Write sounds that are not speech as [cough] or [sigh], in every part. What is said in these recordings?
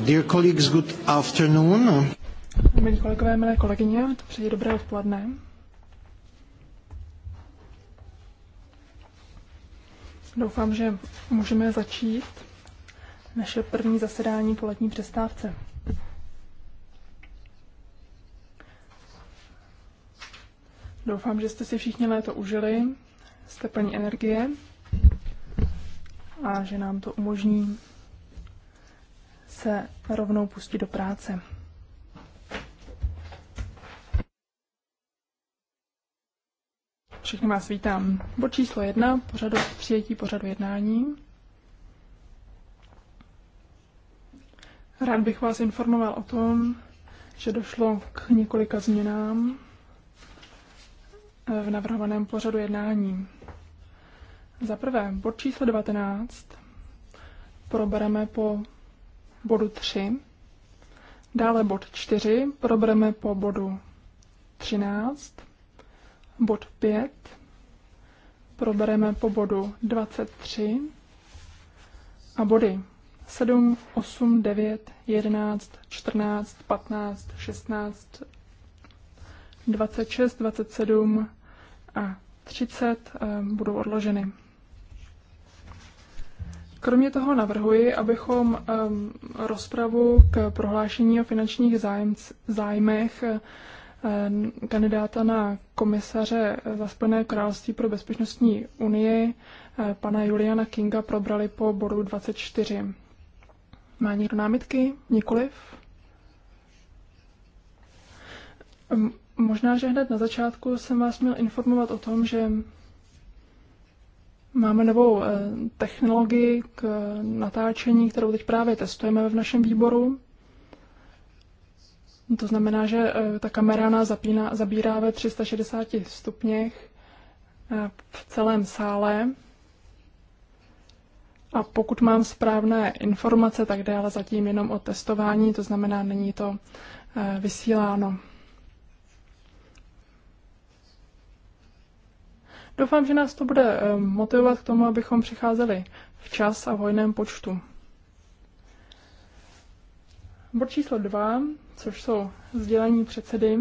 Dear colleagues, good afternoon. Milí kolegové, milé kolegyně, to přeji dobré odpoledne. Doufám, že můžeme začít naše první zasedání po letní přestávce. Doufám, že jste si všichni léto užili, jste plní energie a že nám to umožní se rovnou pustí do práce. Všechny vás vítám. Bod číslo jedna, pořadu, přijetí pořadu jednání. Rád bych vás informoval o tom, že došlo k několika změnám v navrhovaném pořadu jednání. Za prvé, bod číslo 19 probereme po bodu 3. Dále bod 4 probereme po bodu 13. Bod 5 probereme po bodu 23. A body 7, 8, 9, 11, 14, 15, 16, 26, 27 a 30 eh, budou odloženy. Kromě toho navrhuji, abychom um, rozpravu k prohlášení o finančních zájmech um, kandidáta na komisaře za Spojené království pro bezpečnostní unii um, pana Juliana Kinga probrali po bodu 24. Má někdo námitky? Nikoliv? Um, možná, že hned na začátku jsem vás měl informovat o tom, že Máme novou eh, technologii k natáčení, kterou teď právě testujeme v našem výboru. To znamená, že eh, ta kamera nás zapíná, zabírá ve 360 stupních eh, v celém sále. A pokud mám správné informace, tak jde ale zatím jenom o testování, to znamená, není to vysíláno. Doufám, že nás to bude eh, motivovat k tomu, abychom přicházeli včas a v hojném počtu. Bod číslo dva, což jsou sdělení předsedy.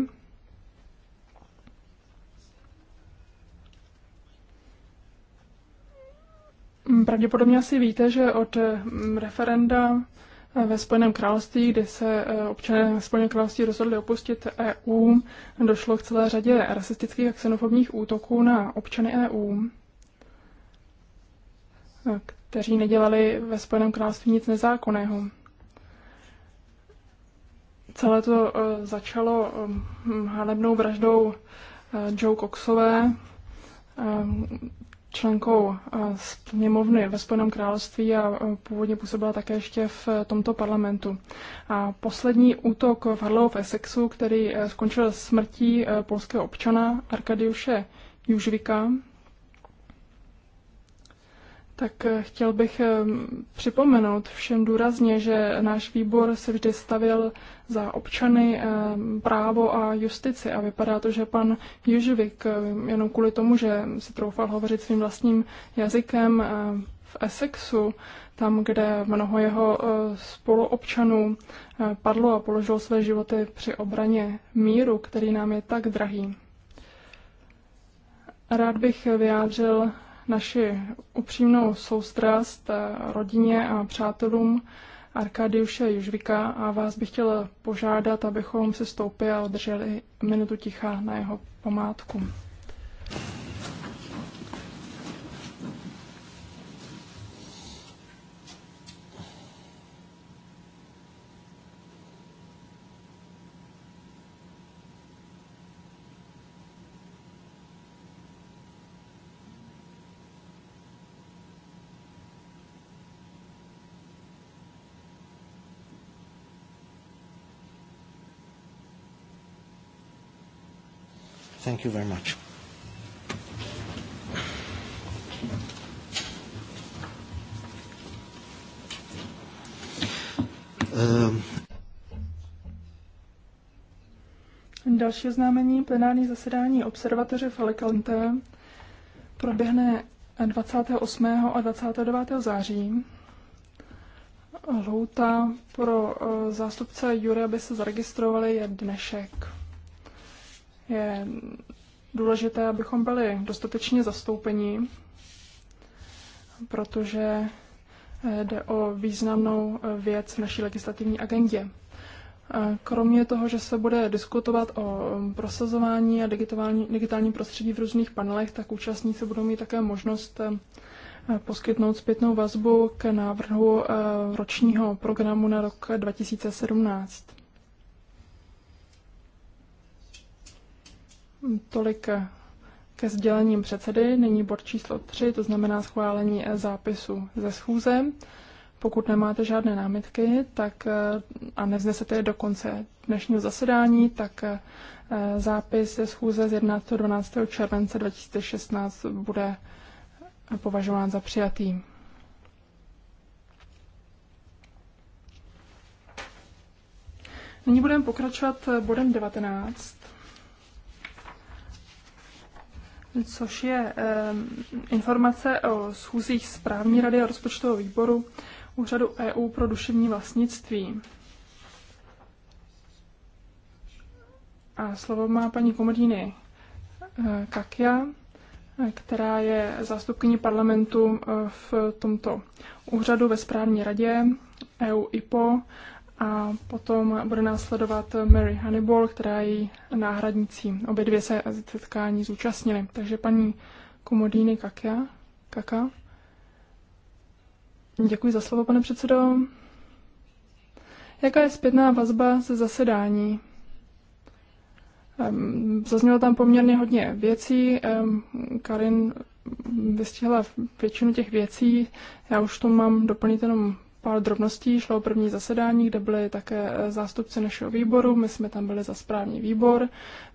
Pravděpodobně asi víte, že od eh, referenda ve Spojeném království, kde se eh, občané Spojeného království rozhodli opustit EU, došlo k celé řadě rasistických a xenofobních útoků na občany EU, eh, kteří nedělali ve Spojeném království nic nezákonného. Celé to eh, začalo hanebnou vraždou Joe Coxové, členkou eh, sněmovny ve Spojeném království a eh, původně působila také ještě v eh, tomto parlamentu. A poslední útok v Harlow v Essexu, který skončil smrtí polského občana Arkadiuše Južvika, tak eh, chtěl bych eh, připomenout všem důrazně, že náš výbor se vždy stavil za občany, eh, právo a justici a vypadá to, že pan Juživik jenom kvůli tomu, že si troufal hovořit svým vlastním jazykem v Essexu, tam, kde mnoho jeho spoluobčanů padlo a položilo své životy při obraně míru, který nám je tak drahý. Rád bych vyjádřil naši upřímnou soustrast eh, rodině a přátelům Arkadiuše Južvika a vás bych chtěla požádat, abychom se stoupili a održeli minutu ticha na jeho památku. Thank you very much. Um. Další oznámení plenární zasedání observatoře v Alicante proběhne 28. a 29. září. Lhouta pro uh, zástupce Jury, aby se zaregistrovali, je dnešek. Je důležité, abychom byli dostatečně zastoupeni, protože eh, jde o významnou eh, věc v naší legislativní agendě. Eh, kromě toho, že se bude diskutovat o mm, prosazování a digitální, digitálním prostředí v různých panelech, tak účastníci budou mít také možnost poskytnout zpětnou vazbu k návrhu ročního programu na rok 2017. Tolik ke sdělením předsedy. Nyní bod číslo 3, to znamená schválení eh, zápisu ze schůze. Pokud nemáte žádné námitky tak, eh, a nevznesete je do konce dnešního zasedání, tak eh, zápis ze schůze z 11. 12. července 2016 bude považován za přijatý. Nyní budeme pokračovat bodem 19. což je informace o schůzích správní rady a rozpočtového výboru Úřadu EU pro duševní vlastnictví. A slovo má paní komodíny eh, Kakia, eh, která je zástupkyní parlamentu eh, v tomto úřadu ve správní radě EU IPO a potom bude následovat Mary Hannibal, která je její náhradnicí. Obě dvě se setkání zúčastnily. Takže paní Komodýny Kaka. Kaka. Děkuji za slovo, pane předsedo. Jaká je zpětná vazba ze zasedání? Ehm, zaznělo tam poměrně hodně věcí. Ehm, Karin vystihla většinu těch věcí. Já už to mám doplnit jenom pár drobností. Šlo o první zasedání, kde byli také eh, zástupci našeho výboru. My jsme tam byli za správní výbor.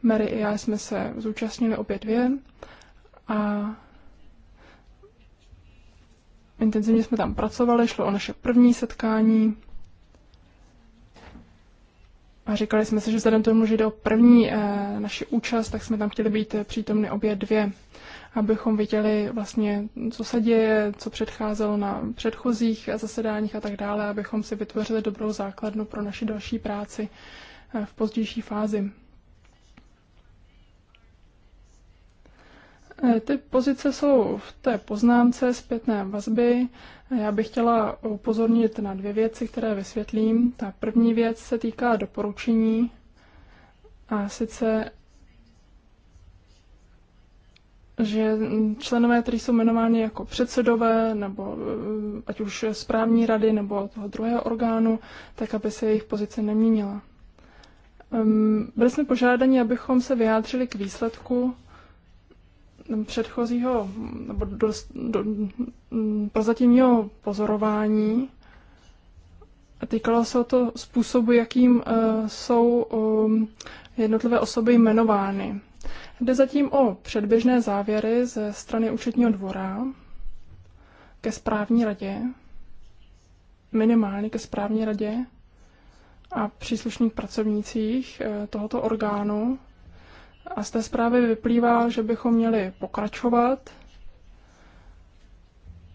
Mary i já jsme se zúčastnili opět dvě. A intenzivně jsme tam pracovali. Šlo o naše první setkání. A říkali jsme si, že vzhledem tomu, že jde o první e, naši účast, tak jsme tam chtěli být eh, přítomny obě dvě abychom viděli vlastně, co se děje, co předcházelo na předchozích zasedáních a tak dále, abychom si vytvořili dobrou základnu pro naši další práci eh, v pozdější fázi. Eh, ty pozice jsou v té poznámce zpětné vazby. Já bych chtěla upozornit na dvě věci, které vysvětlím. Ta první věc se týká doporučení, a sice že členové, kteří jsou jmenováni jako předsedové, nebo eh, ať už správní rady, nebo toho druhého orgánu, tak aby se jejich pozice neměnila. Ehm, byli jsme požádani, abychom se vyjádřili k výsledku ehm, předchozího nebo do, do, mm, prozatímního pozorování. Týkalo se o to způsobu, jakým eh, jsou ehm, jednotlivé osoby jmenovány. Jde zatím o předběžné závěry ze strany účetního dvora ke správní radě, minimálně ke správní radě a příslušných pracovnících eh, tohoto orgánu. A z té zprávy vyplývá, že bychom měli pokračovat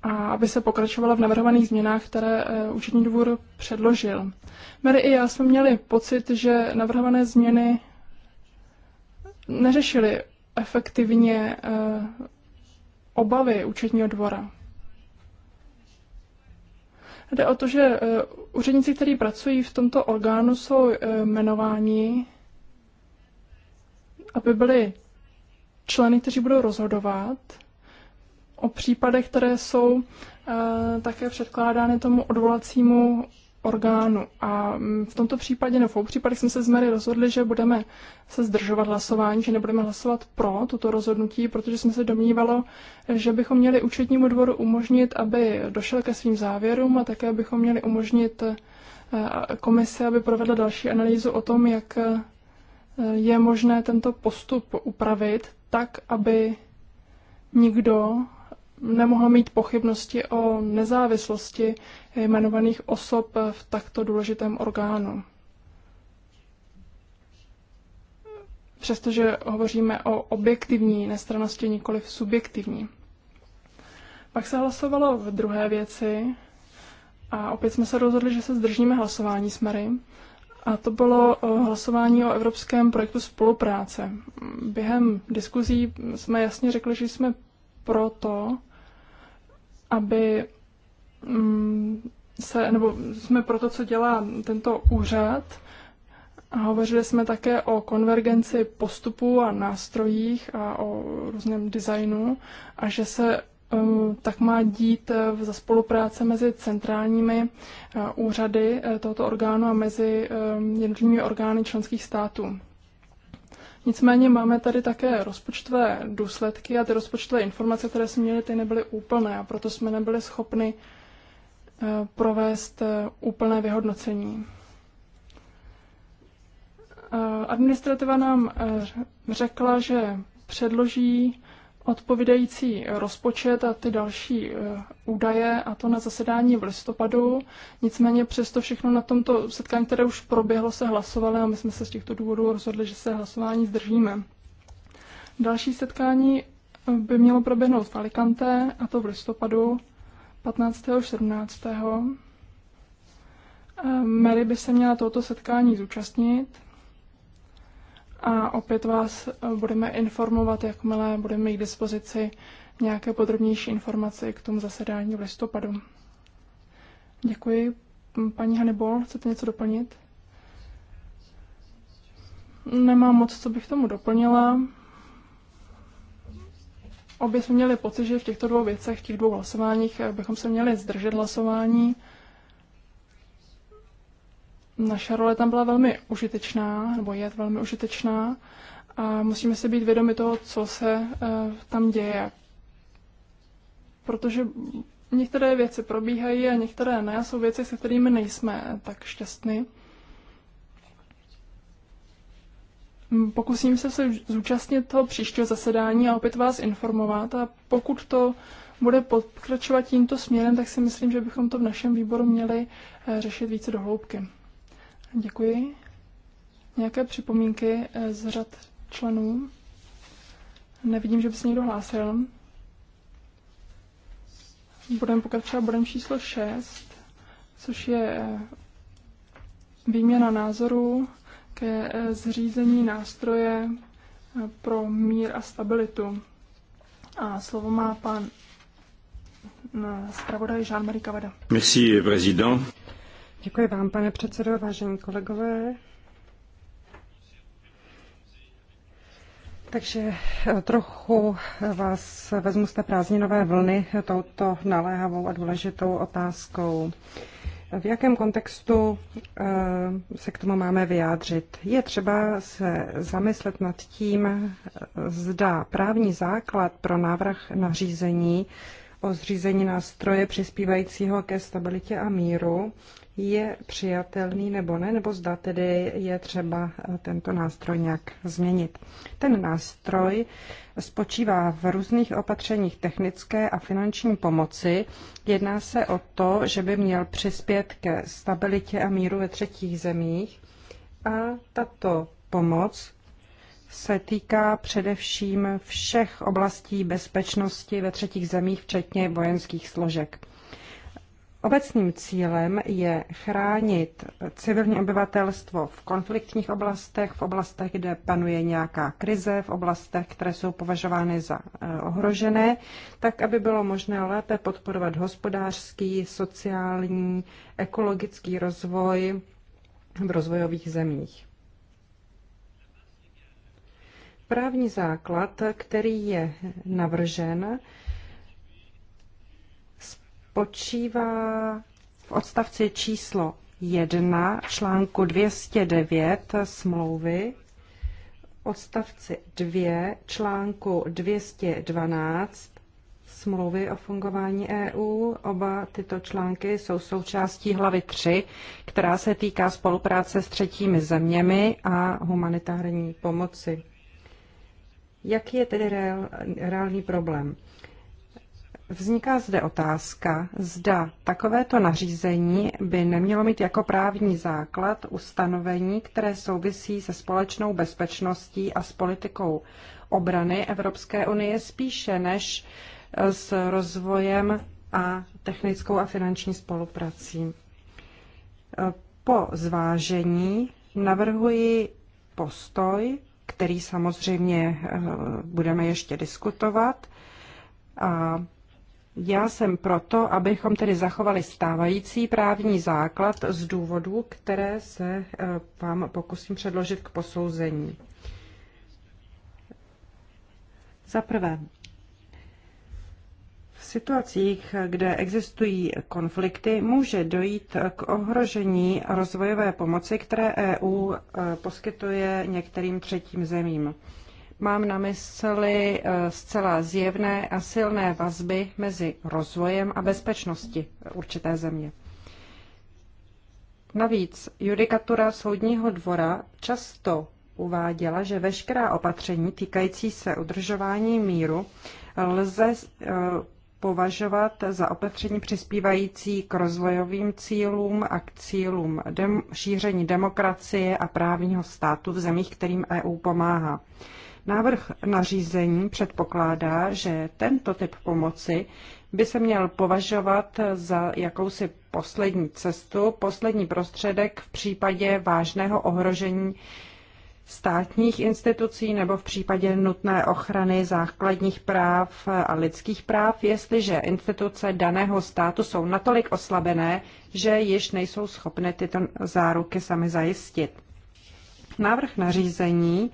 a aby se pokračovala v navrhovaných změnách, které eh, účetní dvůr předložil. Mary i já jsme měli pocit, že navrhované změny neřešili efektivně eh, obavy účetního dvora. Jde o to, že eh, úředníci, kteří pracují v tomto orgánu, jsou eh, jmenováni, aby byli členy, kteří budou rozhodovat o případech, které jsou také předkládány tomu odvolacímu orgánu. A mm, v tomto případě, nebo v obou případech jsme se s Mary rozhodli, že budeme se zdržovat hlasování, že nebudeme hlasovat pro toto rozhodnutí, protože jsme se domnívalo, že bychom měli účetnímu dvoru umožnit, aby došel ke svým závěrům a také bychom měli umožnit eh, komise, aby provedla další analýzu o tom, jak eh, je možné tento postup upravit tak, aby nikdo nemohla mít pochybnosti o nezávislosti jmenovaných osob v takto důležitém orgánu. Přestože hovoříme o objektivní nestranosti, nikoli v subjektivní. Pak se hlasovalo v druhé věci a opět jsme se rozhodli, že se zdržíme hlasování s Mary. A to bylo eh, hlasování o evropském projektu spolupráce. Během diskuzí jsme jasně řekli, že jsme proto, aby mm, se, nebo jsme pro to, co dělá tento úřad, a hovořili jsme také o konvergenci postupů a nástrojích a o různém designu a že se eh, tak má dít eh, za spolupráce mezi centrálními eh, úřady tohoto orgánu a mezi jednotlivými orgány členských států. Nicméně máme tady také rozpočtové důsledky a ty rozpočtové informace, které jsme měli, ty nebyly úplné a proto jsme nebyli schopni eh, provést eh, úplné vyhodnocení. Eh, administrativa nám řekla, že předloží odpovídající rozpočet a ty další eh, údaje, a to na zasedání v listopadu. Nicméně přesto všechno na tomto setkání, které už proběhlo, se hlasovalo a my jsme se z těchto důvodů rozhodli, že se hlasování zdržíme. Další setkání eh, by mělo proběhnout v Alicante, a to v listopadu 15. a 17. Mary by se měla tohoto setkání zúčastnit a opět vás eh, budeme informovat, jakmile budeme mít k dispozici nějaké podrobnější informace k tomu zasedání v listopadu. Děkuji. Paní Hannibal, chcete něco doplnit? Nemám moc, co bych tomu doplnila. Obě jsme měli pocit, že v těchto dvou věcech, v těch dvou hlasováních, eh, bychom se měli zdržet hlasování. Naše role tam byla velmi užitečná, nebo je velmi užitečná a musíme si být vědomi toho, co se eh, tam děje. Protože některé věci probíhají a některé ne, jsou věci, se kterými nejsme eh, tak šťastní. Pokusím se se zúčastnit toho příštího zasedání a opět vás informovat a pokud to bude pokračovat tímto směrem, tak si myslím, že bychom to v našem výboru měli eh, řešit více dohloubky. Děkuji. Nějaké připomínky eh, z řad členů? Nevidím, že by se někdo hlásil. Budeme pokračovat bodem číslo 6, což je eh, výměna názorů ke eh, zřízení nástroje pro mír a stabilitu. A slovo má pan zpravodaj Jean-Marie Kavada. Merci, président. Děkuji vám, pane předsedo, vážení kolegové. Takže eh, trochu eh, vás vezmu z té prázdninové vlny touto naléhavou a důležitou otázkou. V jakém kontextu eh, se k tomu máme vyjádřit? Je třeba se zamyslet nad tím, zda právní základ pro návrh nařízení o zřízení nástroje přispívajícího ke stabilitě a míru je přijatelný nebo ne, nebo zda tedy je třeba eh, tento nástroj nějak změnit. Ten nástroj spočívá v různých opatřeních technické a finanční pomoci. Jedná se o to, že by měl přispět ke stabilitě a míru ve třetích zemích a tato pomoc se týká především všech oblastí bezpečnosti ve třetích zemích, včetně vojenských složek. Obecným cílem je chránit civilní obyvatelstvo v konfliktních oblastech, v oblastech, kde panuje nějaká krize, v oblastech, které jsou považovány za e, ohrožené, tak aby bylo možné lépe podporovat hospodářský, sociální, ekologický rozvoj v rozvojových zemích. Právní základ, který je navržen, spočívá v odstavci číslo 1 článku 209 smlouvy, odstavci 2 článku 212 smlouvy o fungování EU. Oba tyto články jsou součástí hlavy 3, která se týká spolupráce s třetími zeměmi a humanitární pomoci. Jaký je tedy reál, reálný problém? Vzniká zde otázka, zda takovéto nařízení by nemělo mít jako právní základ ustanovení, které souvisí se společnou bezpečností a s politikou obrany Evropské unie spíše než eh, s rozvojem a technickou a finanční spoluprací. Eh, po zvážení navrhuji postoj, který samozřejmě eh, budeme ještě diskutovat, a já jsem proto, abychom tedy zachovali stávající právní základ z důvodů, které se eh, vám pokusím předložit k posouzení. Za prvé, v situacích, kde existují konflikty, může dojít k ohrožení rozvojové pomoci, které EU eh, poskytuje některým třetím zemím. Mám na mysli eh, zcela zjevné a silné vazby mezi rozvojem a bezpečností určité země. Navíc judikatura soudního dvora často uváděla, že veškerá opatření týkající se udržování míru lze eh, považovat za opatření přispívající k rozvojovým cílům a k cílům dem- šíření demokracie a právního státu v zemích, kterým EU pomáhá. Návrh nařízení předpokládá, že tento typ pomoci by se měl považovat za jakousi poslední cestu, poslední prostředek v případě vážného ohrožení státních institucí nebo v případě nutné ochrany základních práv a lidských práv, jestliže instituce daného státu jsou natolik oslabené, že již nejsou schopny tyto záruky sami zajistit. Návrh nařízení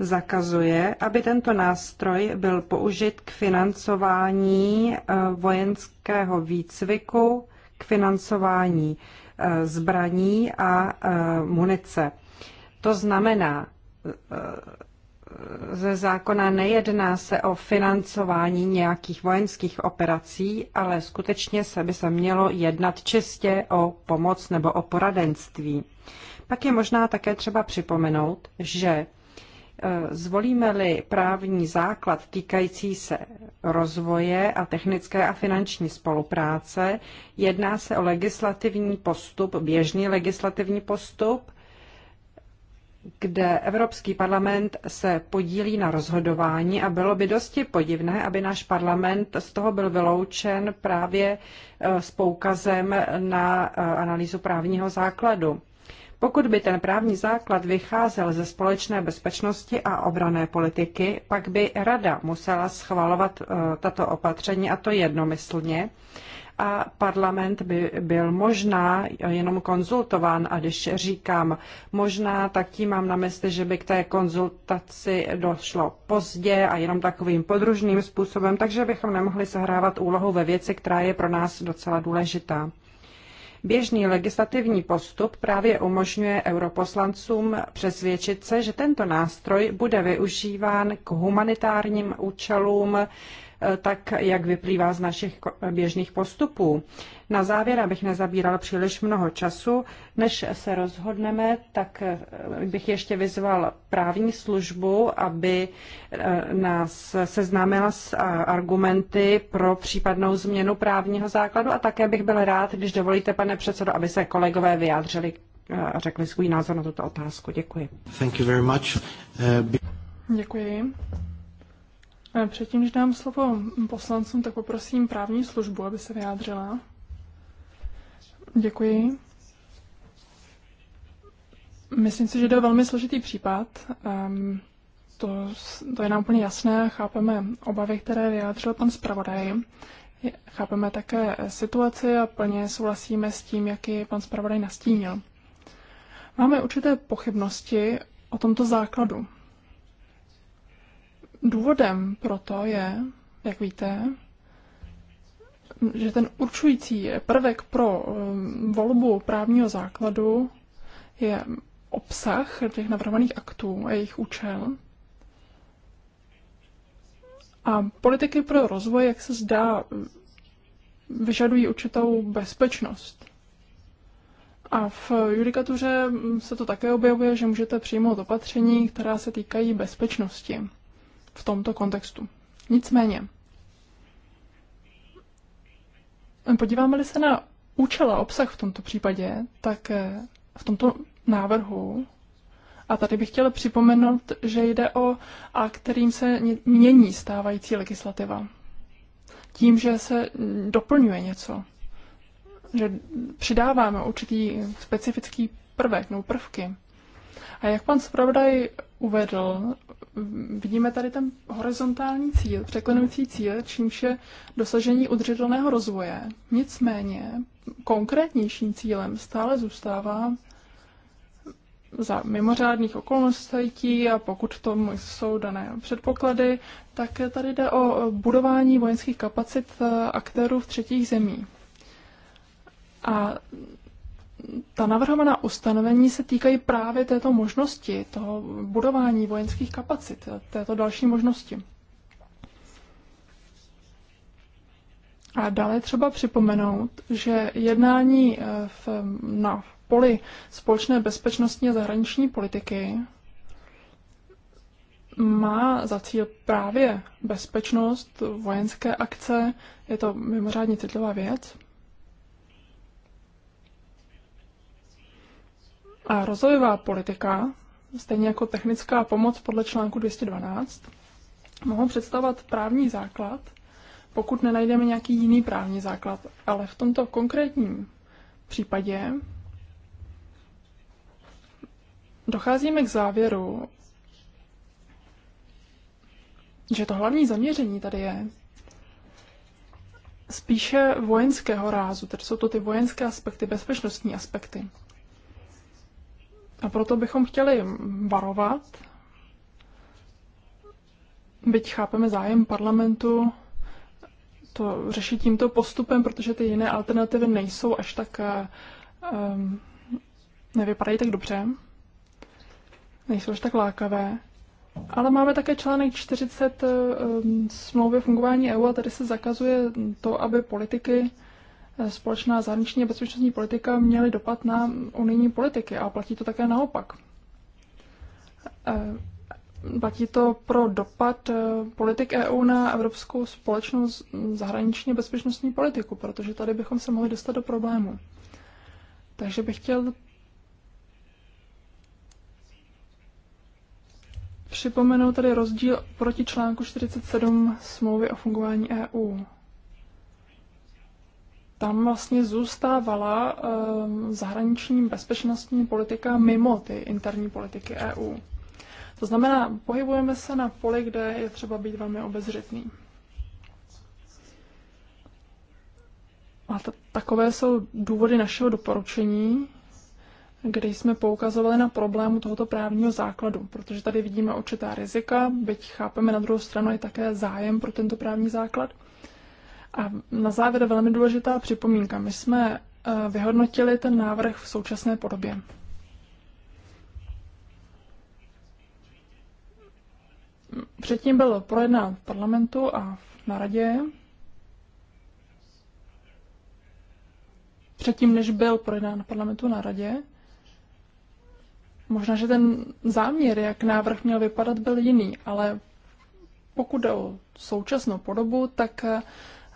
zakazuje, aby tento nástroj byl použit k financování eh, vojenského výcviku, k financování eh, zbraní a eh, munice. To znamená, ze zákona nejedná se o financování nějakých vojenských operací, ale skutečně se by se mělo jednat čistě o pomoc nebo o poradenství. Pak je možná také třeba připomenout, že Zvolíme-li právní základ týkající se rozvoje a technické a finanční spolupráce, jedná se o legislativní postup, běžný legislativní postup, kde Evropský parlament se podílí na rozhodování a bylo by dosti podivné, aby náš parlament z toho byl vyloučen právě eh, s poukazem na eh, analýzu právního základu. Pokud by ten právní základ vycházel ze společné bezpečnosti a obrané politiky, pak by Rada musela schvalovat eh, tato opatření, a to jednomyslně, a parlament by byl možná jenom konzultován. A když říkám možná, tak tím mám na mysli, že by k té konzultaci došlo pozdě a jenom takovým podružným způsobem, takže bychom nemohli sehrávat úlohu ve věci, která je pro nás docela důležitá. Běžný legislativní postup právě umožňuje europoslancům přesvědčit se, že tento nástroj bude využíván k humanitárním účelům, eh, tak jak vyplývá z našich běžných postupů. Na závěr, abych nezabíral příliš mnoho času, než se rozhodneme, tak eh, bych ještě vyzval právní službu, aby eh, nás seznámila s eh, argumenty pro případnou změnu právního základu a také bych byl rád, když dovolíte, pane předsedo, aby se kolegové vyjádřili a řekli svůj názor na tuto otázku. Děkuji. Thank you very much. Uh, Děkuji. Předtím, než dám slovo poslancům, tak poprosím právní službu, aby se vyjádřila. Děkuji. Myslím si, že jde o velmi složitý případ. Um, to, to je nám úplně jasné, chápeme obavy, které vyjádřil pan zpravodaj. Chápeme také situaci a plně souhlasíme s tím, jak ji pan zpravodaj nastínil. Máme určité pochybnosti o tomto základu. Důvodem pro to je, jak víte, že ten určující prvek pro um, volbu právního základu je obsah těch navrhovaných aktů a jejich účel. A politiky pro rozvoj, jak se zdá, vyžadují určitou bezpečnost. A v judikatuře se to také objevuje, že můžete přijmout opatření, která se týkají bezpečnosti v tomto kontextu. Nicméně, Podíváme-li se na účel a obsah v tomto případě, tak eh, v tomto návrhu, a tady bych chtěla připomenout, že jde o a kterým se mění stávající legislativa. Tím, že se mm, doplňuje něco, že přidáváme určitý specifický prvek nebo prvky. A jak pan zpravodaj uvedl, vidíme tady ten horizontální cíl, překlenující cíl, čímž je dosažení udržitelného rozvoje. Nicméně konkrétnějším cílem stále zůstává za mimořádných okolností a pokud to jsou dané předpoklady, tak tady jde o budování vojenských kapacit aktérů v třetích zemí. A ta navrhovaná ustanovení se týkají právě této možnosti, toho budování vojenských kapacit, této další možnosti. A dále třeba připomenout, že jednání eh, v, na poli společné bezpečnostní a zahraniční politiky má za cíl právě bezpečnost, vojenské akce, je to mimořádně citlivá věc. A rozvojová politika, stejně jako technická pomoc podle článku 212, mohou představovat právní základ, pokud nenajdeme nějaký jiný právní základ. Ale v tomto konkrétním případě docházíme k závěru, že to hlavní zaměření tady je spíše vojenského rázu, tedy jsou to ty vojenské aspekty, bezpečnostní aspekty. A proto bychom chtěli varovat, byť chápeme zájem parlamentu to řešit tímto postupem, protože ty jiné alternativy nejsou až tak, eh, ehm, nevypadají tak dobře, nejsou až tak lákavé. Ale máme také článek 40 eh, ehm, smlouvy fungování EU a tady se zakazuje to, aby politiky společná zahraniční a bezpečnostní politika měly dopad na unijní politiky a platí to také naopak. E, platí to pro dopad e, politik EU na evropskou společnou zahraniční bezpečnostní politiku, protože tady bychom se mohli dostat do problému. Takže bych chtěl připomenout tady rozdíl proti článku 47 smlouvy o fungování EU tam vlastně zůstávala ehm, zahraniční bezpečnostní politika mimo ty interní politiky EU. To znamená, pohybujeme se na poli, kde je třeba být velmi obezřetný. A takové jsou důvody našeho doporučení, kde jsme poukazovali na problému tohoto právního základu, protože tady vidíme určitá rizika, byť chápeme na druhou stranu i také zájem pro tento právní základ. A na závěr velmi důležitá připomínka. My jsme eh, vyhodnotili ten návrh v současné podobě. Předtím byl projednán v parlamentu a na radě. Předtím, než byl projednán v parlamentu na radě, možná, že ten záměr, jak návrh měl vypadat, byl jiný, ale pokud jde o současnou podobu, tak eh,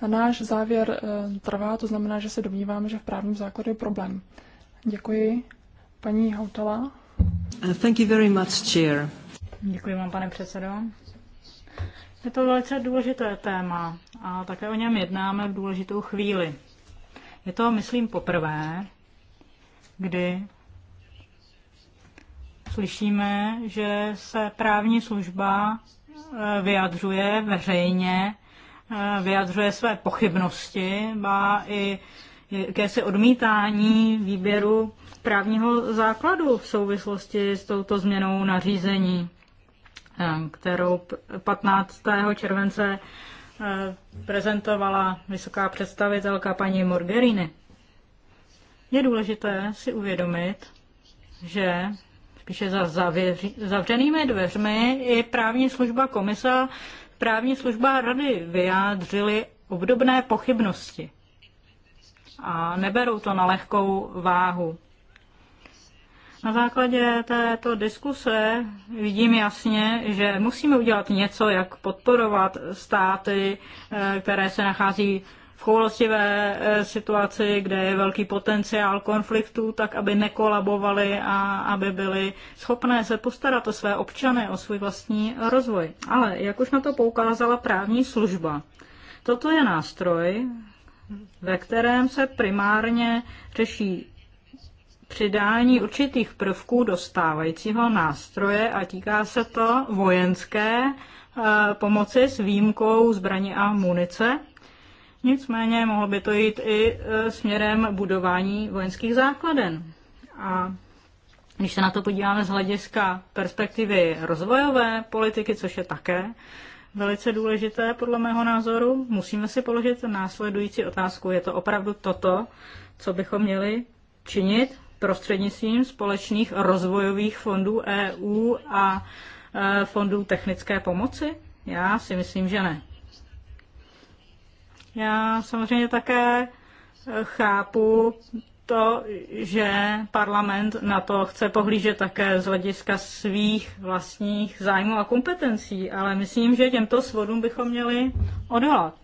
Náš závěr eh, trvá, to znamená, že se domníváme, že v právním základu je problém. Děkuji. Paní Hautala. Uh, thank you very much, chair. Děkuji vám, pane předsedo. Je to velice důležité téma a také o něm jednáme v důležitou chvíli. Je to, myslím, poprvé, kdy slyšíme, že se právní služba eh, vyjadřuje veřejně Eh, vyjadřuje své pochybnosti, má i jakési odmítání výběru právního základu v souvislosti s touto změnou nařízení, eh, kterou 15. července eh, prezentovala vysoká představitelka paní Morgerini. Je důležité si uvědomit, že spíše za zavřenými dveřmi i právní služba komisa právní služba rady vyjádřili obdobné pochybnosti a neberou to na lehkou váhu. Na základě této diskuse vidím jasně, že musíme udělat něco, jak podporovat státy, eh, které se nachází v choulostivé eh, situaci, kde je velký potenciál konfliktů, tak aby nekolabovaly a aby byly schopné se postarat o své občany, o svůj vlastní rozvoj. Ale jak už na to poukázala právní služba, toto je nástroj, ve kterém se primárně řeší přidání určitých prvků do stávajícího nástroje a týká se to vojenské eh, pomoci s výjimkou zbraní a munice Nicméně mohlo by to jít i e, směrem budování vojenských základen. A když se na to podíváme z hlediska perspektivy rozvojové politiky, což je také velice důležité podle mého názoru, musíme si položit následující otázku. Je to opravdu toto, co bychom měli činit prostřednictvím společných rozvojových fondů EU a e, fondů technické pomoci? Já si myslím, že ne. Já samozřejmě také chápu to, že parlament na to chce pohlížet také z hlediska svých vlastních zájmů a kompetencí, ale myslím, že těmto svodům bychom měli odhalat.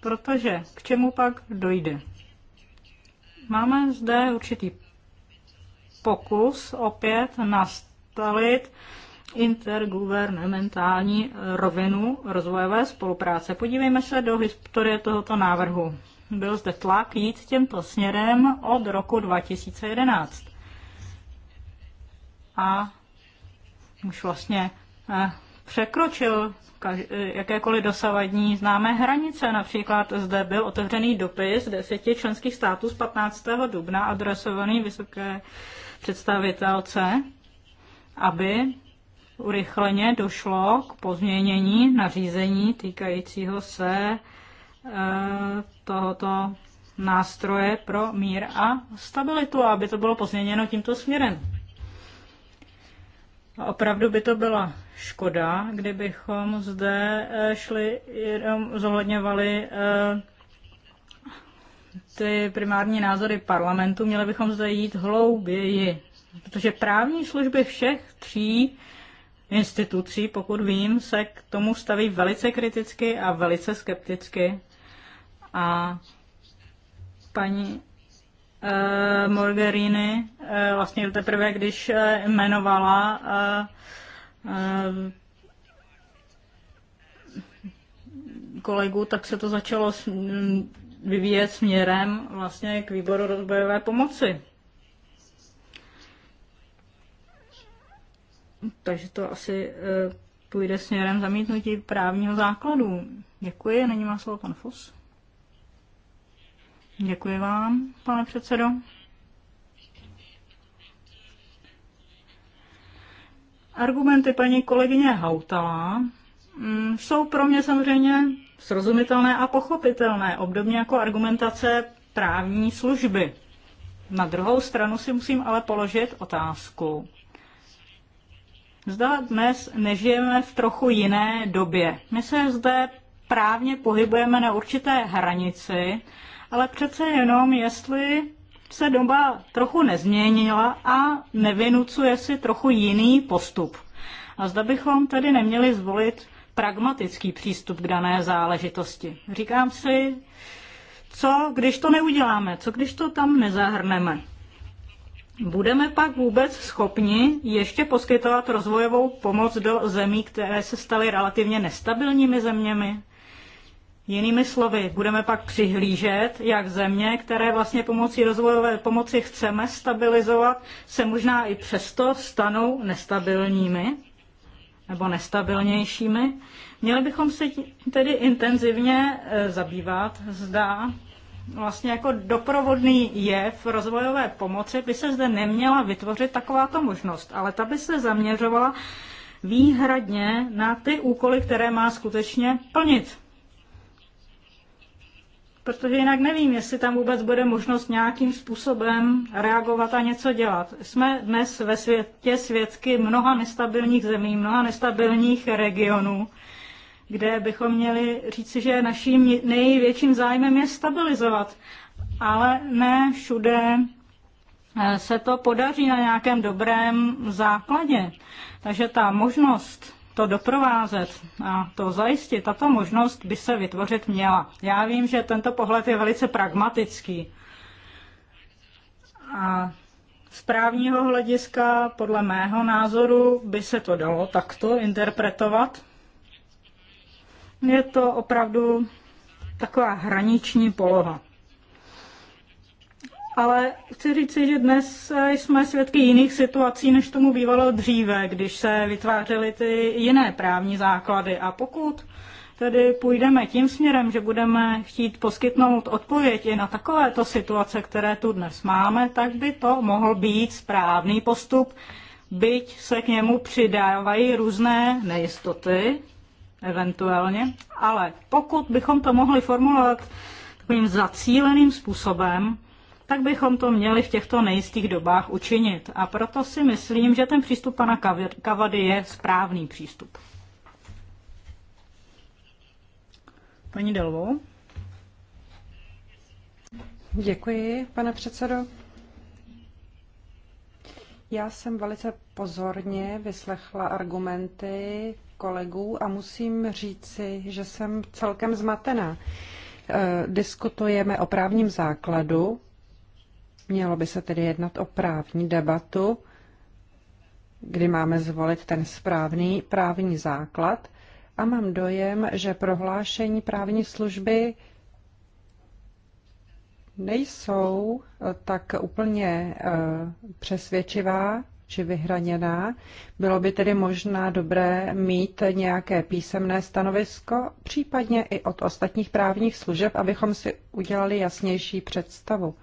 Protože k čemu pak dojde? Máme zde určitý pokus opět nastavit intergovernmentální rovinu rozvojové spolupráce. Podívejme se do historie tohoto návrhu. Byl zde tlak jít tímto směrem od roku 2011. A už vlastně eh, překročil eh, jakékoliv dosavadní známé hranice. Například zde byl otevřený dopis deseti členských států z 15. dubna adresovaný vysoké představitelce, aby urychleně došlo k pozměnění nařízení týkajícího se eh, tohoto nástroje pro mír a stabilitu, aby to bylo pozměněno tímto směrem. A opravdu by to byla škoda, kdybychom zde eh, šli, jenom zohledňovali eh, ty primární názory parlamentu, měli bychom zde jít hlouběji, protože právní služby všech tří institucí, pokud vím, se k tomu staví velice kriticky a velice skepticky. A paní uh, eh, Morgerini uh, eh, vlastně teprve, když uh, jmenovala uh, uh, kolegů, tak se to začalo vyvíjet směrem vlastně k výboru rozvojové pomoci. Takže to asi eh, půjde směrem zamítnutí právního základu. Děkuji, není má slovo pan Fus. Děkuji vám, pane předsedo. Argumenty paní kolegyně Hautala mm, jsou pro mě samozřejmě srozumitelné a pochopitelné, obdobně jako argumentace právní služby. Na druhou stranu si musím ale položit otázku, Zda dnes nežijeme v trochu jiné době. My se zde právně pohybujeme na určité hranici, ale přece jenom, jestli se doba trochu nezměnila a nevynucuje si trochu jiný postup. A zda bychom tedy neměli zvolit pragmatický přístup k dané záležitosti. Říkám si, co když to neuděláme, co když to tam nezahrneme. Budeme pak vůbec schopni ještě poskytovat rozvojovou pomoc do zemí, které se staly relativně nestabilními zeměmi? Jinými slovy, budeme pak přihlížet, jak země, které vlastně pomocí rozvojové pomoci chceme stabilizovat, se možná i přesto stanou nestabilními nebo nestabilnějšími. Měli bychom se tedy intenzivně eh, zabývat, zda vlastně jako doprovodný jev rozvojové pomoci by se zde neměla vytvořit takováto možnost, ale ta by se zaměřovala výhradně na ty úkoly, které má skutečně plnit. Protože jinak nevím, jestli tam vůbec bude možnost nějakým způsobem reagovat a něco dělat. Jsme dnes ve světě svědky mnoha nestabilních zemí, mnoha nestabilních regionů kde bychom měli říci, že naším největším zájmem je stabilizovat. Ale ne všude eh, se to podaří na nějakém dobrém základě. Takže ta možnost to doprovázet a to zajistit, tato možnost by se vytvořit měla. Já vím, že tento pohled je velice pragmatický. A z právního hlediska, podle mého názoru, by se to dalo takto interpretovat, je to opravdu taková hraniční poloha. Ale chci říci, že dnes jsme svědky jiných situací, než tomu bývalo dříve, když se vytvářely ty jiné právní základy. A pokud tedy půjdeme tím směrem, že budeme chtít poskytnout odpověď i na takovéto situace, které tu dnes máme, tak by to mohl být správný postup, byť se k němu přidávají různé nejistoty, eventuálně, ale pokud bychom to mohli formulovat takovým zacíleným způsobem, tak bychom to měli v těchto nejistých dobách učinit. A proto si myslím, že ten přístup pana Kavady je správný přístup. Paní Delvou. Děkuji, pane předsedo. Já jsem velice pozorně vyslechla argumenty kolegů a musím říci, že jsem celkem zmatená. E, diskutujeme o právním základu, mělo by se tedy jednat o právní debatu, kdy máme zvolit ten správný právní základ a mám dojem, že prohlášení právní služby nejsou e, tak úplně e, přesvědčivá či vyhraněná. Bylo by tedy možná dobré mít nějaké písemné stanovisko, případně i od ostatních právních služeb, abychom si udělali jasnější představu.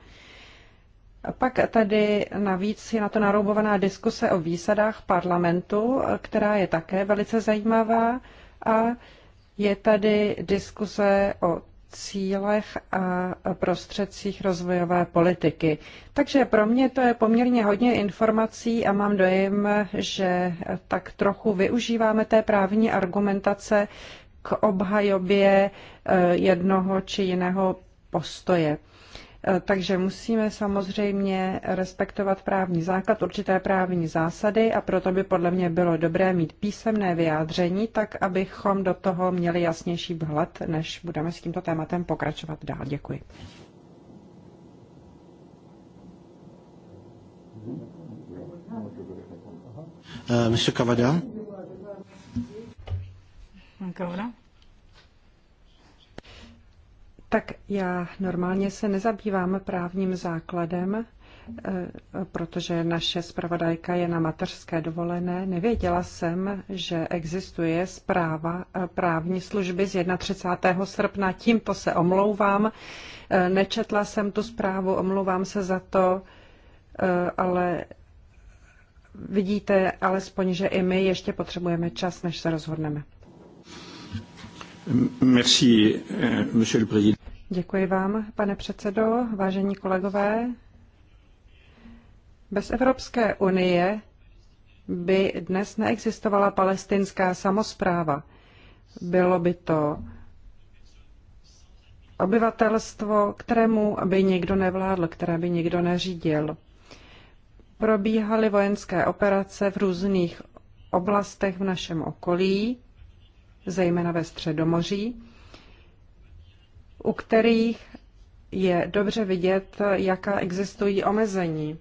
A pak tady navíc je na to naroubovaná diskuse o výsadách parlamentu, která je také velice zajímavá a je tady diskuse o cílech a prostředcích rozvojové politiky. Takže pro mě to je poměrně hodně informací a mám dojem, že tak trochu využíváme té právní argumentace k obhajobě eh, jednoho či jiného postoje. Eh, takže musíme samozřejmě respektovat právní základ, určité právní zásady a proto by podle mě bylo dobré mít písemné vyjádření, tak abychom do toho měli jasnější vhled, než budeme s tímto tématem pokračovat dál. Děkuji. Uh, eh, Mr. Kavada. Kavada. Tak já normálně se nezabývám právním základem, eh, protože naše zpravodajka je na mateřské dovolené. Nevěděla jsem, že existuje zpráva eh, právní služby z 31. srpna. Tímto se omlouvám. Eh, nečetla jsem tu zprávu, omlouvám se za to, ale vidíte alespoň, že i my ještě potřebujeme čas, než se rozhodneme. Merci, monsieur le président. Děkuji vám, pane předsedo, vážení kolegové. Bez Evropské unie by dnes neexistovala palestinská samozpráva. Bylo by to obyvatelstvo, kterému by nikdo nevládl, které by nikdo neřídil. Probíhaly vojenské operace v různých oblastech v našem okolí, zejména ve Středomoří, u kterých je dobře vidět, jaká existují omezení.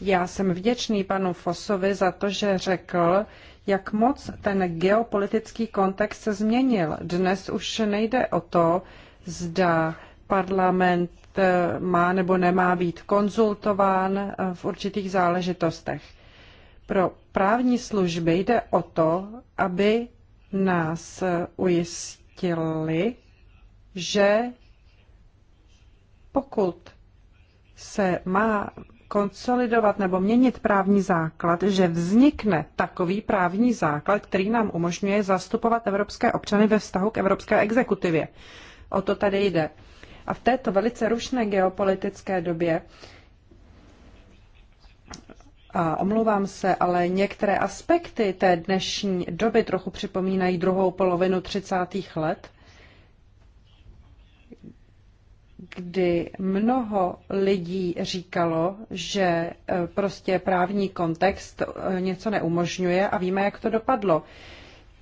Já jsem vděčný panu Fosovi za to, že řekl, jak moc ten geopolitický kontext se změnil. Dnes už nejde o to, zda parlament eh, má nebo nemá být konzultován eh, v určitých záležitostech. Pro právní služby jde o to, aby nás eh, ujistili, že pokud se má konsolidovat nebo měnit právní základ, že vznikne takový právní základ, který nám umožňuje zastupovat evropské občany ve vztahu k evropské exekutivě. O to tady jde. A v této velice rušné geopolitické době a omlouvám se, ale některé aspekty té dnešní doby trochu připomínají druhou polovinu 30. let, kdy mnoho lidí říkalo, že e, prostě právní kontext e, něco neumožňuje a víme, jak to dopadlo.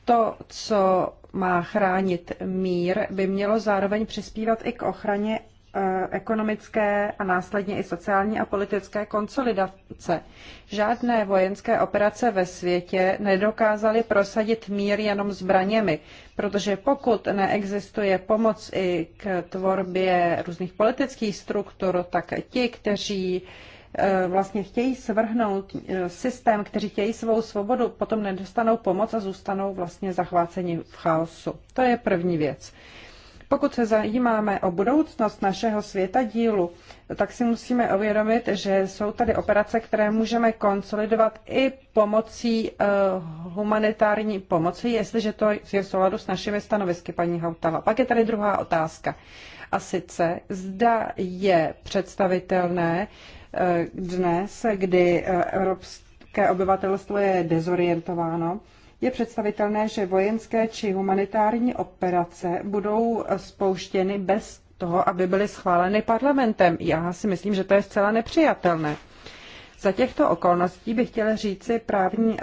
To, co má chránit mír, by mělo zároveň přispívat i k ochraně Eh, ekonomické a následně i sociální a politické konsolidace. Žádné vojenské operace ve světě nedokázaly prosadit mír jenom zbraněmi, protože pokud neexistuje pomoc i k tvorbě různých politických struktur, tak ti, kteří eh, vlastně chtějí svrhnout eh, systém, kteří chtějí svou svobodu, potom nedostanou pomoc a zůstanou vlastně zachváceni v chaosu. To je první věc. Pokud se zajímáme o budoucnost našeho světa dílu, tak si musíme uvědomit, že jsou tady operace, které můžeme konsolidovat i pomocí uh, humanitární pomoci, jestliže to je v souladu s našimi stanovisky, paní Hautala. Pak je tady druhá otázka. A sice, zda je představitelné uh, dnes, kdy uh, evropské obyvatelstvo je dezorientováno, je představitelné, že vojenské či humanitární operace budou spouštěny bez toho, aby byly schváleny parlamentem. Já si myslím, že to je zcela nepřijatelné. Za těchto okolností bych chtěla říci právní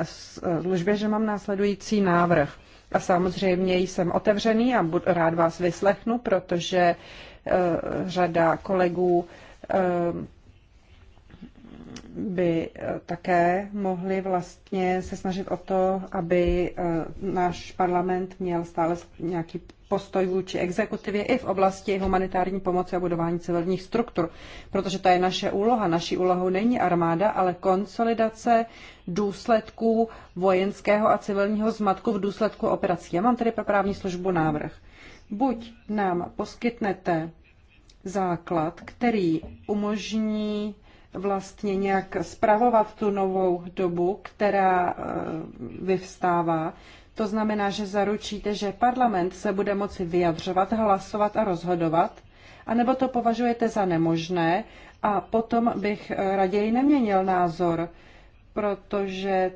službě, že mám následující návrh. A samozřejmě jsem otevřený a rád vás vyslechnu, protože eh, řada kolegů eh, by eh, také mohli vlastně se snažit o to, aby eh, náš parlament měl stále nějaký postoj vůči exekutivě i v oblasti humanitární pomoci a budování civilních struktur, protože to je naše úloha. Naší úlohou není armáda, ale konsolidace důsledků vojenského a civilního zmatku v důsledku operací. Já mám tedy pro právní službu návrh. Buď nám poskytnete základ, který umožní vlastně nějak spravovat tu novou dobu, která eh, vyvstává. To znamená, že zaručíte, že parlament se bude moci vyjadřovat, hlasovat a rozhodovat, anebo to považujete za nemožné a potom bych eh, raději neměnil názor, protože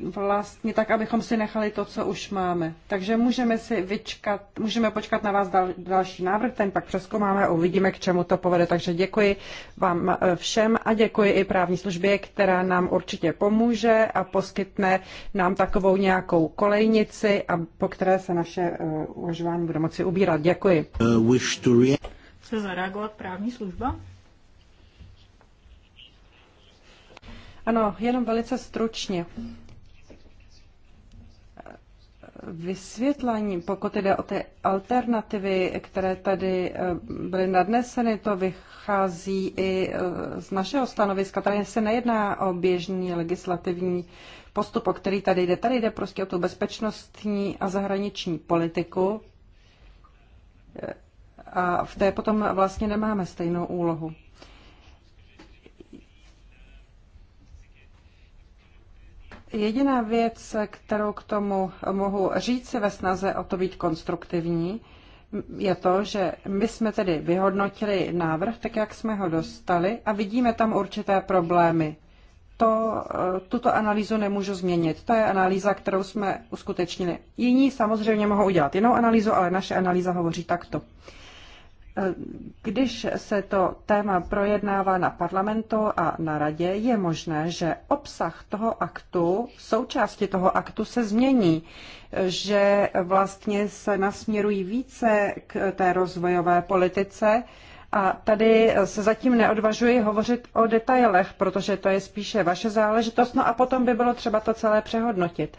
vlastně tak, abychom si nechali to, co už máme. Takže můžeme si vyčkat, můžeme počkat na vás dal, další návrh, ten pak přeskoumáme a uvidíme, k čemu to povede. Takže děkuji vám eh, všem a děkuji i právní službě, která nám určitě pomůže a poskytne nám takovou nějakou kolejnici, a po které se naše uh, uvažování bude moci ubírat. Děkuji. Uh, Chce zareagovat právní služba? Ano, jenom velice stručně vysvětlení, pokud jde o ty alternativy, které tady eh, byly nadneseny, to vychází i eh, z našeho stanoviska. Tady se nejedná o běžný legislativní postup, o který tady jde. Tady jde prostě o tu bezpečnostní a zahraniční politiku eh, a v té potom vlastně nemáme stejnou úlohu. Jediná věc, kterou k tomu mohu říct ve snaze o to být konstruktivní, je to, že my jsme tedy vyhodnotili návrh tak, jak jsme ho dostali a vidíme tam určité problémy. To, eh, tuto analýzu nemůžu změnit. To je analýza, kterou jsme uskutečnili. Jiní samozřejmě mohou udělat jinou analýzu, ale naše analýza hovoří takto. Když se to téma projednává na parlamentu a na radě, je možné, že obsah toho aktu, součásti toho aktu se změní, že vlastně se nasměrují více k té rozvojové politice. A tady se zatím neodvažuji hovořit o detailech, protože to je spíše vaše záležitost, no a potom by bylo třeba to celé přehodnotit.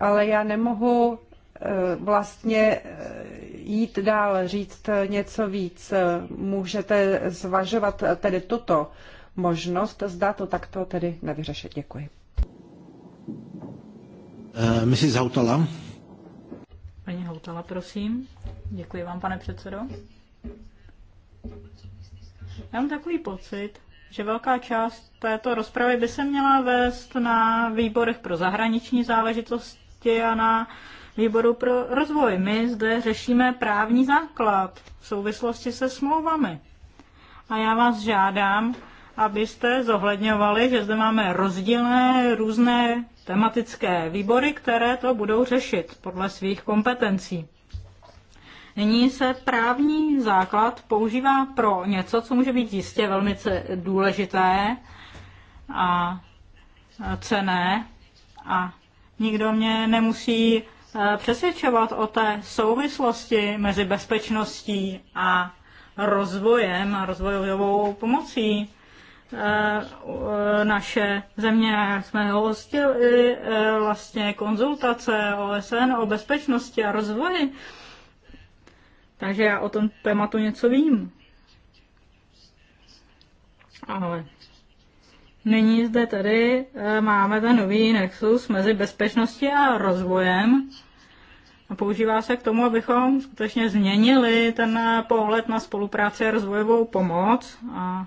Ale já nemohu Eh, vlastně eh, jít dál, říct něco víc. Můžete zvažovat tedy tuto možnost, zda to takto tedy nevyřešit. Děkuji. Uh, Mrs. Hautala. Paní Hautala, prosím. Děkuji vám, pane předsedo. Já mám takový pocit, že velká část této rozpravy by se měla vést na výborech pro zahraniční záležitosti a na výboru pro rozvoj. My zde řešíme právní základ v souvislosti se smlouvami. A já vás žádám, abyste zohledňovali, že zde máme rozdílné různé tematické výbory, které to budou řešit podle svých kompetencí. Nyní se právní základ používá pro něco, co může být jistě velmi důležité a cené. A nikdo mě nemusí Eh, přesvědčovat o té souvislosti mezi bezpečností a rozvojem a rozvojovou pomocí eh, eh, naše země. Jsme hostili vlastně konzultace OSN o bezpečnosti a rozvoji, takže já o tom tématu něco vím. Ale Nyní zde tedy eh, máme ten nový nexus mezi bezpečností a rozvojem. A používá se k tomu, abychom skutečně změnili ten eh, pohled na spolupráci a rozvojovou pomoc. A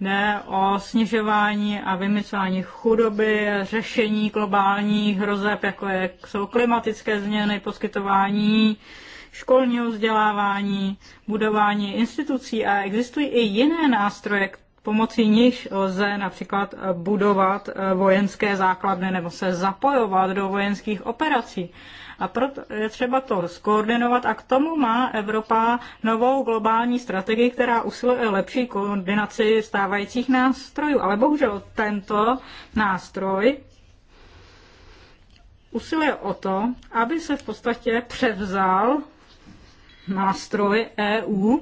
jde o snižování a vymycování chudoby, řešení globálních hrozeb, jako je, jsou klimatické změny, poskytování školního vzdělávání, budování institucí a existují i jiné nástroje, Pomocí nich lze například budovat eh, vojenské základny nebo se zapojovat do vojenských operací. A proto je třeba to skoordinovat a k tomu má Evropa novou globální strategii, která usiluje lepší koordinaci stávajících nástrojů. Ale bohužel tento nástroj usiluje o to, aby se v podstatě převzal nástroj EU,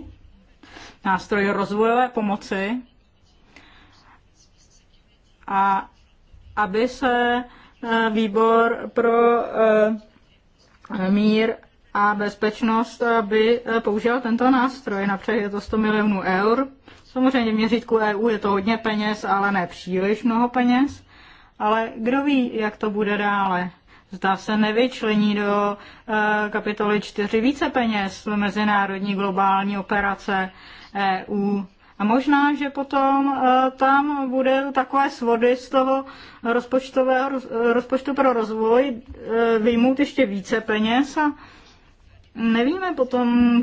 nástroj rozvojové pomoci, a aby se eh, výbor pro eh, mír a bezpečnost, by eh, použil tento nástroj. Například je to 100 milionů eur. Samozřejmě v měřítku EU je to hodně peněz, ale ne příliš mnoho peněz. Ale kdo ví, jak to bude dále? Zdá se nevyčlení do kapitoly 4 více peněz mezinárodní globální operace EU a možná, že potom eh, tam bude takové svody z toho rozpočtového, eh, rozpočtu pro rozvoj eh, vyjmout ještě více peněz a nevíme potom,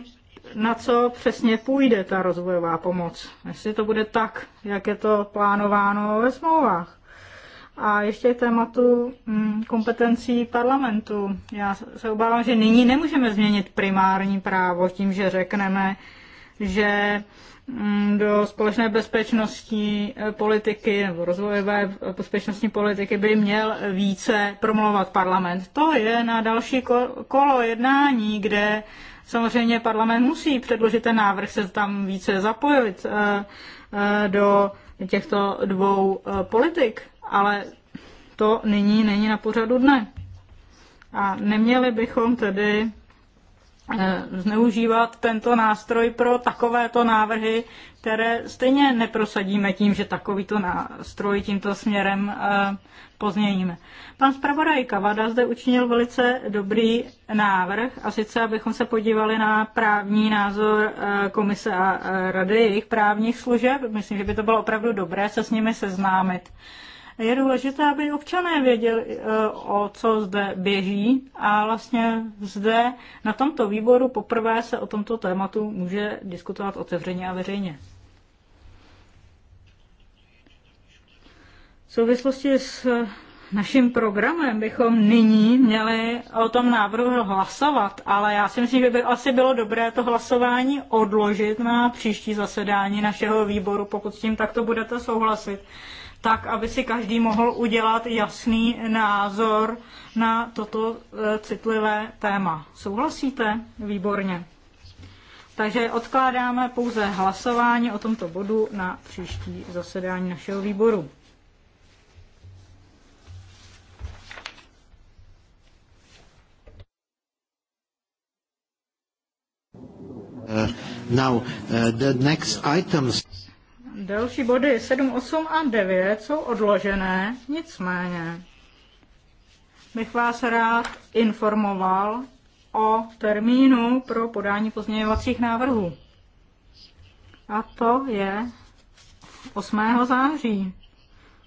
na co přesně půjde ta rozvojová pomoc. Jestli to bude tak, jak je to plánováno ve smlouvách. A ještě k tématu hm, kompetencí parlamentu. Já se obávám, že nyní nemůžeme změnit primární právo tím, že řekneme, že Mm, do společné bezpečnostní eh, politiky nebo rozvojové eh, bezpečnostní politiky by měl více promluvat parlament. To je na další kolo jednání, kde samozřejmě parlament musí předložit ten návrh, se tam více zapojit eh, do těchto dvou politik, ale to nyní není na pořadu dne. A neměli bychom tedy Eh, zneužívat tento nástroj pro takovéto návrhy, které stejně neprosadíme tím, že takovýto nástroj tímto směrem eh, pozměníme. Pan zpravodaj Kavada zde učinil velice dobrý návrh, a sice abychom se podívali na právní názor eh, komise a rady jejich právních služeb. Myslím, že by to bylo opravdu dobré se s nimi seznámit. Je důležité, aby občané věděli, eh, o co zde běží a vlastně zde na tomto výboru poprvé se o tomto tématu může diskutovat otevřeně a veřejně. V souvislosti s naším programem bychom nyní měli o tom návrhu hlasovat, ale já si myslím, že by asi bylo dobré to hlasování odložit na příští zasedání našeho výboru, pokud s tím takto budete souhlasit tak, aby si každý mohl udělat jasný názor na toto e, citlivé téma. Souhlasíte? Výborně. Takže odkládáme pouze hlasování o tomto bodu na příští zasedání našeho výboru. Uh, now, uh, the next items. Další body 7, 8 a 9 jsou odložené, nicméně bych vás rád informoval o termínu pro podání pozměňovacích návrhů. A to je 8. září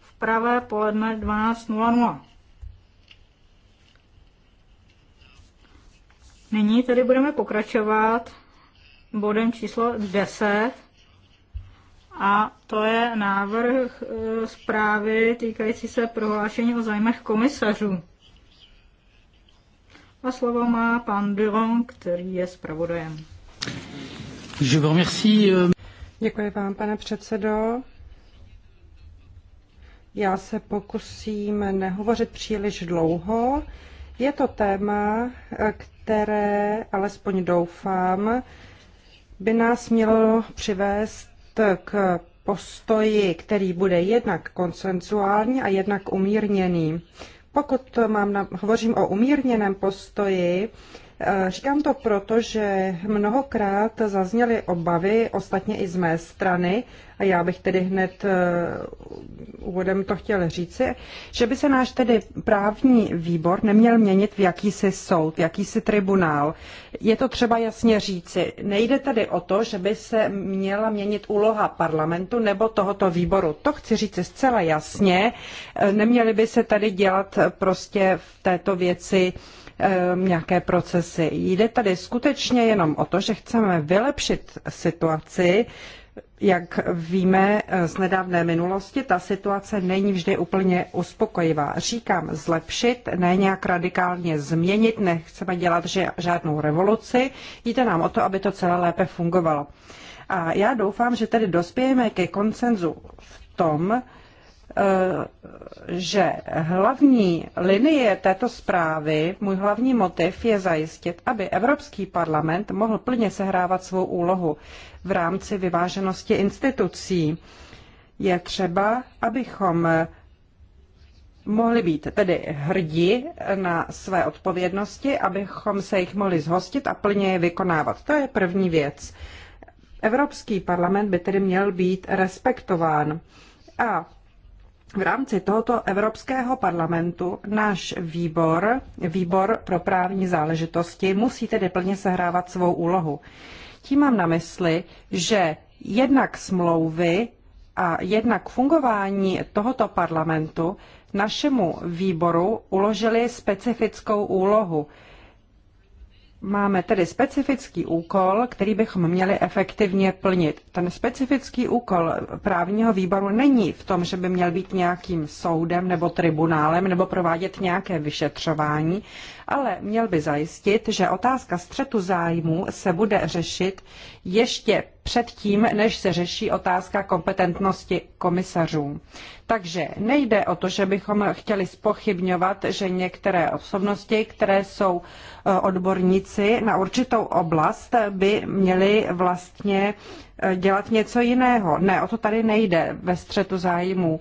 v pravé poledne 12.00. Nyní tedy budeme pokračovat bodem číslo 10 a to je návrh eh, zprávy týkající se prohlášení o zájmech komisařů. A slovo má pan Duron, který je zpravodajem. Je vous remercie. Euh, Děkuji vám, pane předsedo. Já se pokusím nehovořit příliš dlouho. Je to téma, které, alespoň doufám, by nás mělo přivést k postoji, který bude jednak konsenzuální a jednak umírněný. Pokud mám na, hovořím o umírněném postoji, Říkám to proto, že mnohokrát zazněly obavy, ostatně i z mé strany, a já bych tedy hned e, úvodem to chtěl říci, že by se náš tedy právní výbor neměl měnit v jakýsi soud, jakýsi tribunál. Je to třeba jasně říci. Nejde tedy o to, že by se měla měnit úloha parlamentu nebo tohoto výboru. To chci říci zcela jasně. E, neměly by se tady dělat prostě v této věci Ehm, nějaké procesy. Jde tady skutečně jenom o to, že chceme vylepšit situaci, jak víme eh, z nedávné minulosti, ta situace není vždy úplně uspokojivá. Říkám zlepšit, ne nějak radikálně změnit, nechceme dělat žádnou revoluci, jde nám o to, aby to celé lépe fungovalo. A já doufám, že tedy dospějeme ke koncenzu v tom, Eh, že hlavní linie této zprávy, můj hlavní motiv je zajistit, aby Evropský parlament mohl plně sehrávat svou úlohu v rámci vyváženosti institucí. Je třeba, abychom mohli být tedy hrdí na své odpovědnosti, abychom se jich mohli zhostit a plně je vykonávat. To je první věc. Evropský parlament by tedy měl být respektován. A v rámci tohoto Evropského parlamentu náš výbor, výbor pro právní záležitosti, musí tedy plně sehrávat svou úlohu. Tím mám na mysli, že jednak smlouvy a jednak fungování tohoto parlamentu našemu výboru uložili specifickou úlohu. Máme tedy specifický úkol, který bychom měli efektivně plnit. Ten specifický úkol právního výboru není v tom, že by měl být nějakým soudem nebo tribunálem nebo provádět nějaké vyšetřování, ale měl by zajistit, že otázka střetu zájmů se bude řešit ještě předtím, než se řeší otázka kompetentnosti komisařů. Takže nejde o to, že bychom chtěli spochybňovat, že některé osobnosti, které jsou e, odborníci na určitou oblast, by měly vlastně e, dělat něco jiného. Ne, o to tady nejde ve střetu zájmů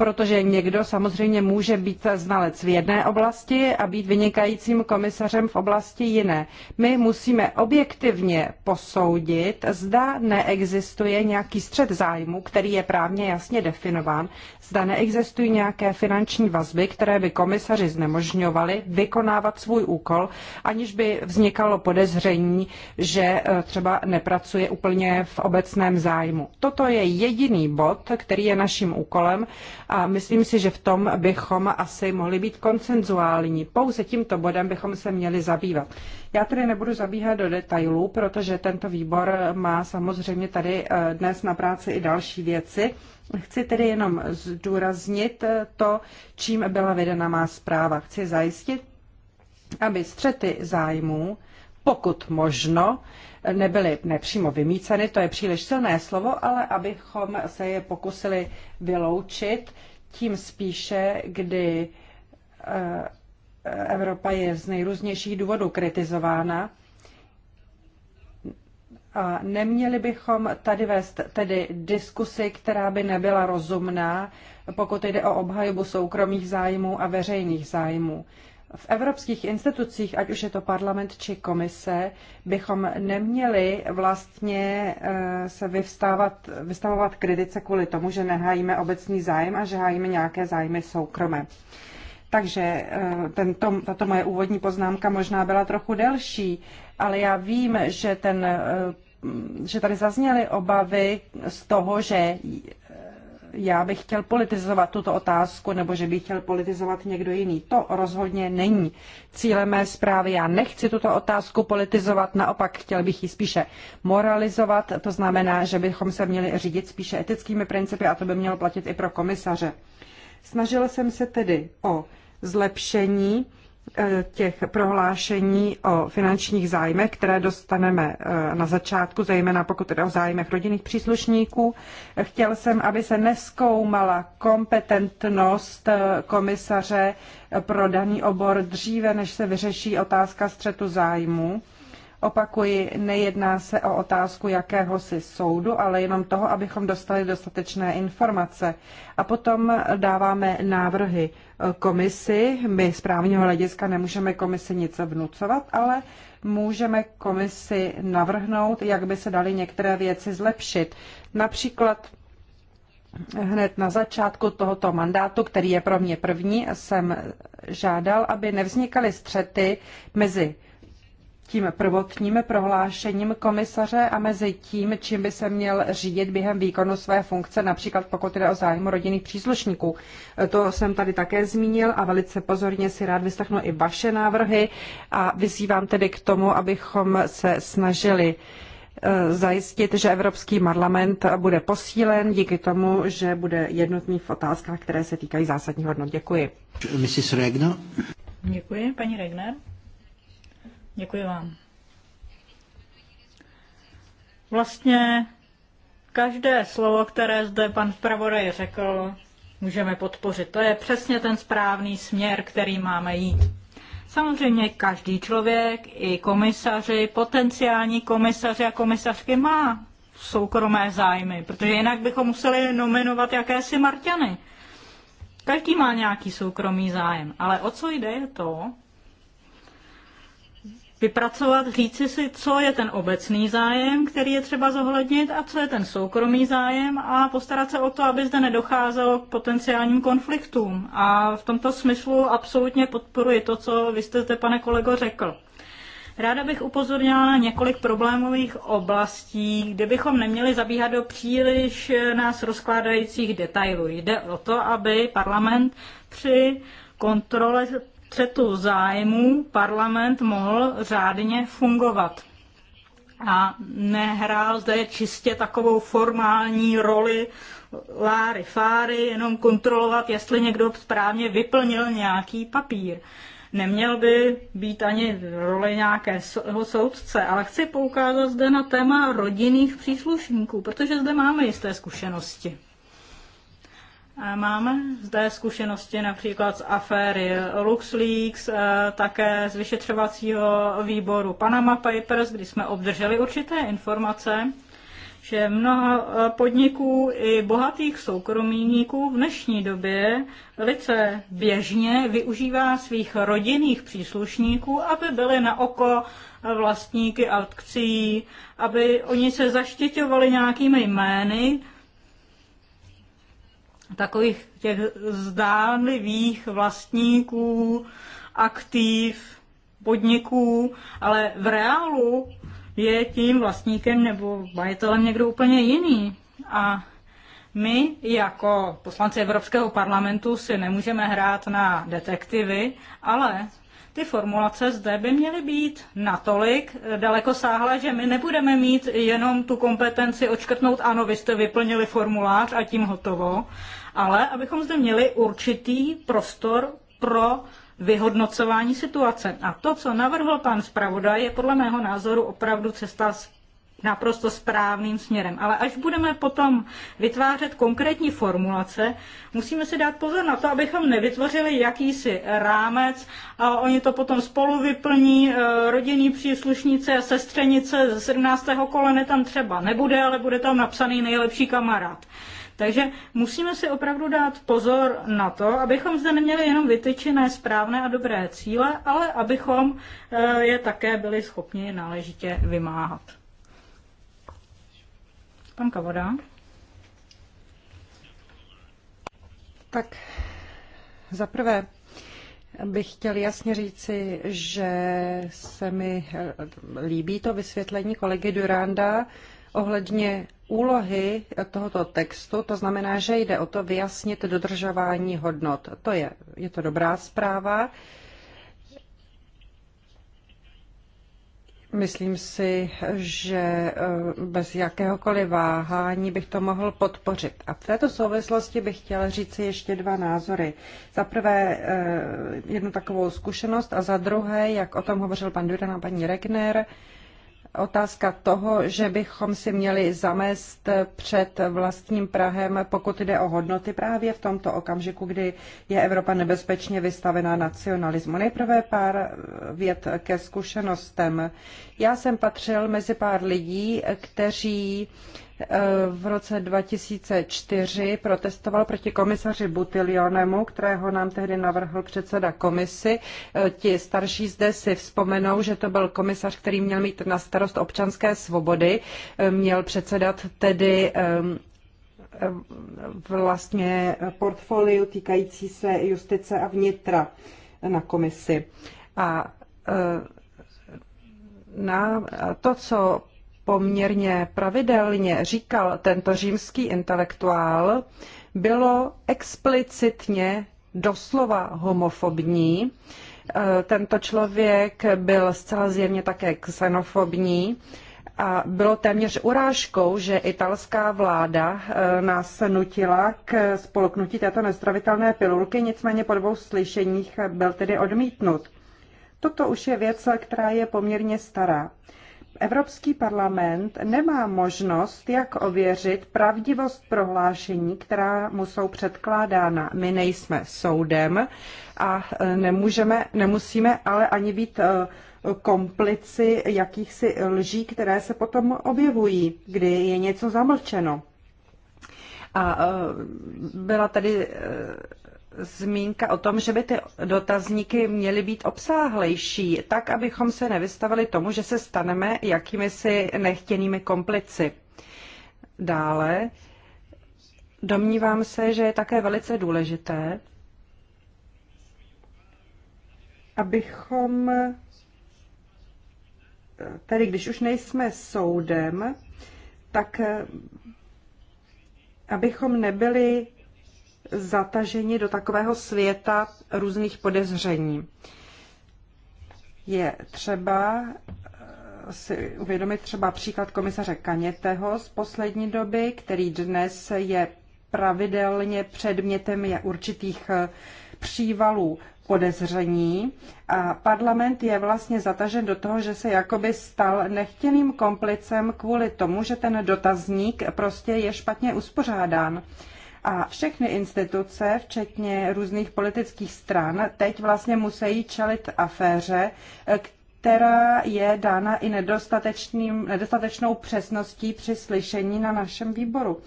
protože někdo samozřejmě může být znalec v jedné oblasti a být vynikajícím komisařem v oblasti jiné. My musíme objektivně posoudit, zda neexistuje nějaký střed zájmu, který je právně jasně definován, zda neexistují nějaké finanční vazby, které by komisaři znemožňovaly vykonávat svůj úkol, aniž by vznikalo podezření, že e, třeba nepracuje úplně v obecném zájmu. Toto je jediný bod, který je naším úkolem a myslím si, že v tom bychom asi mohli být konsenzuální. Pouze tímto bodem bychom se měli zabývat. Já tedy nebudu zabíhat do detailů, protože tento výbor má samozřejmě tady eh, dnes na práci i další věci. Chci tedy jenom zdůraznit eh, to, čím byla vedena má zpráva. Chci zajistit, aby střety zájmů, pokud možno, nebyly nepřímo vymíceny, to je příliš silné slovo, ale abychom se je pokusili vyloučit, tím spíše, kdy eh, Evropa je z nejrůznějších důvodů kritizována. A neměli bychom tady vést tedy diskusy, která by nebyla rozumná, pokud jde o obhajobu soukromých zájmů a veřejných zájmů v evropských institucích, ať už je to parlament či komise, bychom neměli vlastně eh, se vyvstávat, vystavovat kritice kvůli tomu, že nehájíme obecný zájem a že hájíme nějaké zájmy soukromé. Takže eh, tento, tato moje úvodní poznámka možná byla trochu delší, ale já vím, že ten eh, že tady zazněly obavy z toho, že já bych chtěl politizovat tuto otázku, nebo že by chtěl politizovat někdo jiný. To rozhodně není cílem mé zprávy. Já nechci tuto otázku politizovat, naopak chtěl bych ji spíše moralizovat. To znamená, že bychom se měli řídit spíše etickými principy a to by mělo platit i pro komisaře. Snažil jsem se tedy o zlepšení Eh, těch prohlášení o finančních zájmech, které dostaneme eh, na začátku, zejména pokud jde o zájmech rodinných příslušníků. Chtěl jsem, aby se neskoumala kompetentnost eh, komisaře pro daný obor dříve, než se vyřeší otázka střetu zájmu Opakuji, nejedná se o otázku jakéhosi soudu, ale jenom toho, abychom dostali dostatečné informace. A potom dáváme návrhy komisi. My z právního hlediska nemůžeme komisi nic vnucovat, ale můžeme komisi navrhnout, jak by se daly některé věci zlepšit. Například hned na začátku tohoto mandátu, který je pro mě první, jsem žádal, aby nevznikaly střety mezi tím prvotním prohlášením komisaře a mezi tím, čím by se měl řídit během výkonu své funkce, například pokud jde o zájmu rodinných příslušníků. To jsem tady také zmínil a velice pozorně si rád vyslechnu i vaše návrhy a vyzývám tedy k tomu, abychom se snažili eh, zajistit, že Evropský parlament bude posílen díky tomu, že bude jednotný v otázkách, které se týkají zásadních hodnot. Děkuji. Mrs. Regner. Děkuji, paní Regner. Děkuji vám. Vlastně každé slovo, které zde pan zpravodaj řekl, můžeme podpořit. To je přesně ten správný směr, který máme jít. Samozřejmě každý člověk, i komisaři, potenciální komisaři a komisařky má soukromé zájmy, protože jinak bychom museli nominovat jakési Marťany. Každý má nějaký soukromý zájem, ale o co jde je to, vypracovat, říci si, co je ten obecný zájem, který je třeba zohlednit a co je ten soukromý zájem a postarat se o to, aby zde nedocházelo k potenciálním konfliktům. A v tomto smyslu absolutně podporuji to, co vy jste zde, pane kolego, řekl. Ráda bych upozornila na několik problémových oblastí, kde bychom neměli zabíhat do příliš eh, nás rozkládajících detailů. Jde o to, aby parlament při kontrole střetu zájmů parlament mohl řádně fungovat a nehrál zde čistě takovou formální roli láry fáry, jenom kontrolovat, jestli někdo správně vyplnil nějaký papír. Neměl by být ani roli nějakého soudce, ale chci poukázat zde na téma rodinných příslušníků, protože zde máme jisté zkušenosti. Máme zde zkušenosti například z aféry LuxLeaks, eh, také z vyšetřovacího výboru Panama Papers, kdy jsme obdrželi určité informace, že mnoho eh, podniků i bohatých soukromníků v dnešní době velice běžně využívá svých rodinných příslušníků, aby byli na oko vlastníky akcí, aby oni se zaštěťovali nějakými jmény, takových těch zdánlivých vlastníků, aktiv, podniků, ale v reálu je tím vlastníkem nebo majitelem někdo úplně jiný. A my jako poslanci Evropského parlamentu si nemůžeme hrát na detektivy, ale ty formulace zde by měly být natolik daleko sáhlé, že my nebudeme mít jenom tu kompetenci odškrtnout, ano, vy jste vyplnili formulář a tím hotovo, ale abychom zde měli určitý prostor pro vyhodnocování situace. A to, co navrhl pan zpravodaj, je podle mého názoru opravdu cesta naprosto správným směrem. Ale až budeme potom vytvářet konkrétní formulace, musíme si dát pozor na to, abychom nevytvořili jakýsi rámec a oni to potom spolu vyplní, eh, rodinní příslušnice a sestřenice ze 17. kolene tam třeba nebude, ale bude tam napsaný nejlepší kamarád. Takže musíme si opravdu dát pozor na to, abychom zde neměli jenom vytyčené správné a dobré cíle, ale abychom eh, je také byli schopni náležitě vymáhat. Pan Kavoda. Tak za prvé bych chtěl jasně říci, že se mi eh, líbí to vysvětlení kolegy Duranda ohledně úlohy tohoto textu, to znamená, že jde o to vyjasnit dodržování hodnot. To je, je to dobrá zpráva. Myslím si, že eh, bez jakéhokoliv váhání bych to mohl podpořit. A v této souvislosti bych chtěla říct ještě dva názory. Za prvé eh, jednu takovou zkušenost a za druhé, jak o tom hovořil pan Duran a paní Regner, otázka toho, že bychom si měli zamést před vlastním Prahem, pokud jde o hodnoty právě v tomto okamžiku, kdy je Evropa nebezpečně vystavená nacionalismu. Nejprve pár věd ke zkušenostem. Já jsem patřil mezi pár lidí, kteří Eh, v roce 2004 protestoval proti komisaři Butilionemu, kterého nám tehdy navrhl předseda komisy. Eh, ti starší zde si vzpomenou, že to byl komisař, který měl mít na starost občanské svobody, eh, měl předsedat tedy ehm, vlastně portfoliu týkající se justice a vnitra na komisi. A na to, co poměrně pravidelně říkal tento římský intelektuál, bylo explicitně doslova homofobní. E, tento člověk byl zcela zjevně také xenofobní a bylo téměř urážkou, že italská vláda e, nás nutila k spolknutí této nestravitelné pilulky, nicméně po dvou slyšeních byl tedy odmítnut. Toto už je věc, která je poměrně stará. Evropský parlament nemá možnost, jak ověřit pravdivost prohlášení, která mu jsou předkládána. My nejsme soudem a e, nemůžeme, nemusíme ale ani být e, komplici jakýchsi lží, které se potom objevují, kdy je něco zamlčeno. A e, byla tady zmínka o tom, že by ty dotazníky měly být obsáhlejší, tak abychom se nevystavili tomu, že se staneme jakými si nechtěnými komplici. Dále domnívám se, že je také velice důležité, abychom, tedy když už nejsme soudem, tak eh, abychom nebyli zataženi do takového světa různých podezření. Je třeba eh, si uvědomit třeba příklad komisaře Kaněteho z poslední doby, který dnes je pravidelně předmětem je určitých eh, přívalů podezření a parlament je vlastně zatažen do toho, že se jakoby stal nechtěným komplicem kvůli tomu, že ten dotazník prostě je špatně uspořádán. A všechny instituce, včetně různých politických stran, teď vlastně musí čelit aféře, která je dána i nedostatečným, nedostatečnou přesností při slyšení na našem výboru.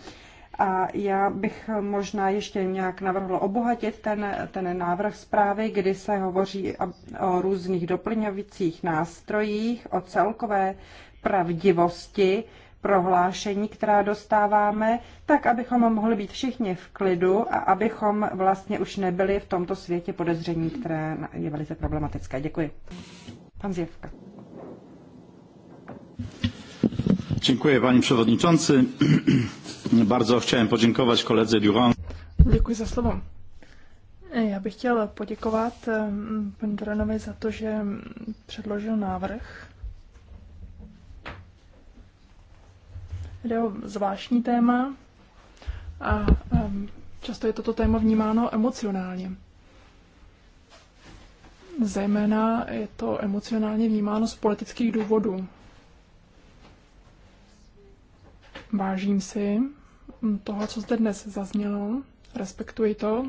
A já bych možná ještě nějak navrhla obohatit ten, ten návrh zprávy, kdy se hovoří o různých doplňovacích nástrojích, o celkové pravdivosti prohlášení, která dostáváme, tak abychom mohli být všichni v klidu a abychom vlastně už nebyli v tomto světě podezření, které je velice problematické. Děkuji. Pan Zjevka. Dziękuję Panie Przewodniczący. [clears throat] Bardzo chciałem podziękować koledze Durand. Děkuji za slovo. Já bych chtěl poděkovat mm, panu Duranovi za to, že mm, předložil návrh Jde o zvláštní téma a často je toto téma vnímáno emocionálně. Zejména je to emocionálně vnímáno z politických důvodů. Vážím si toho, co zde dnes zaznělo, respektuji to.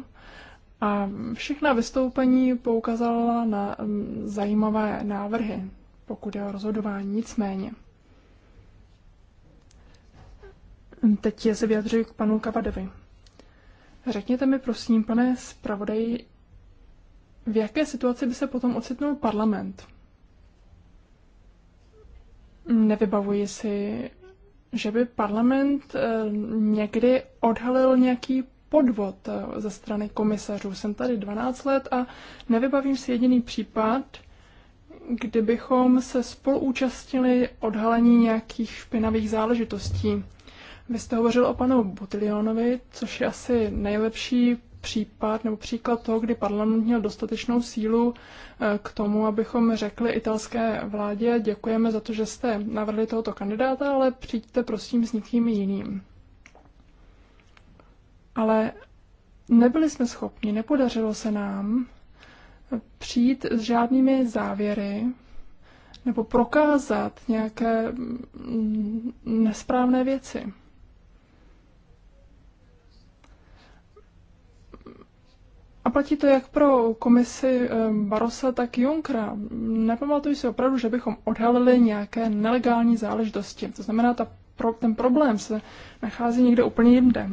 A všechna vystoupení poukazala na zajímavé návrhy, pokud je o rozhodování, nicméně. Teď se vyjadřuji k panu Kavadovi. Řekněte mi prosím, pane zpravodaji, v jaké situaci by se potom ocitnul parlament? Nevybavuji si, že by parlament eh, někdy odhalil nějaký podvod eh, ze strany komisařů. Jsem tady 12 let a nevybavím si jediný případ, kdybychom se spoluúčastnili odhalení nějakých špinavých záležitostí. Vy jste hovořil o panu Butilionovi, což je asi nejlepší případ nebo příklad toho, kdy parlament měl dostatečnou sílu eh, k tomu, abychom řekli italské vládě, děkujeme za to, že jste navrhli tohoto kandidáta, ale přijďte prosím s někým jiným. Ale nebyli jsme schopni, nepodařilo se nám eh, přijít s žádnými závěry nebo prokázat nějaké mm, nesprávné věci. A platí to jak pro komisi eh, Barosa, tak Junkra. Nepamatuji si opravdu, že bychom odhalili nějaké nelegální záležitosti. To znamená, ta pro, ten problém se nachází někde úplně jinde.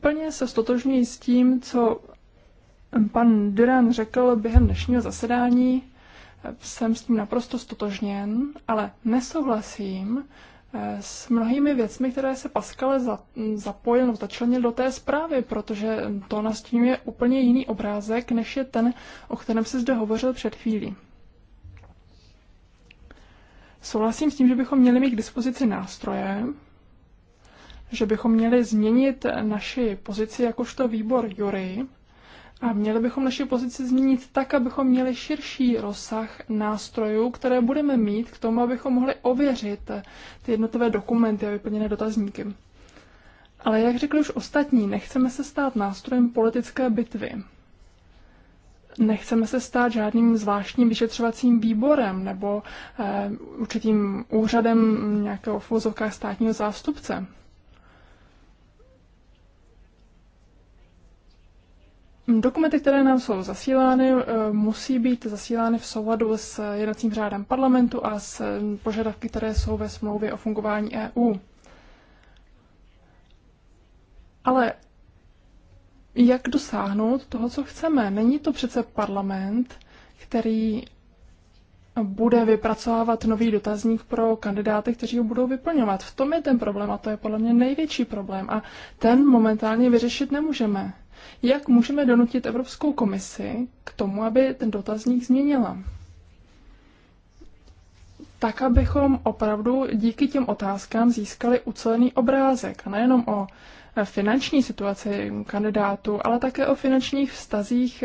Plně se stotožňuji s tím, co pan Duran řekl během dnešního zasedání. Jsem s tím naprosto stotožněn, ale nesouhlasím Eh, s mnohými věcmi, které se Pascal zapojil nebo začlenil do té zprávy, protože to je úplně jiný obrázek, než je ten, o kterém se zde hovořil před chvílí. Souhlasím s tím, že bychom měli mít k dispozici nástroje, že bychom měli změnit naši pozici jakožto výbor jury a měli bychom naši pozici změnit tak, abychom měli širší rozsah nástrojů, které budeme mít k tomu, abychom mohli ověřit ty jednotlivé dokumenty a vyplněné dotazníky. Ale jak řekli už ostatní, nechceme se stát nástrojem politické bitvy. Nechceme se stát žádným zvláštním vyšetřovacím výborem nebo eh, určitým úřadem nějakého v státního zástupce. Dokumenty, které nám jsou zasílány, eh, musí být zasílány v souladu s jednacím řádem parlamentu a s požadavky, které jsou ve smlouvě o fungování EU. Ale jak dosáhnout toho, co chceme? Není to přece parlament, který bude vypracovávat nový dotazník pro kandidáty, kteří ho budou vyplňovat. V tom je ten problém a to je podle mě největší problém a ten momentálně vyřešit nemůžeme. Jak můžeme donutit Evropskou komisi k tomu, aby ten dotazník změnila? Tak, abychom opravdu díky těm otázkám získali ucelený obrázek, a nejenom o finanční situaci kandidátů, ale také o finančních vztazích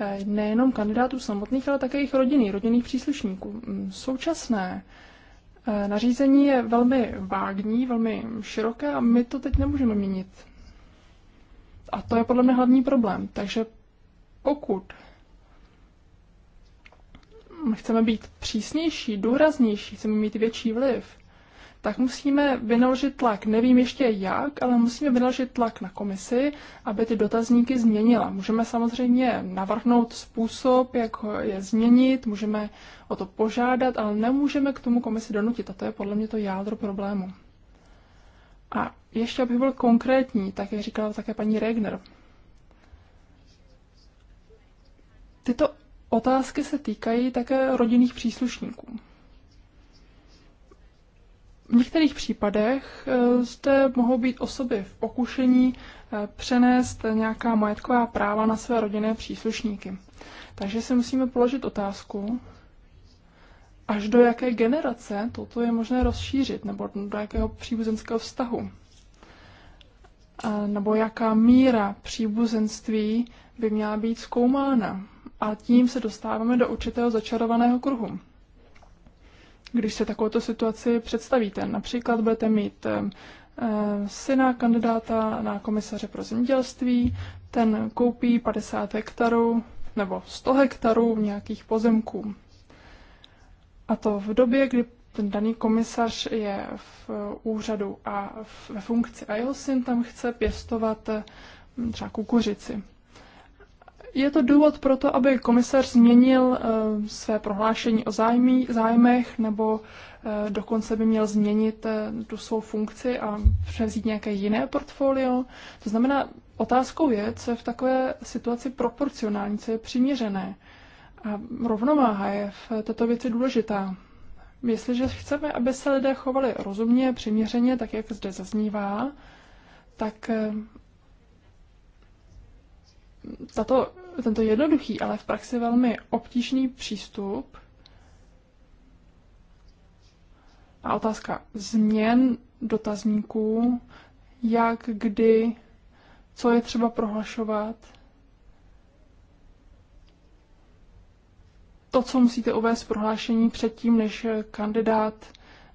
eh, nejenom kandidátů samotných, ale také jejich rodiny, rodinných příslušníků. Mm, současné eh, nařízení je velmi vágní, velmi široké a my to teď nemůžeme měnit. A to je podle mě hlavní problém. Takže pokud chceme být přísnější, důraznější, chceme mít větší vliv, tak musíme vynaložit tlak. Nevím ještě jak, ale musíme vynaložit tlak na komisi, aby ty dotazníky změnila. Můžeme samozřejmě navrhnout způsob, jak je změnit, můžeme o to požádat, ale nemůžeme k tomu komisi donutit. A to je podle mě to jádro problému. A ještě, abych byl konkrétní, tak jak říkala také paní Regner, tyto otázky se týkají také rodinných příslušníků. V některých případech eh, zde mohou být osoby v pokušení eh, přenést nějaká majetková práva na své rodinné příslušníky. Takže si musíme položit otázku, až do jaké generace toto je možné rozšířit, nebo do jakého příbuzenského vztahu. A, nebo jaká míra příbuzenství by měla být zkoumána. A tím se dostáváme do určitého začarovaného kruhu. Když se takovouto situaci představíte, například budete mít eh, eh, syna kandidáta na komisaře pro zemědělství, ten koupí 50 hektarů nebo 100 hektarů nějakých pozemků a to v době, kdy ten daný komisař je v úřadu a ve funkci a jeho syn tam chce pěstovat hm, třeba kukuřici. Je to důvod pro to, aby komisař změnil eh, své prohlášení o zájmí, zájmech nebo eh, dokonce by měl změnit eh, tu svou funkci a převzít nějaké jiné portfolio. To znamená, otázkou je, co je v takové situaci proporcionální, co je přiměřené. A rovnováha je v této věci důležitá. Jestliže chceme, aby se lidé chovali rozumně, přiměřeně, tak jak zde zaznívá, tak eh, tato, tento jednoduchý, ale v praxi velmi obtížný přístup a otázka změn dotazníků, jak, kdy, co je třeba prohlašovat, to, co musíte uvést v prohlášení předtím, než kandidát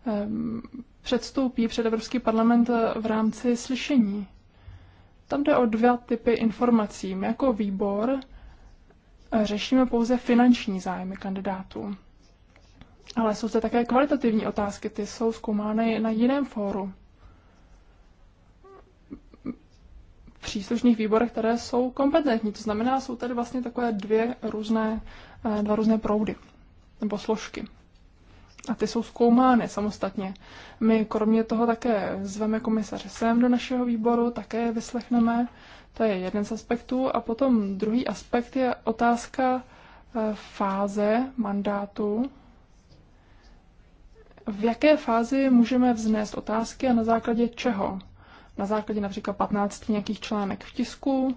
ehm, předstoupí před Evropský parlament eh, v rámci slyšení. Tam jde o dva typy informací. My jako výbor eh, řešíme pouze finanční zájmy kandidátů. Ale jsou zde také kvalitativní otázky, ty jsou zkoumány na jiném fóru. příslušných výborech, které jsou kompetentní. To znamená, jsou tady vlastně takové dvě různé Eh, dva různé proudy nebo složky. A ty jsou zkoumány samostatně. My kromě toho také zveme komisaře sem do našeho výboru, také je vyslechneme. To je jeden z aspektů. A potom druhý aspekt je otázka eh, fáze mandátu. V jaké fázi můžeme vznést otázky a na základě čeho? Na základě například 15 nějakých článek v tisku,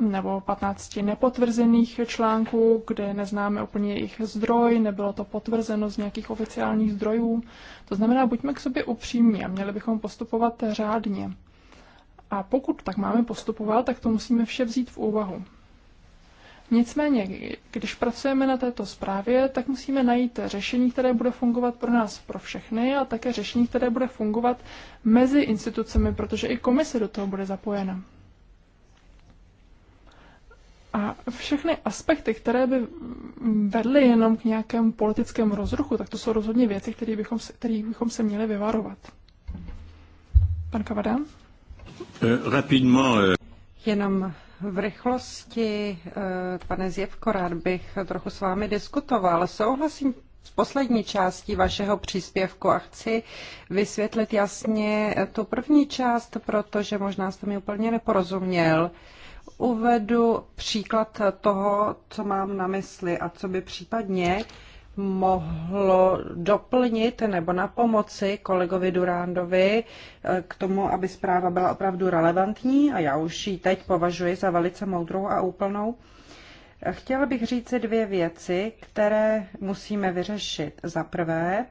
nebo 15 nepotvrzených článků, kde neznáme úplně jejich zdroj, nebylo to potvrzeno z nějakých oficiálních zdrojů. To znamená, buďme k sobě upřímní a měli bychom postupovat řádně. A pokud tak máme postupovat, tak to musíme vše vzít v úvahu. Nicméně, když pracujeme na této zprávě, tak musíme najít řešení, které bude fungovat pro nás, pro všechny, a také řešení, které bude fungovat mezi institucemi, protože i komise do toho bude zapojena. A všechny aspekty, které by vedly jenom k nějakému politickému rozruchu, tak to jsou rozhodně věci, kterých bychom se, bychom se měli vyvarovat. Pan Kavada? Eh, eh. Jenom v rychlosti, eh, pane Zjevko, rád bych trochu s vámi diskutoval. Souhlasím s poslední částí vašeho příspěvku a chci vysvětlit jasně tu první část, protože možná jste mi úplně neporozuměl. Uvedu příklad toho, co mám na mysli a co by případně mohlo doplnit nebo na pomoci kolegovi Durándovi eh, k tomu, aby zpráva byla opravdu relevantní a já už ji teď považuji za velice moudrou a úplnou. Eh, chtěla bych říci dvě věci, které musíme vyřešit. Za prvé,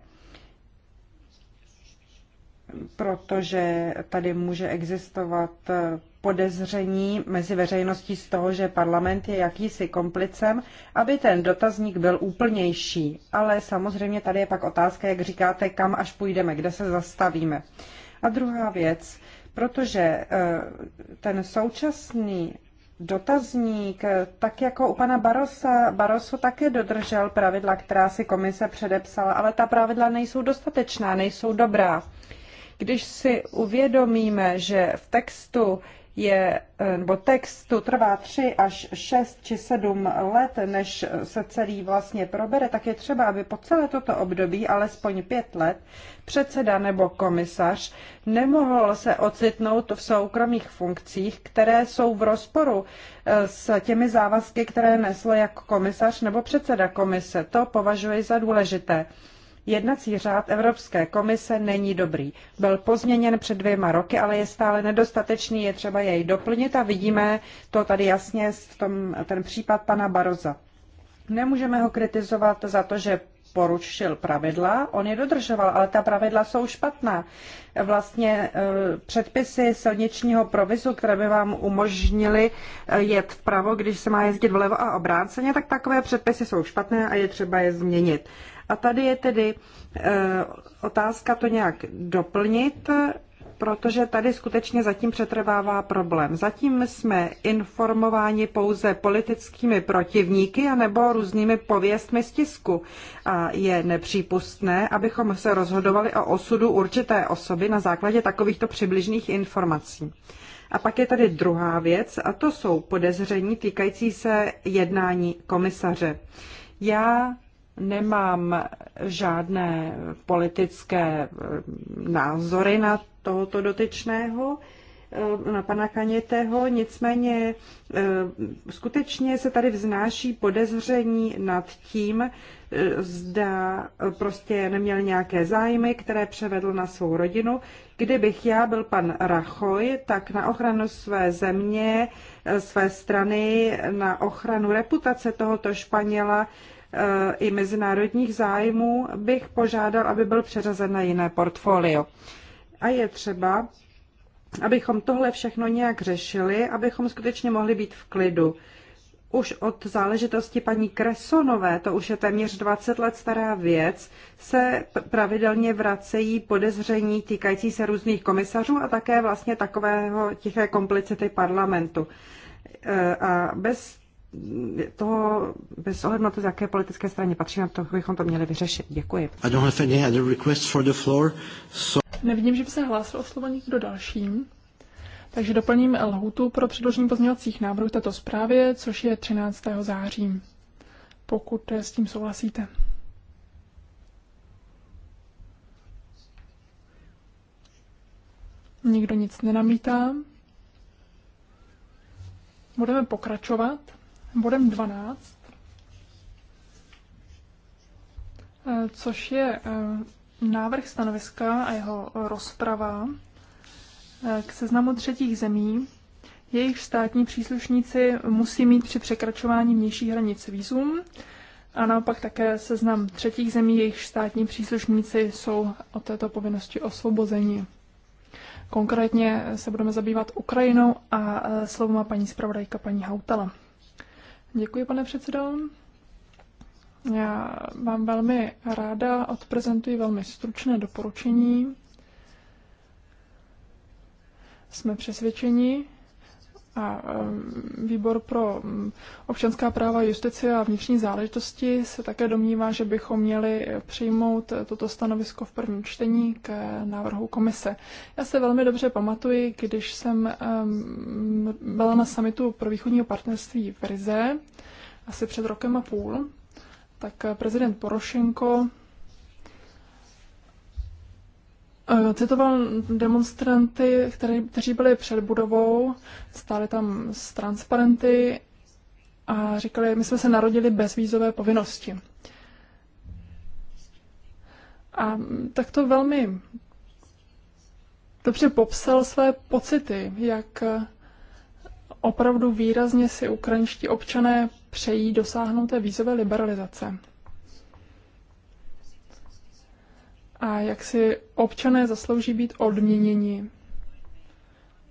protože tady může existovat eh, podezření mezi veřejností z toho, že parlament je jakýsi komplicem, aby ten dotazník byl úplnější. Ale samozřejmě tady je pak otázka, jak říkáte, kam až půjdeme, kde se zastavíme. A druhá věc, protože eh, ten současný dotazník, eh, tak jako u pana Barosa, Barosu také dodržel pravidla, která si komise předepsala, ale ta pravidla nejsou dostatečná, nejsou dobrá. Když si uvědomíme, že v textu je, eh, nebo textu trvá 3 až 6 či 7 let, než se celý vlastně probere, tak je třeba, aby po celé toto období, alespoň 5 let, předseda nebo komisař nemohl se ocitnout v soukromých funkcích, které jsou v rozporu eh, s těmi závazky, které nesl jak komisař nebo předseda komise. To považuji za důležité. Jednací řád Evropské komise není dobrý. Byl pozměněn před dvěma roky, ale je stále nedostatečný, je třeba jej doplnit a vidíme to tady jasně v tom, ten případ pana Baroza. Nemůžeme ho kritizovat za to, že porušil pravidla, on je dodržoval, ale ta pravidla jsou špatná. Vlastně e, předpisy silničního provizu, které by vám umožnili e, jet vpravo, když se má jezdit vlevo a obráceně, tak takové předpisy jsou špatné a je třeba je změnit. A tady je tedy eh, otázka to nějak doplnit, protože tady skutečně zatím přetrvává problém. Zatím jsme informováni pouze politickými protivníky anebo různými pověstmi z tisku. A je nepřípustné, abychom se rozhodovali o osudu určité osoby na základě takovýchto přibližných informací. A pak je tady druhá věc, a to jsou podezření týkající se jednání komisaře. Já Nemám žádné politické eh, názory na tohoto dotyčného, eh, na pana Kanětého, nicméně eh, skutečně se tady vznáší podezření nad tím, zda prostě neměl nějaké zájmy, které převedl na svou rodinu. Kdybych já byl pan Rachoj, tak na ochranu své země, své strany, na ochranu reputace tohoto Španěla Eh, i mezinárodních zájmů, bych požádal, aby byl přeřazen na jiné portfolio. A je třeba, abychom tohle všechno nějak řešili, abychom skutečně mohli být v klidu. Už od záležitosti paní Kresonové, to už je téměř 20 let stará věc, se pravidelně vracejí podezření týkající se různých komisařů a také vlastně takového tiché komplicity parlamentu. Eh, a bez to bez ohledu na to, z jaké politické straně patříme, to bychom to měli vyřešit. Děkuji. I don't have any other for the floor, so... Nevidím, že by se hlásil o slovo někdo další. Takže doplním lhůtu pro předložení pozměňovacích návrhů této zprávě, což je 13. září, pokud eh, s tím souhlasíte. Nikdo nic nenamítá. Budeme pokračovat bodem 12, eh, což je eh, návrh stanoviska a jeho rozprava eh, k seznamu třetích zemí, jejich státní příslušníci musí mít při překračování vnější hranic výzum a naopak také seznam třetích zemí, jejich státní příslušníci jsou od této povinnosti osvobozeni. Konkrétně se budeme zabývat Ukrajinou a slovo má paní zpravodajka paní Hautala. Děkuji, pane předsedo. Já vám velmi ráda odprezentuji velmi stručné doporučení. Jsme přesvědčeni, a výbor pro občanská práva, justici a vnitřní záležitosti se také domnívá, že bychom měli přijmout toto stanovisko v prvním čtení k návrhu komise. Já se velmi dobře pamatuji, když jsem byla na samitu pro východního partnerství v Rize asi před rokem a půl, tak prezident Porošenko Eh, citoval demonstranty, který, kteří byli před budovou, stáli tam s transparenty a říkali, my jsme se narodili bez vízové povinnosti. A tak to velmi dobře popsal své pocity, jak opravdu výrazně si ukrajinští občané přejí dosáhnout té vízové liberalizace. a jak si občané zaslouží být odměněni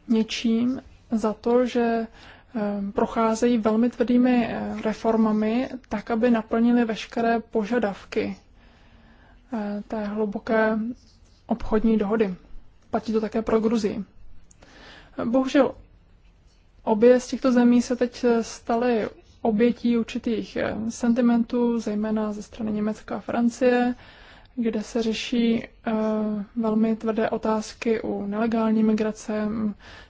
něčím za to, že ehm, procházejí velmi tvrdými eh, reformami, tak, aby naplnili veškeré požadavky eh, té hluboké obchodní dohody. Platí to také pro Gruzii. Bohužel obě z těchto zemí se teď eh, staly obětí určitých sentimentů, zejména ze strany Německa a Francie, kde se řeší eh, velmi tvrdé otázky u nelegální migrace,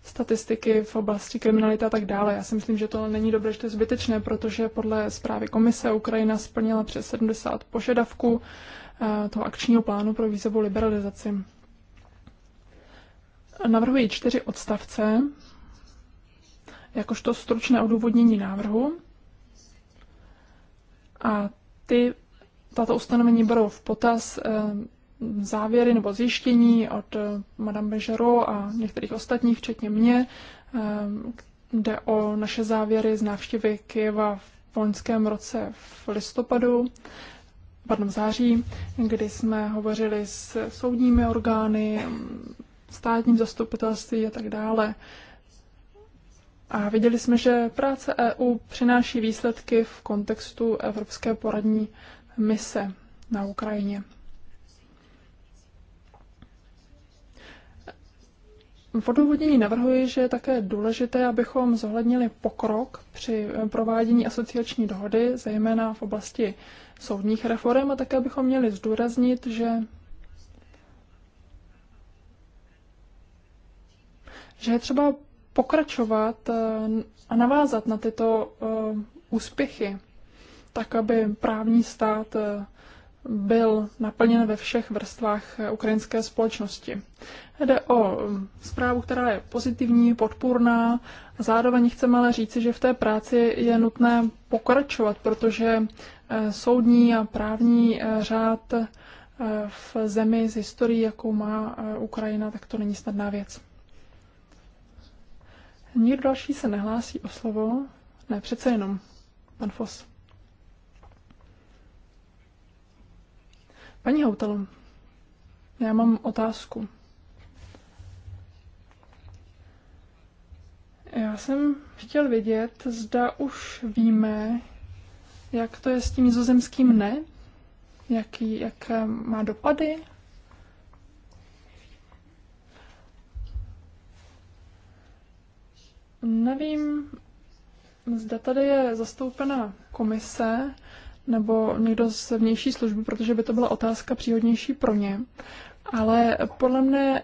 statistiky v oblasti kriminality a tak dále. Já si myslím, že to není dobré, že to je zbytečné, protože podle zprávy komise Ukrajina splnila přes 70 požadavků eh, toho akčního plánu pro výzovu liberalizaci. Navrhuji čtyři odstavce, jakožto stručné odůvodnění návrhu. A ty tato ustanovení berou v potaz eh, závěry nebo zjištění od eh, Madame Bežero a některých ostatních, včetně mě. Jde eh, o naše závěry z návštěvy Kyjeva v loňském roce v listopadu, pardon, v září, kdy jsme hovořili s soudními orgány, státním zastupitelství a tak dále. A viděli jsme, že práce EU přináší výsledky v kontextu Evropské poradní mise na Ukrajině. V odůvodnění navrhuji, že je také důležité, abychom zohlednili pokrok při provádění asociační dohody, zejména v oblasti soudních reform, a také abychom měli zdůraznit, že že je třeba pokračovat eh, a navázat na tyto eh, úspěchy tak aby právní stát eh, byl naplněn ve všech vrstvách eh, ukrajinské společnosti. Jde o mm, zprávu, která je pozitivní, podpůrná. Zároveň chceme ale říci, že v té práci je nutné pokračovat, protože eh, soudní a právní řád v zemi s historií, jakou má Ukrajina, tak to není snadná věc. Nikdo další se nehlásí o slovo? Ne, přece jenom. Pan Fos. Paní Hautalo, já mám otázku. Já jsem chtěl vědět, zda už víme, jak to je s tím nizozemským ne, jaký, jaké má dopady. Nevím, zda tady je zastoupena komise, nebo někdo z vnější služby, protože by to byla otázka příhodnější pro ně. Ale podle mne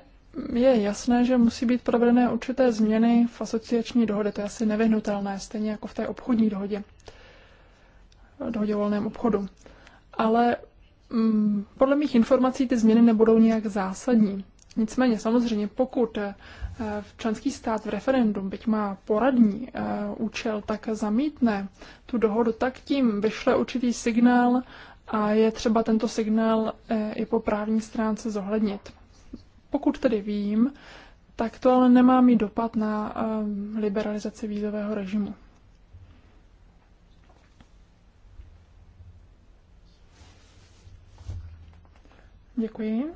je jasné, že musí být provedené určité změny v asociační dohodě. To je asi nevyhnutelné, stejně jako v té obchodní dohodě, dohodě o volném obchodu. Ale mm, podle mých informací ty změny nebudou nějak zásadní. Nicméně samozřejmě, pokud v členský stát v referendum, byť má poradní eh, účel, tak zamítne tu dohodu, tak tím vyšle určitý signál a je třeba tento signál eh, i po právní stránce zohlednit. Pokud tedy vím, tak to ale nemá mít dopad na eh, liberalizaci vízového režimu. Děkuji.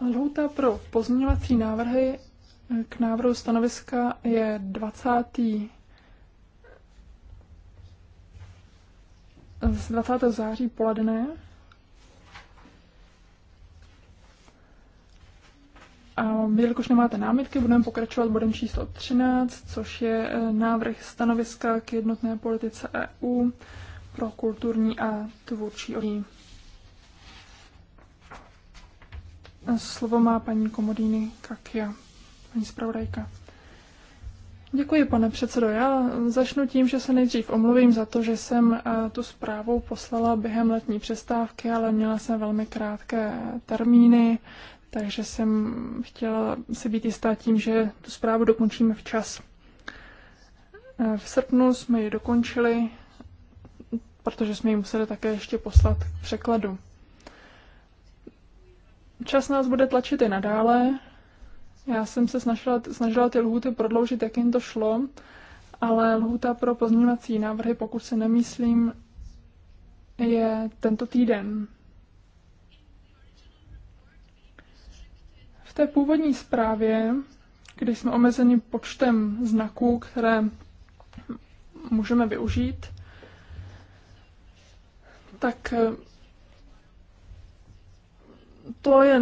Lhůta pro pozměňovací návrhy k návrhu stanoviska je 20. z 20. září poledne. A jelikož nemáte námitky, budeme pokračovat bodem číslo 13, což je eh, návrh stanoviska k jednotné politice EU pro kulturní a tvůrčí odní. Slovo má paní Komodýny Kakia, paní zpravodajka. Děkuji, pane předsedo. Já začnu tím, že se nejdřív omluvím za to, že jsem eh, tu zprávu poslala během letní přestávky, ale měla jsem velmi krátké termíny, takže jsem chtěla si být jistá tím, že tu zprávu dokončíme včas. Eh, v srpnu jsme ji dokončili, protože jsme ji museli také ještě poslat k překladu. Čas nás bude tlačit i nadále. Já jsem se snažila, snažila ty lhuty prodloužit, jak jim to šlo, ale lhuta pro pozměňovací návrhy, pokud se nemyslím, je tento týden. V té původní zprávě, když jsme omezeni počtem znaků, které můžeme využít, tak to je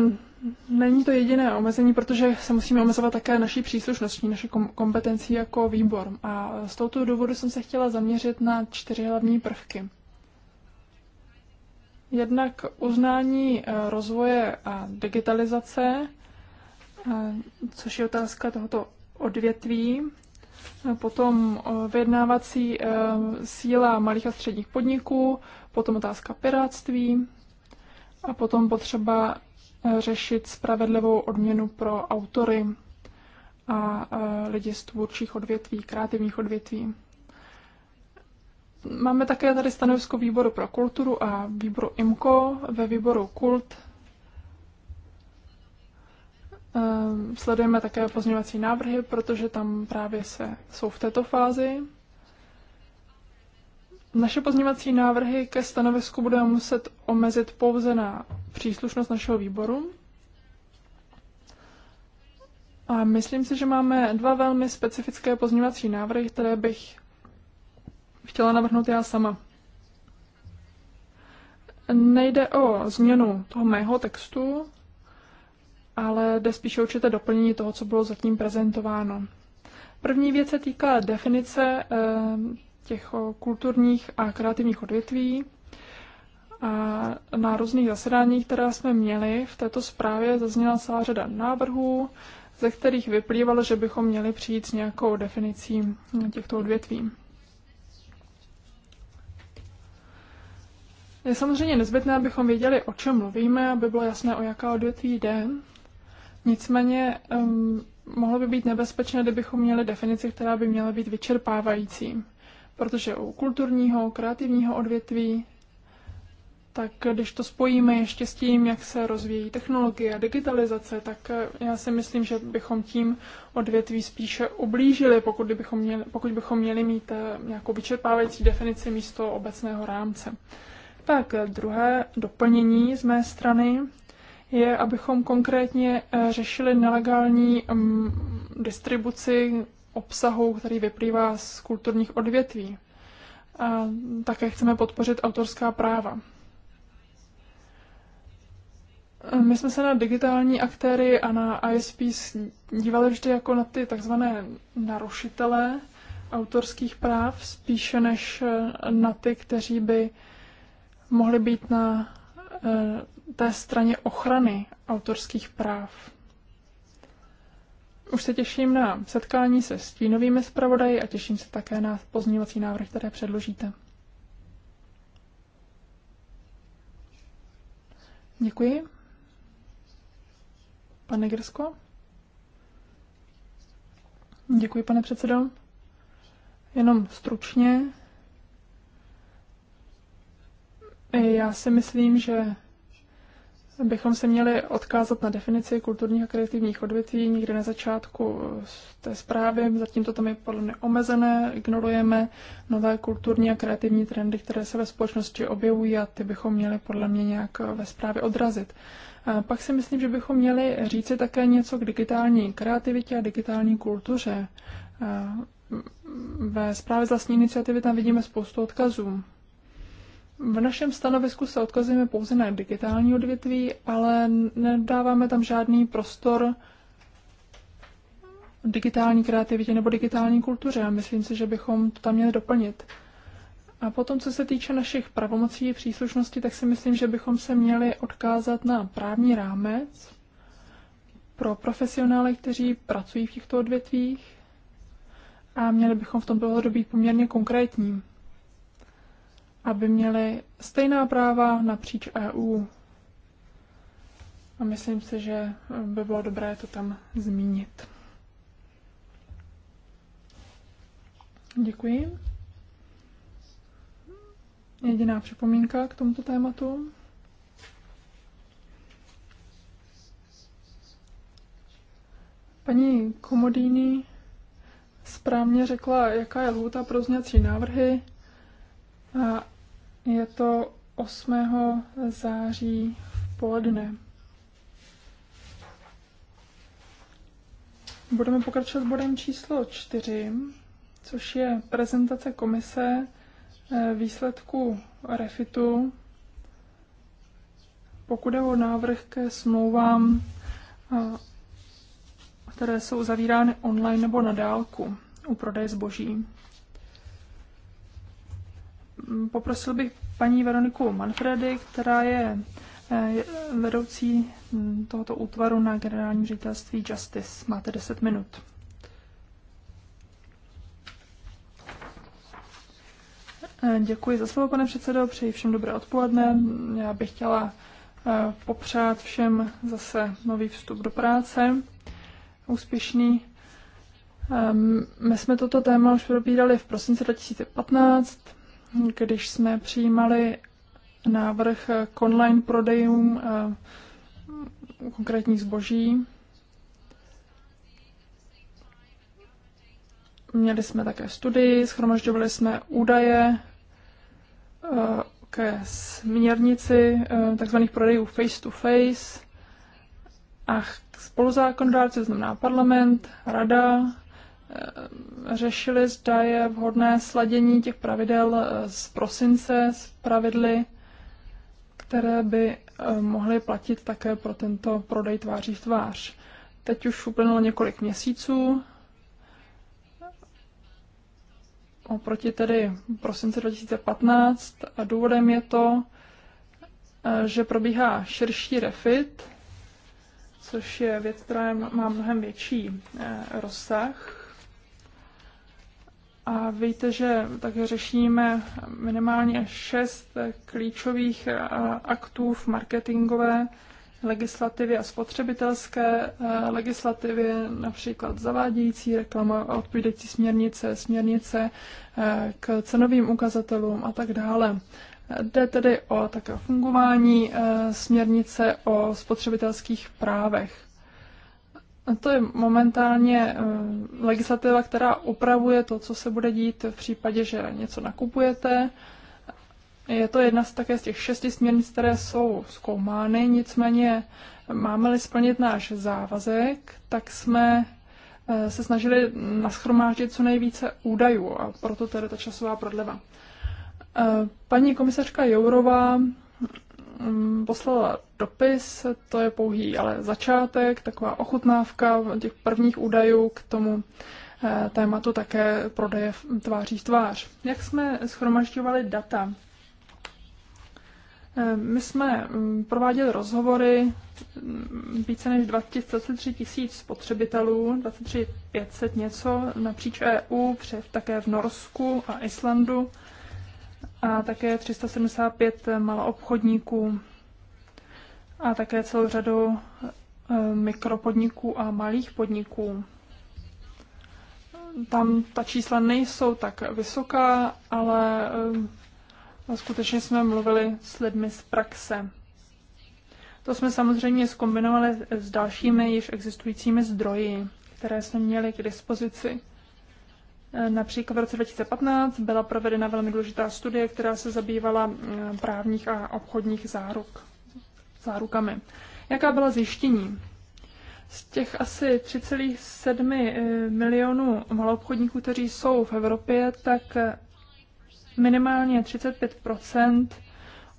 není to jediné omezení, protože se musíme omezovat také naší příslušnosti, naše kom- kompetencí jako výbor. A z tohoto důvodu jsem se chtěla zaměřit na čtyři hlavní prvky. Jednak uznání eh, rozvoje a digitalizace, eh, což je otázka tohoto odvětví, eh, potom vyjednávací síla malých a středních podniků, potom otázka piráctví, a potom potřeba eh, řešit spravedlivou odměnu pro autory a eh, lidi z tvůrčích odvětví, kreativních odvětví. Máme také tady stanovisko výboru pro kulturu a výboru IMKO. Ve výboru KULT eh, sledujeme také pozměňovací návrhy, protože tam právě se, jsou v této fázi naše pozměňovací návrhy ke stanovisku budeme muset omezit pouze na příslušnost našeho výboru. A myslím si, že máme dva velmi specifické pozměňovací návrhy, které bych chtěla navrhnout já sama. Nejde o změnu toho mého textu, ale jde spíše určité doplnění toho, co bylo zatím prezentováno. První věc se týká definice eh, těch eh, kulturních a kreativních odvětví. A na různých zasedáních, která jsme měli, v této zprávě zazněla celá řada návrhů, ze kterých vyplývalo, že bychom měli přijít s nějakou definicí těchto odvětví. Je samozřejmě nezbytné, abychom věděli, o čem mluvíme, aby bylo jasné, o jaká odvětví jde. Nicméně um, mohlo by být nebezpečné, kdybychom měli definici, která by měla být vyčerpávající protože u kulturního, kreativního odvětví, tak když to spojíme ještě s tím, jak se rozvíjí technologie a digitalizace, tak eh, já si myslím, že bychom tím odvětví spíše ublížili, pokud bychom měli, pokud bychom měli mít eh, nějakou vyčerpávající definici místo obecného rámce. Tak eh, druhé doplnění z mé strany je, abychom konkrétně řešili nelegální mm, distribuci obsahu, který vyplývá z kulturních odvětví. A také chceme podpořit autorská práva. My jsme se na digitální aktéry a na ISP dívali vždy jako na ty takzvané narušitele autorských práv, spíše než eh, na ty, kteří by mohli být na eh, té straně ochrany autorských práv už se těším na setkání se stínovými zpravodaji a těším se také na pozměňovací návrh, které předložíte. Děkuji. Pane Grsko? Děkuji, pane předsedo. Jenom stručně. Já si myslím, že bychom se měli odkázat na definici kulturních a kreativních odvětví někde na začátku eh, té zprávy. Zatím to tam je podle mě omezené, ignorujeme nové kulturní a kreativní trendy, které se ve společnosti objevují a ty bychom měli podle mě nějak eh, ve zprávě odrazit. A pak si myslím, že bychom měli říci také něco k digitální kreativitě a digitální kultuře. A mm, mm, ve zprávě z vlastní iniciativy tam vidíme spoustu odkazů. V našem stanovisku se odkazujeme pouze na digitální odvětví, ale nedáváme tam žádný prostor digitální kreativitě nebo digitální kultuře a myslím si, že bychom to tam měli doplnit. A potom, co se týče našich pravomocí a příslušností, tak si myslím, že bychom se měli odkázat na právní rámec pro profesionály, kteří pracují v těchto odvětvích a měli bychom v tomto ohledu být poměrně konkrétní aby měli stejná práva napříč EU. A myslím si, že by bylo dobré to tam zmínit. Děkuji. Jediná připomínka k tomuto tématu. Paní Komodýny správně řekla, jaká je lhůta pro zněcí návrhy. A je to 8. září v poledne. Budeme pokračovat bodem číslo 4, což je prezentace komise eh, výsledku refitu, pokud je o návrh ke smlouvám, eh, které jsou zavírány online nebo na dálku u prodeje zboží poprosil bych paní Veroniku Manfredy, která je eh, vedoucí mm, tohoto útvaru na generálním ředitelství Justice. Máte 10 minut. Eh, děkuji za slovo, pane předsedo, přeji všem dobré odpoledne. Já bych chtěla eh, popřát všem zase nový vstup do práce, úspěšný. Ehm, my jsme toto téma už probírali v prosinci 2015 když jsme přijímali návrh k online prodejům eh, konkrétních zboží. Měli jsme také studii, schromažďovali jsme údaje eh, ke směrnici eh, tzv. prodejů face-to-face -face a spoluzákonodárci, to znamená parlament, rada, Eh, řešili, zda je vhodné sladění těch pravidel eh, z prosince z pravidly, které by eh, mohly platit také pro tento prodej tváří v tvář. Teď už uplynulo několik měsíců, oproti tedy prosince 2015 a důvodem je to, že probíhá širší refit, což je věc, která má mnohem větší rozsah a víte, že také řešíme minimálně šest klíčových eh, aktů v marketingové legislativě a spotřebitelské eh, legislativě, například zavádějící reklama, odpovídající směrnice, směrnice eh, k cenovým ukazatelům a tak dále. Jde tedy o také fungování směrnice o spotřebitelských právech. To je momentálně eh, legislativa, která upravuje to, co se bude dít v případě, že něco nakupujete. Je to jedna z také z těch šesti směrnic, které jsou zkoumány, nicméně máme-li splnit náš závazek, tak jsme eh, se snažili naschromáždit co nejvíce údajů a proto tedy ta časová prodleva. Eh, paní komisařka Jourová Mm, poslala dopis, to je pouhý ale začátek, taková ochutnávka těch prvních údajů k tomu eh, tématu také prodeje tváří v tvář. Jak jsme schromažďovali data? Eh, my jsme mm, prováděli rozhovory mm, více než 23 tisíc spotřebitelů, 23 500 něco napříč EU, také v Norsku a Islandu a také 375 maloobchodníků a také celou řadu eh, mikropodniků a malých podniků. Tam ta čísla nejsou tak vysoká, ale eh, skutečně jsme mluvili s lidmi z praxe. To jsme samozřejmě skombinovali s dalšími již existujícími zdroji, které jsme měli k dispozici. Například v roce 2015 byla provedena velmi důležitá studie, která se zabývala právních a obchodních záruk, zárukami. Jaká byla zjištění? Z těch asi 3,7 eh, milionů maloobchodníků, kteří jsou v Evropě, tak eh, minimálně 35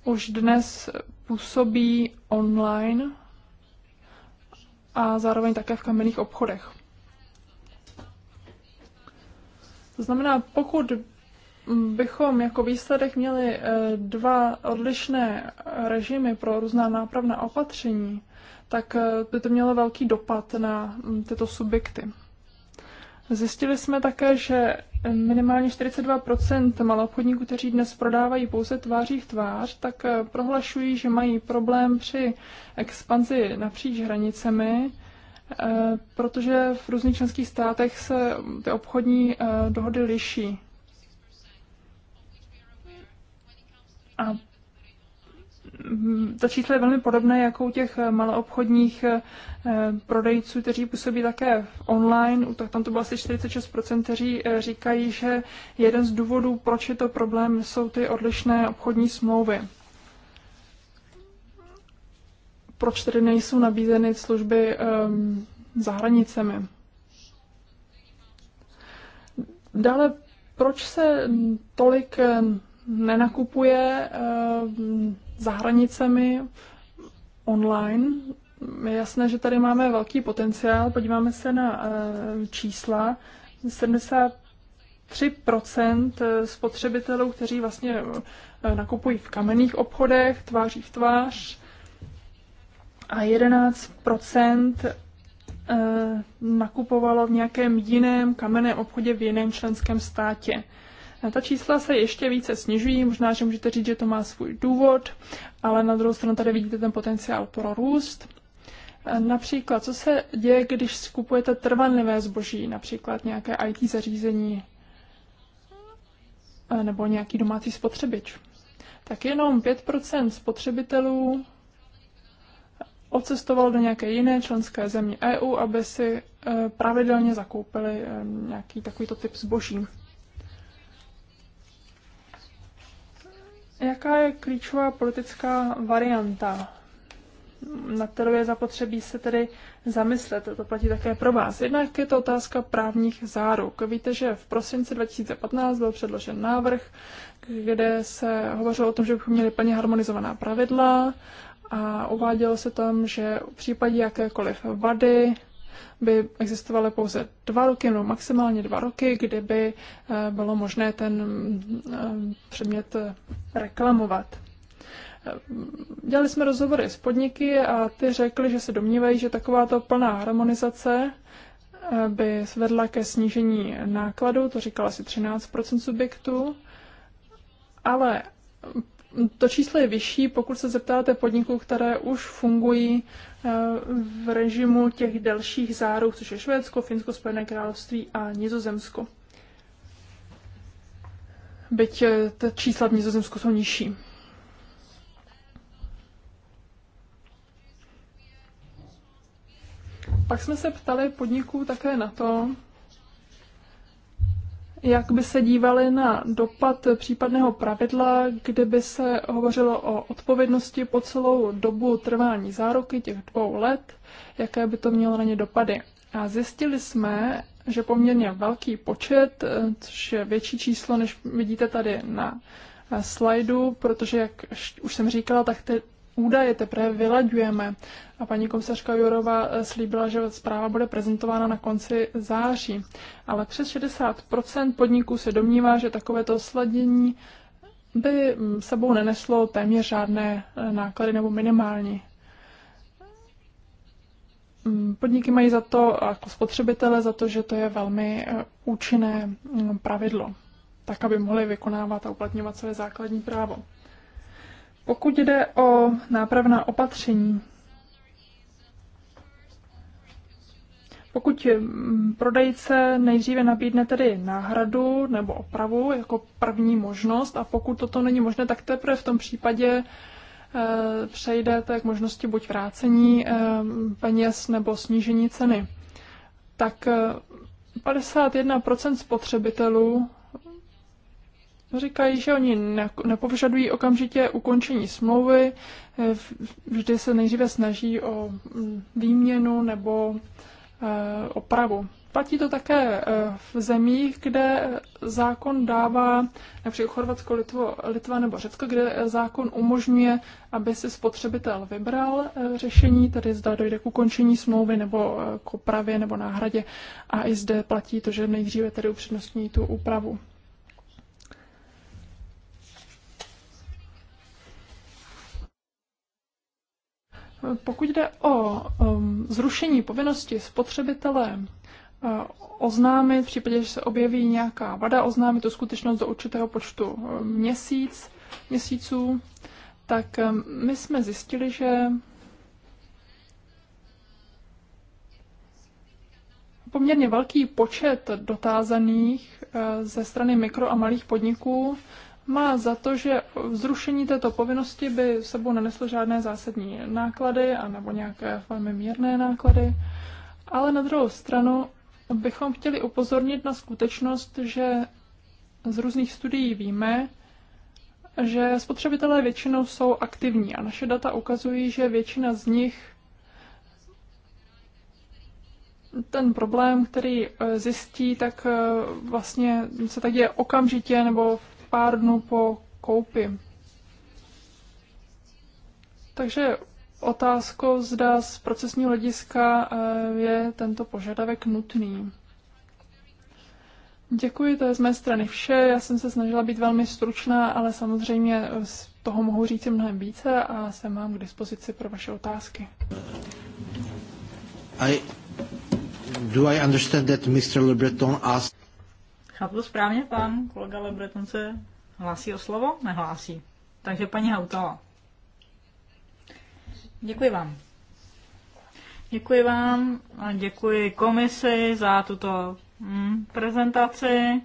už dnes působí online a zároveň také v kamenných obchodech. To znamená, pokud bychom jako výsledek měli eh, dva odlišné režimy pro různá nápravná opatření, tak eh, by to mělo velký dopad na mm, tyto subjekty. Zjistili jsme také, že minimálně 42 maloobchodníků, kteří dnes prodávají pouze tváří v tvář, tak eh, prohlašují, že mají problém při expanzi napříč hranicemi Eh, protože v různých členských státech se ty obchodní eh, dohody liší. A to číslo je velmi podobné jako u těch eh, maloobchodních prodejců, kteří působí také online. Tak tam to bylo asi 46%, kteří říkají, že jeden z důvodů, proč je to problém, jsou ty odlišné obchodní smlouvy proč tedy nejsou nabízeny služby um, za hranicemi. Dále, proč se tolik nenakupuje um, za hranicemi online? Je jasné, že tady máme velký potenciál. Podíváme se na uh, čísla. 73 spotřebitelů, kteří vlastně nakupují v kamenných obchodech, tváří v tvář, a 11 eh, nakupovalo v nějakém jiném kamenném obchodě v jiném členském státě. Ta čísla se ještě více snižují, možná, že můžete říct, že to má svůj důvod, ale na druhou stranu tady vidíte ten potenciál pro růst. Eh, například, co se děje, když skupujete trvanlivé zboží, například nějaké IT zařízení eh, nebo nějaký domácí spotřebič? Tak jenom 5% spotřebitelů odcestoval do nějaké jiné členské země EU, aby si eh, pravidelně zakoupili eh, nějaký takovýto typ zboží. Jaká je klíčová politická varianta, na kterou je zapotřebí se tedy zamyslet? To platí také pro vás. Jednak je to otázka právních záruk. Víte, že v prosinci 2015 byl předložen návrh, kde se hovořilo o tom, že bychom měli plně harmonizovaná pravidla a uvádělo se tam, že v případě jakékoliv vady by existovaly pouze dva roky, nebo maximálně dva roky, kdyby eh, bylo možné ten eh, předmět eh, reklamovat. Dělali jsme rozhovory s podniky a ty řekli, že se domnívají, že takováto plná harmonizace by vedla ke snížení nákladů, to říkala asi 13 subjektů, ale to číslo je vyšší, pokud se zeptáte podniků, které už fungují eh, v režimu těch delších záruk, což je Švédsko, Finsko, Spojené království a Nizozemsko. Byť eh, ta čísla v Nizozemsku jsou nižší. Pak jsme se ptali podniků také na to, jak by se dívali na dopad případného pravidla, by se hovořilo o odpovědnosti po celou dobu trvání záruky těch dvou let, jaké by to mělo na ně dopady. A zjistili jsme, že poměrně velký počet, eh, což je větší číslo, než vidíte tady na eh, slajdu, protože, jak už jsem říkala, tak ty údaje teprve vylaďujeme. A paní komisařka Jorová eh, slíbila, že zpráva bude prezentována na konci září. Ale přes 60 podniků se domnívá, že takovéto sladění by mm, sebou neneslo téměř žádné eh, náklady nebo minimální. Mm, podniky mají za to, jako spotřebitele, za to, že to je velmi eh, účinné mm, pravidlo, tak aby mohli vykonávat a uplatňovat své základní právo. Pokud jde o nápravná opatření, Pokud mm, prodejce nejdříve nabídne tedy náhradu nebo opravu jako první možnost a pokud toto není možné, tak teprve v tom případě eh, přejde přejdete k možnosti buď vrácení eh, peněz nebo snížení ceny. Tak 51% eh, spotřebitelů Říkají, že oni nepožadují okamžitě ukončení smlouvy, eh, vždy se nejdříve snaží o mm, výměnu nebo eh, opravu. Platí to také eh, v zemích, kde zákon dává, například Chorvatsko, Litvo, Litva nebo Řecko, kde zákon umožňuje, aby si spotřebitel vybral řešení, tedy zda dojde k ukončení smlouvy nebo k opravě nebo náhradě. A i zde platí to, že nejdříve tedy upřednostní tu úpravu. Pokud jde o um, zrušení povinnosti spotřebitele uh, oznámit, v případě, že se objeví nějaká vada, oznámit tu skutečnost do určitého počtu uh, měsíc, měsíců, tak um, my jsme zjistili, že poměrně velký počet dotázaných uh, ze strany mikro a malých podniků má za to, že zrušení této povinnosti by sebou neneslo žádné zásadní náklady a nebo nějaké velmi mírné náklady, ale na druhou stranu bychom chtěli upozornit na skutečnost, že z různých studií víme, že spotřebitelé většinou jsou aktivní a naše data ukazují, že většina z nich ten problém, který eh, zjistí, tak eh, vlastně se tak děje okamžitě nebo pár dnů po koupi. Takže otázkou, zda z procesního hlediska eh, je tento požadavek nutný. Děkuji, to je z mé strany vše. Já jsem se snažila být velmi stručná, ale samozřejmě eh, z toho mohu říct mnohem více a jsem vám k dispozici pro vaše otázky. I, do I understand that Mr. Le Breton asked... Chápu to správně, pan kolega Lebreton se hlásí o slovo? Nehlásí. Takže paní Hautala. Děkuji vám. Děkuji vám a děkuji komisi za tuto mm, prezentaci.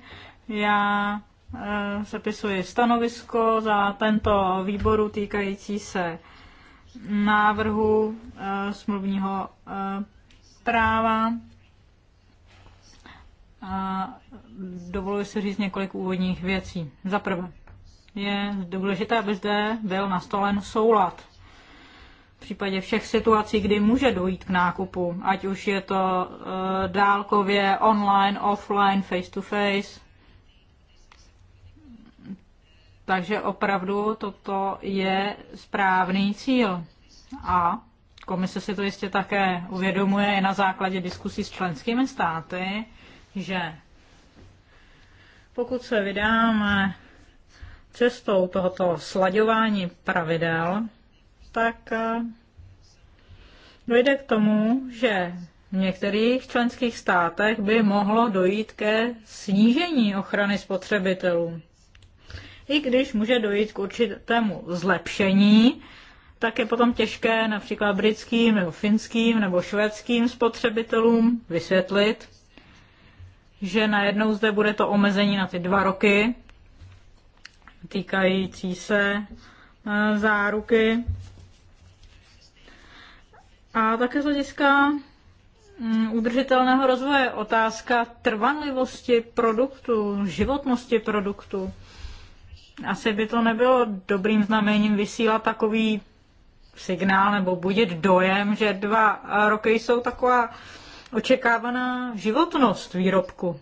Já e, eh, sepisuji stanovisko za tento výboru týkající se návrhu e, smluvního e, práva a dovoluji si říct několik úvodních věcí. Za prvé, je důležité, aby zde byl nastolen soulad. V případě všech situací, kdy může dojít k nákupu, ať už je to uh, dálkově, online, offline, face to face. Takže opravdu toto je správný cíl. A komise si to jistě také uvědomuje i na základě diskusí s členskými státy, že pokud se vydáme cestou tohoto slaďování pravidel, tak eh, dojde k tomu, že v některých členských státech by mohlo dojít ke snížení ochrany spotřebitelů. I když může dojít k určitému zlepšení, tak je potom těžké například britským nebo finským nebo švédským spotřebitelům vysvětlit, že najednou zde bude to omezení na ty dva roky, týkající se eh, záruky. A také z hlediska mm, udržitelného rozvoje otázka trvanlivosti produktu, životnosti produktu. Asi by to nebylo dobrým znamením vysílat takový signál nebo budit dojem, že dva roky jsou taková očekávaná životnost výrobku.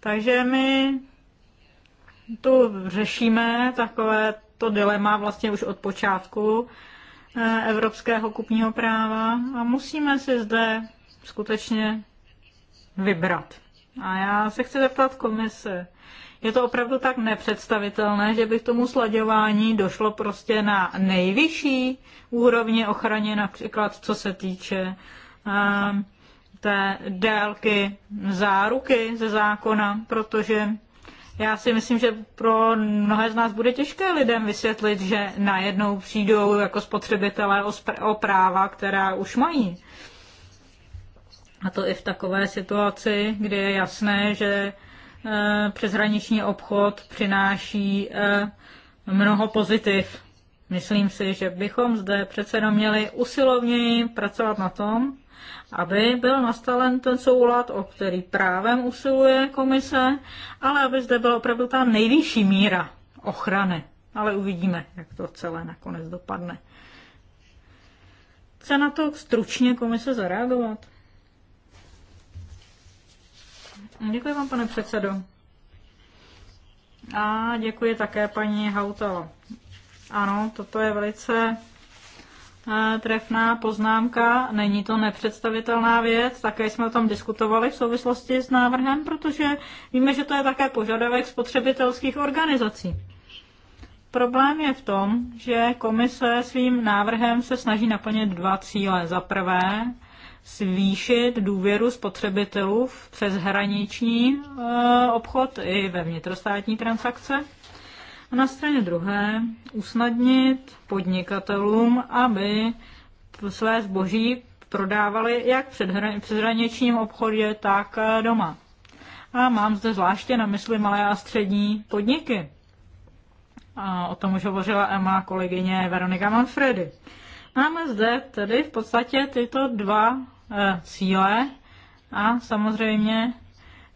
Takže my tu řešíme takové to dilema vlastně už od počátku eh, evropského kupního práva a musíme si zde skutečně vybrat. A já se chci zeptat komise, je to opravdu tak nepředstavitelné, že by k tomu sladěvání došlo prostě na nejvyšší úrovni ochraně, například co se týče Ehm, té délky záruky ze zákona, protože já si myslím, že pro mnohé z nás bude těžké lidem vysvětlit, že najednou přijdou jako spotřebitelé o práva, která už mají. A to i v takové situaci, kdy je jasné, že eh, přeshraniční obchod přináší eh, mnoho pozitiv. Myslím si, že bychom zde přece jenom měli usilovněji pracovat na tom, aby byl nastaven ten soulad, o který právem usiluje komise, ale aby zde byla opravdu ta nejvyšší míra ochrany. Ale uvidíme, jak to celé nakonec dopadne. Chce na to stručně komise zareagovat? Děkuji vám, pane předsedo. A děkuji také paní Hautala. Ano, toto je velice Eh, trefná poznámka, není to nepředstavitelná věc, také jsme o tom diskutovali v souvislosti s návrhem, protože víme, že to je také požadavek spotřebitelských organizací. Problém je v tom, že komise svým návrhem se snaží naplnit dva cíle. Za prvé, zvýšit důvěru spotřebitelů v přeshraniční eh, obchod i ve vnitrostátní transakce. A na straně druhé usnadnit podnikatelům, aby své zboží prodávali jak v přeshraničním obchodě, tak eh, doma. A mám zde zvláště na mysli malé a střední podniky. A o tom už hovořila Emma má kolegyně Veronika Manfredy. Máme zde tedy v podstatě tyto dva e, cíle a samozřejmě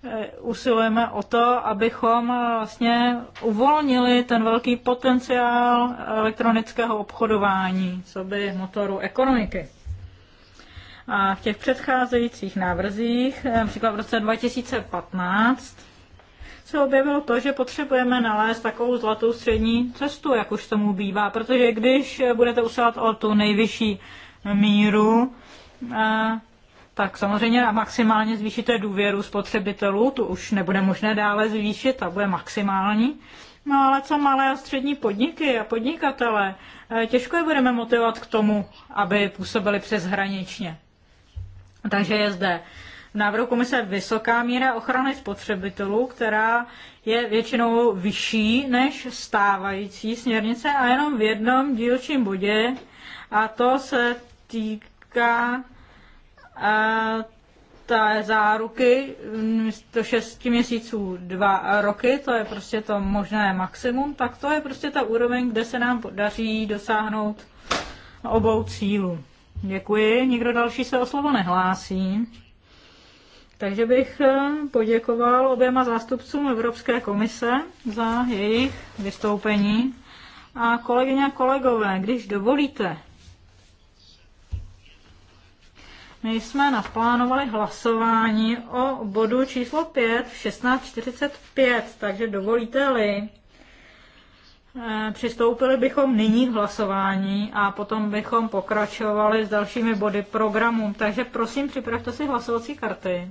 Eh, usilujeme o to, abychom eh, vlastně uvolnili ten velký potenciál elektronického obchodování, co by motoru ekonomiky. A v těch předcházejících návrzích, eh, například v roce 2015, se objevilo to, že potřebujeme nalézt takovou zlatou střední cestu, jak už tomu bývá, protože když budete usilovat o tu nejvyšší míru, tak samozřejmě maximálně zvýšíte důvěru spotřebitelů, tu už nebude možné dále zvýšit, a bude maximální. No ale co malé a střední podniky a podnikatele? Eh, těžko je budeme motivovat k tomu, aby působili přeshraničně. Takže je zde v návrhu komise vysoká míra ochrany spotřebitelů, která je většinou vyšší než stávající směrnice a jenom v jednom dílčím bodě, a to se týká ta záruky mm, to 6 měsíců dva roky, to je prostě to možné maximum, tak to je prostě ta úroveň, kde se nám podaří dosáhnout obou cílů. Děkuji, nikdo další se o slovo nehlásí. Takže bych eh, poděkoval oběma zástupcům Evropské komise za jejich vystoupení. A kolegyně a kolegové, když dovolíte, My jsme naplánovali hlasování o bodu číslo 5 v 16.45, takže dovolíte-li, eh, přistoupili bychom nyní k hlasování a potom bychom pokračovali s dalšími body programu. Takže prosím, připravte si hlasovací karty.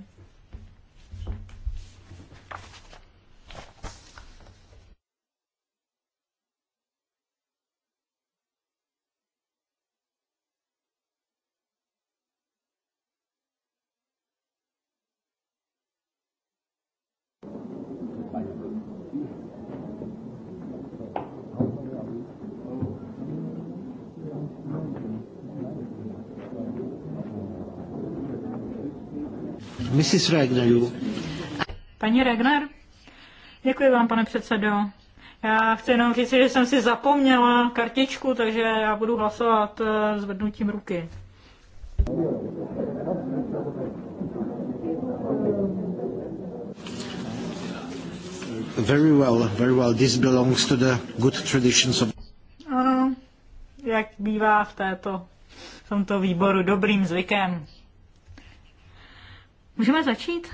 Mrs. Regner, you. Paní Regner, děkuji vám, pane předsedo. Já chci jenom říct, že jsem si zapomněla kartičku, takže já budu hlasovat eh, zvednutím ruky. Very well, very well. This belongs to the good traditions of... Ano, jak bývá v této v tomto výboru dobrým zvykem. Můžeme začít?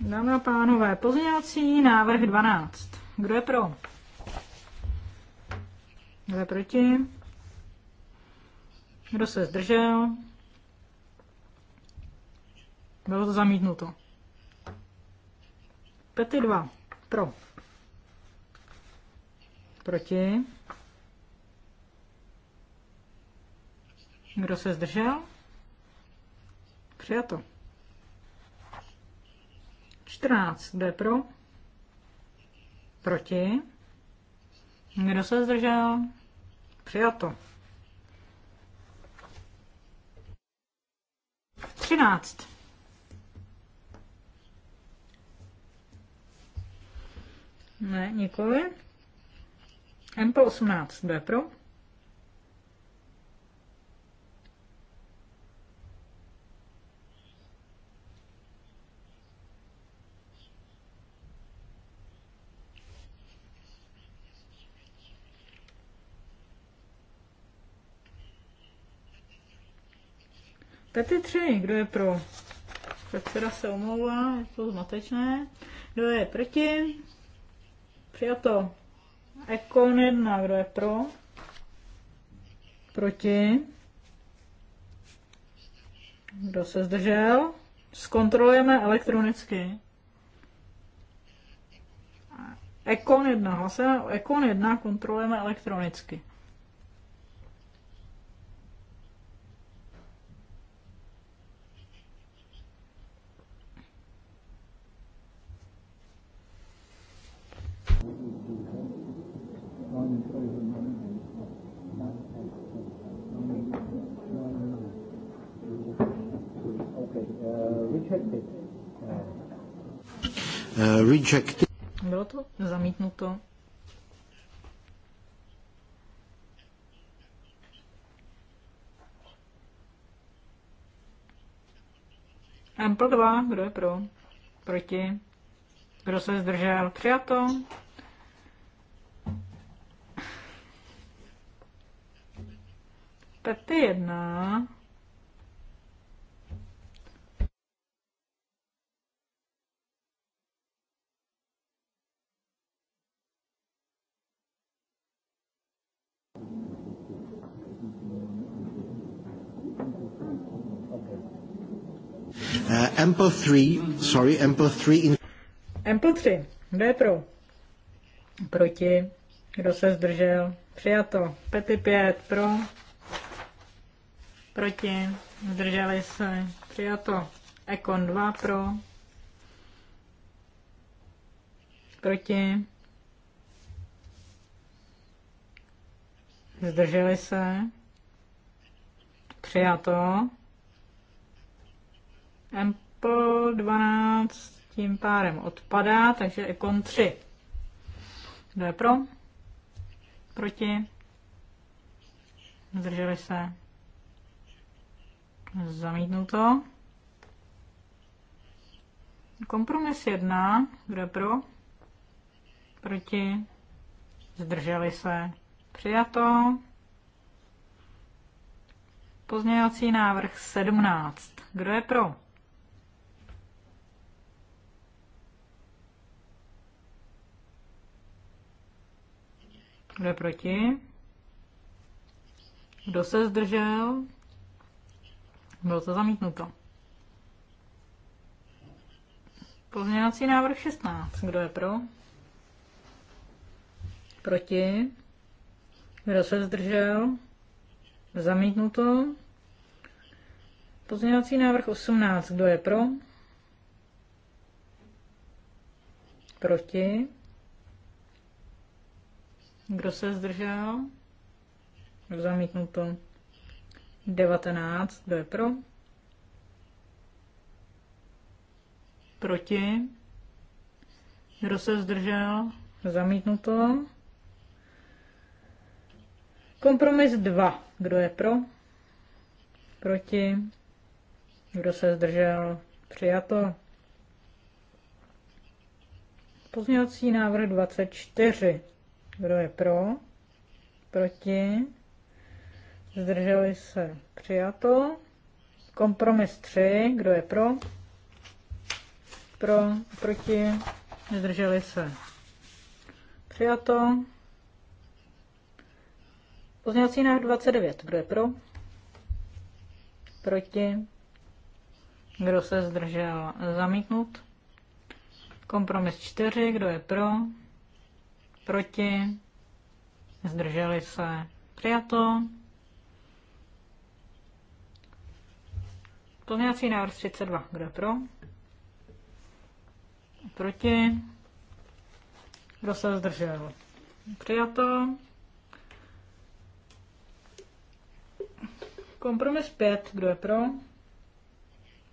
Dámy a pánové, pozměňovací návrh 12. Kdo je pro? Kdo je proti? Kdo se zdržel? Bylo to zamítnuto. Pety 2. Pro. Proti. Kdo se zdržel? Přijato. 14. Kdo je pro? Proti? Kdo se zdržel? Přijato. 13. Ne, nikoli. M18, kdo je pro? Pety 3, kdo je pro? Předseda se omlouvá, je to zmatečné. Kdo je proti? Přijato. Ekon 1, kdo je pro? Proti? Kdo se zdržel? Zkontrolujeme elektronicky. Ekon 1, hlasujeme Ekon 1, kontrolujeme elektronicky. rejected. Bylo to zamítnuto. M 2, kdo je pro? Proti? Kdo se zdržel? Přijato. Pety 1, Uh, Ample 3, sorry, Ample 3. In... Ample 3, kdo je pro? Proti, kdo se zdržel? Přijato. Pety 5, pro? Proti, zdrželi se. Přijato. Econ 2, pro? Proti. Zdrželi se. Přijato. Ample 12 tím párem odpadá, takže Econ 3. Kdo je pro? Proti? Zdrželi se? Zamítnu to. Kompromis 1. Kdo je pro? Proti? Zdrželi se? Přijato. Pozměňovací návrh 17. Kdo je pro? Kdo je proti? Kdo se zdržel? Bylo to zamítnuto. Pozměňovací návrh 16. Kdo je pro? Proti? Kdo se zdržel? Zamítnuto. Pozměňovací návrh 18. Kdo je pro? Proti? Kdo se zdržel? Kdo to? 19. Kdo je pro? Proti? Kdo se zdržel? to? Kompromis 2. Kdo je pro? Proti? Kdo se zdržel? Přijato. Pozměňovací návrh 24. Kdo je pro? Proti? Zdrželi se. Přijato. Kompromis 3. Kdo je pro? Pro, proti, zdrželi se. Přijato. Pozměňovací návrh 29. Kdo je pro? Proti? Kdo se zdržel? Zamítnut. Kompromis 4. Kdo je pro? proti, zdrželi se, přijato. Pozměňovací návrh 32, kdo je pro, proti, kdo se zdržel, přijato. Kompromis 5, kdo je pro,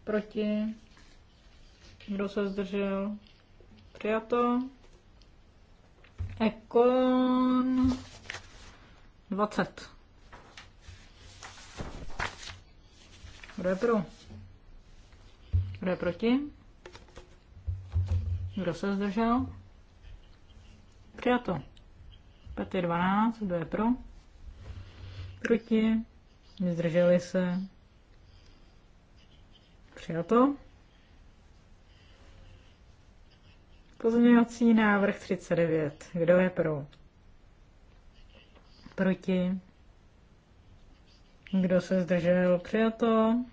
proti, kdo se zdržel, přijato. Ekon 20. Kdo je pro? Kdo je proti? Kdo se zdržel? Přijato. Pety 12, kdo je pro? Proti? Zdrželi se? Přijato. Pozměňovací návrh 39. Kdo je pro? Proti? Kdo se zdržel? Přijato.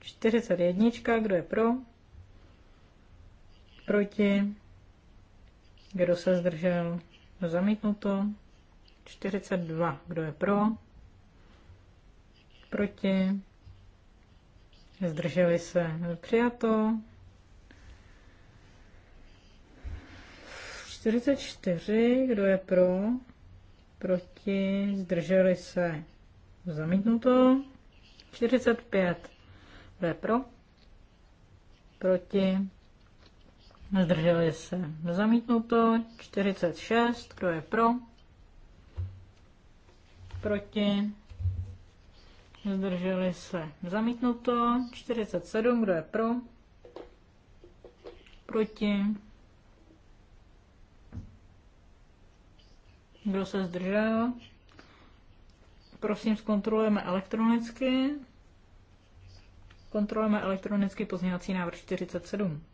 41. Kdo je pro? Proti? Kdo se zdržel? Zamítnuto. 42. Kdo je pro? Proti? Zdrželi se. Přijato. 44, kdo je pro, proti, zdrželi se, zamítnuto. 45, kdo je pro, proti, zdrželi se, zamítnuto. 46, kdo je pro, proti, zdrželi se, zamítnuto. 47, kdo je pro, proti, Kdo se zdržel? Prosím, zkontrolujeme elektronicky. Kontrolujeme elektronicky pozměňovací návrh 47.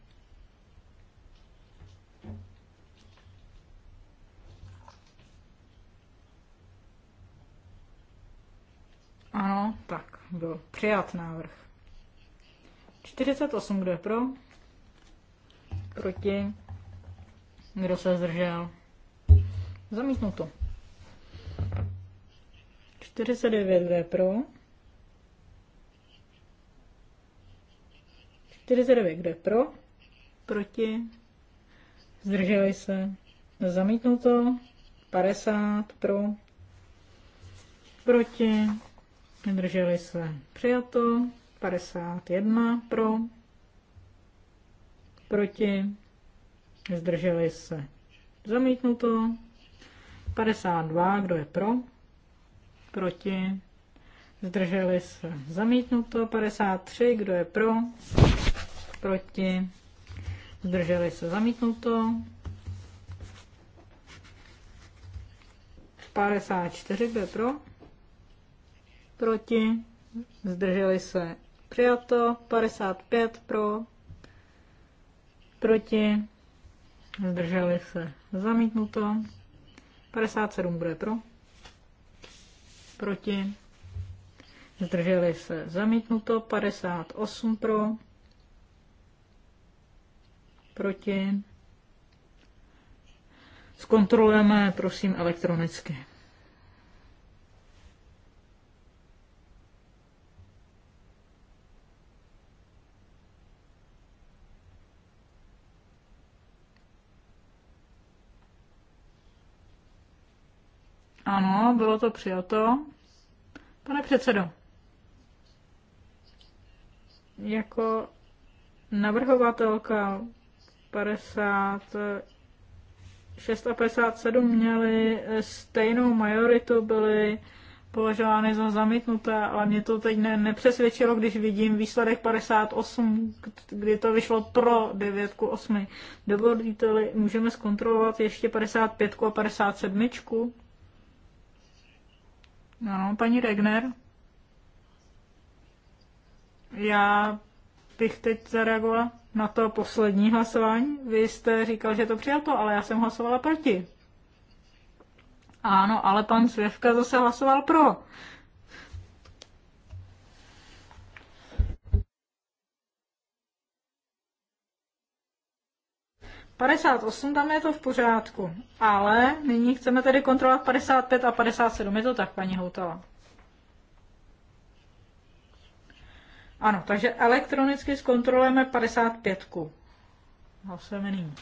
Ano, tak byl přijat návrh. 48, kdo je pro? Proti? Kdo se zdržel? Zamítnuto. 49 D pro. 49 kde pro. Proti. Zdrželi se. Zamítnuto. 50 pro. Proti. Zdrželi se. Přijato. 51 pro. Proti. Zdrželi se. Zamítnuto. 52, kdo je pro? Proti? Zdrželi se. Zamítnuto 53, kdo je pro? Proti? Zdrželi se. Zamítnuto 54, kdo je pro? Proti? Zdrželi se. Přijato 55 pro? Proti? Zdrželi se. Zamítnuto 57, bude pro? Proti? Zdrželi se zamítnuto. 58 pro? Proti? Zkontrolujeme, prosím, elektronicky. Ano, bylo to přijato. Pane předsedo, jako navrhovatelka 6 a 57 měli stejnou majoritu, byly považovány za zamítnuté, ale mě to teď ne, nepřesvědčilo, když vidím výsledek 58, kdy to vyšlo pro 9 k 8. Dovolíte-li, můžeme zkontrolovat ještě 55 a 57? Ano, paní Regner. Já bych teď zareagovala na to poslední hlasování. Vy jste říkal, že to přijato, ale já jsem hlasovala proti. Ano, ale pan Svěvka zase hlasoval pro. 58, tam je to v pořádku, ale nyní chceme tedy kontrolovat 55 a 57, je to tak, paní Houtala? Ano, takže elektronicky zkontrolujeme 55. Hlasujeme nyní.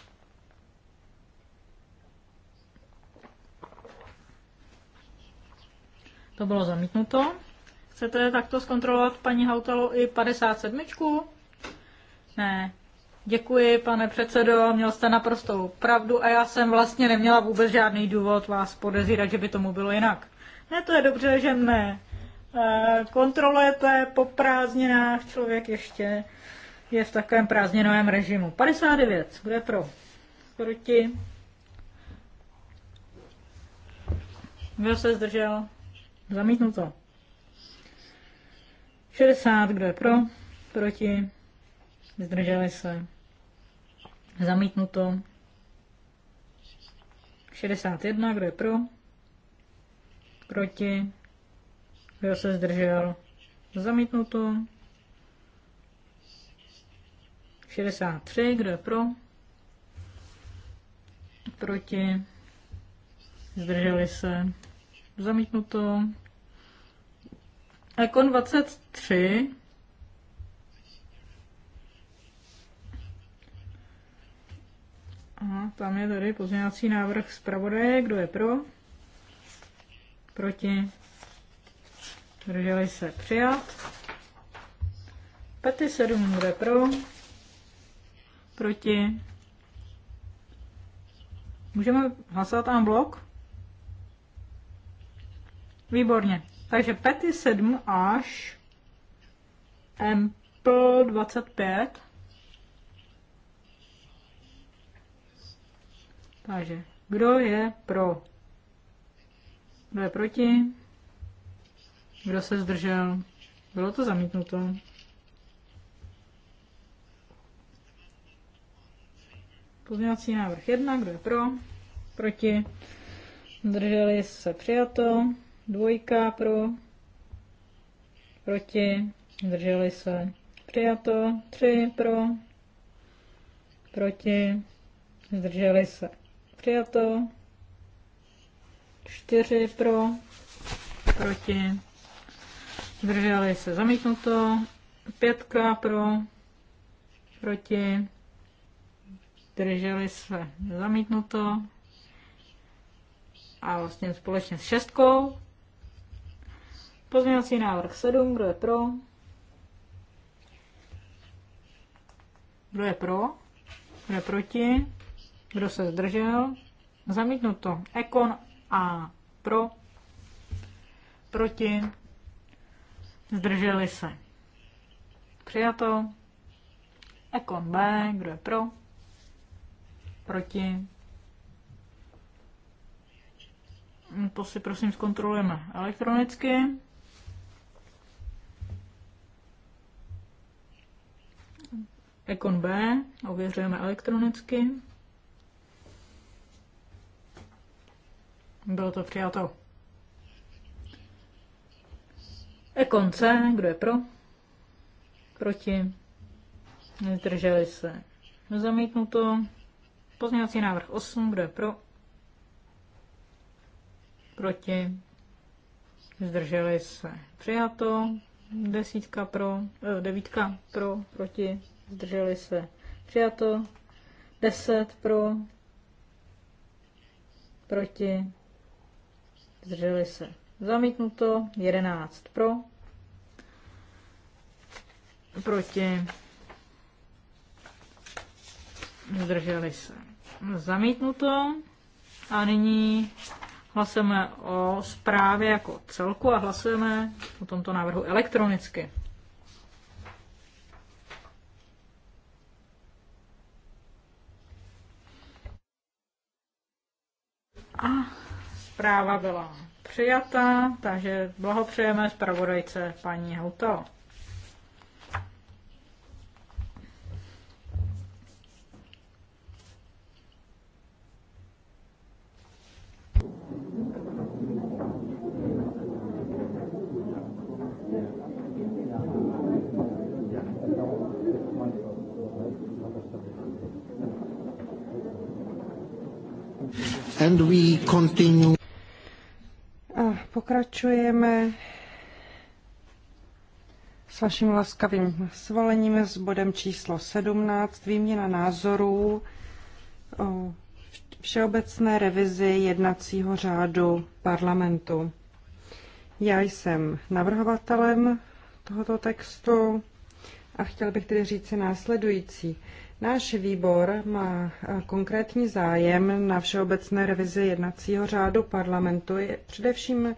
To bylo zamítnuto. Chcete takto zkontrolovat paní Hautalo i 57? Ne, Děkuji, pane předsedo, měl jste naprostou pravdu a já jsem vlastně neměla vůbec žádný důvod vás podezírat, že by tomu bylo jinak. Ne, to je dobře, že mne eh, kontrolujete po prázdninách, člověk ještě je v takovém prázdninovém režimu. 59, kdo je pro? Proti? Kdo se zdržel? Zamítnuto. 60, kdo je pro? Proti? Zdrželi se. Zamítnuto. 61, kdo je pro? Proti? Kdo se zdržel? Zamítnuto. 63, kdo je pro? Proti? Zdrželi se? Zamítnuto. Ekon 23, Aha, tam je tady pozměňovací návrh zpravodaje. Kdo je pro? Proti? Drželi se přijat. Pety 7 bude pro. Proti? Můžeme hlasovat tam blok? Výborně. Takže pety 7 až M 25 Takže kdo je pro? Kdo je proti? Kdo se zdržel? Bylo to zamítnuto. Pozměňovací návrh 1, kdo je pro? Proti? Zdrželi se přijato. Dvojka pro? Proti? Zdrželi se přijato. Tři pro? Proti? Zdrželi se Přijato. Čtyři pro, proti, zdrželi se zamítnuto, pětka pro, proti, drželi se zamítnuto a vlastně společně s šestkou. Pozměňovací návrh 7, kdo je pro? Kdo je pro? Kdo je proti? Kdo se zdržel? Zamítnuto. Ekon A pro, proti, zdrželi se. Přijato. Ekon B, kdo je pro, proti. To si prosím zkontrolujeme elektronicky. Ekon B, ověřujeme elektronicky. Bylo to přijato. Ekon C, kdo je pro? Proti? Zdrželi se. Zamítnuto. Pozměňovací návrh 8, kdo je pro? Proti? Zdrželi se. Přijato. Desítka pro, eh, devítka pro, proti, zdrželi se. Přijato. Deset pro, proti, zdrželi se. Zamítnuto 11 pro, proti, zdrželi se. Zamítnuto a nyní hlasujeme o zprávě jako celku a hlasujeme o tomto návrhu elektronicky. Zpráva byla přijata, takže blahopřejeme zpravodajce paní Houtalo. And we continue. Pokračujeme s vaším laskavým svolením s bodem číslo 17, výměna názorů o všeobecné revizi jednacího řádu parlamentu. Já jsem navrhovatelem tohoto textu a chtěl bych tedy říci následující. Náš výbor má eh, konkrétní zájem na všeobecné revizi jednacího řádu parlamentu, je především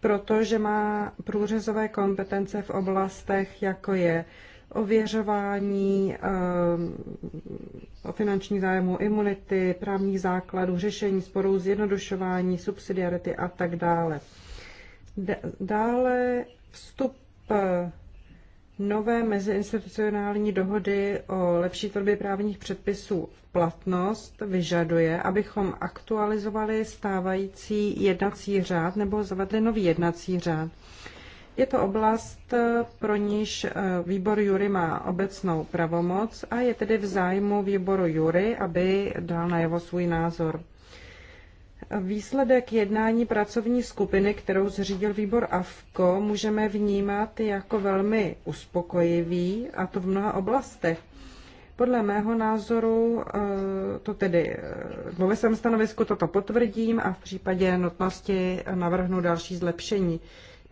proto, že má průřezové kompetence v oblastech, jako je ověřování eh, o finanční zájmu, imunity, právních základů, řešení sporů, zjednodušování, subsidiarity a tak dále. Dále vstup eh, nové meziinstitucionální dohody o lepší tvorbě právních předpisů v platnost vyžaduje, abychom aktualizovali stávající jednací řád nebo zavedli nový jednací řád. Je to oblast, pro níž eh, výbor Jury má obecnou pravomoc a je tedy v zájmu výboru Jury, aby dal najevo svůj názor. Výsledek jednání pracovní skupiny, kterou zřídil výbor AFKO, můžeme vnímat jako velmi uspokojivý, a to v mnoha oblastech. Podle mého názoru eh, to tedy eh, ve svém stanovisku toto potvrdím a v případě nutnosti navrhnu další zlepšení.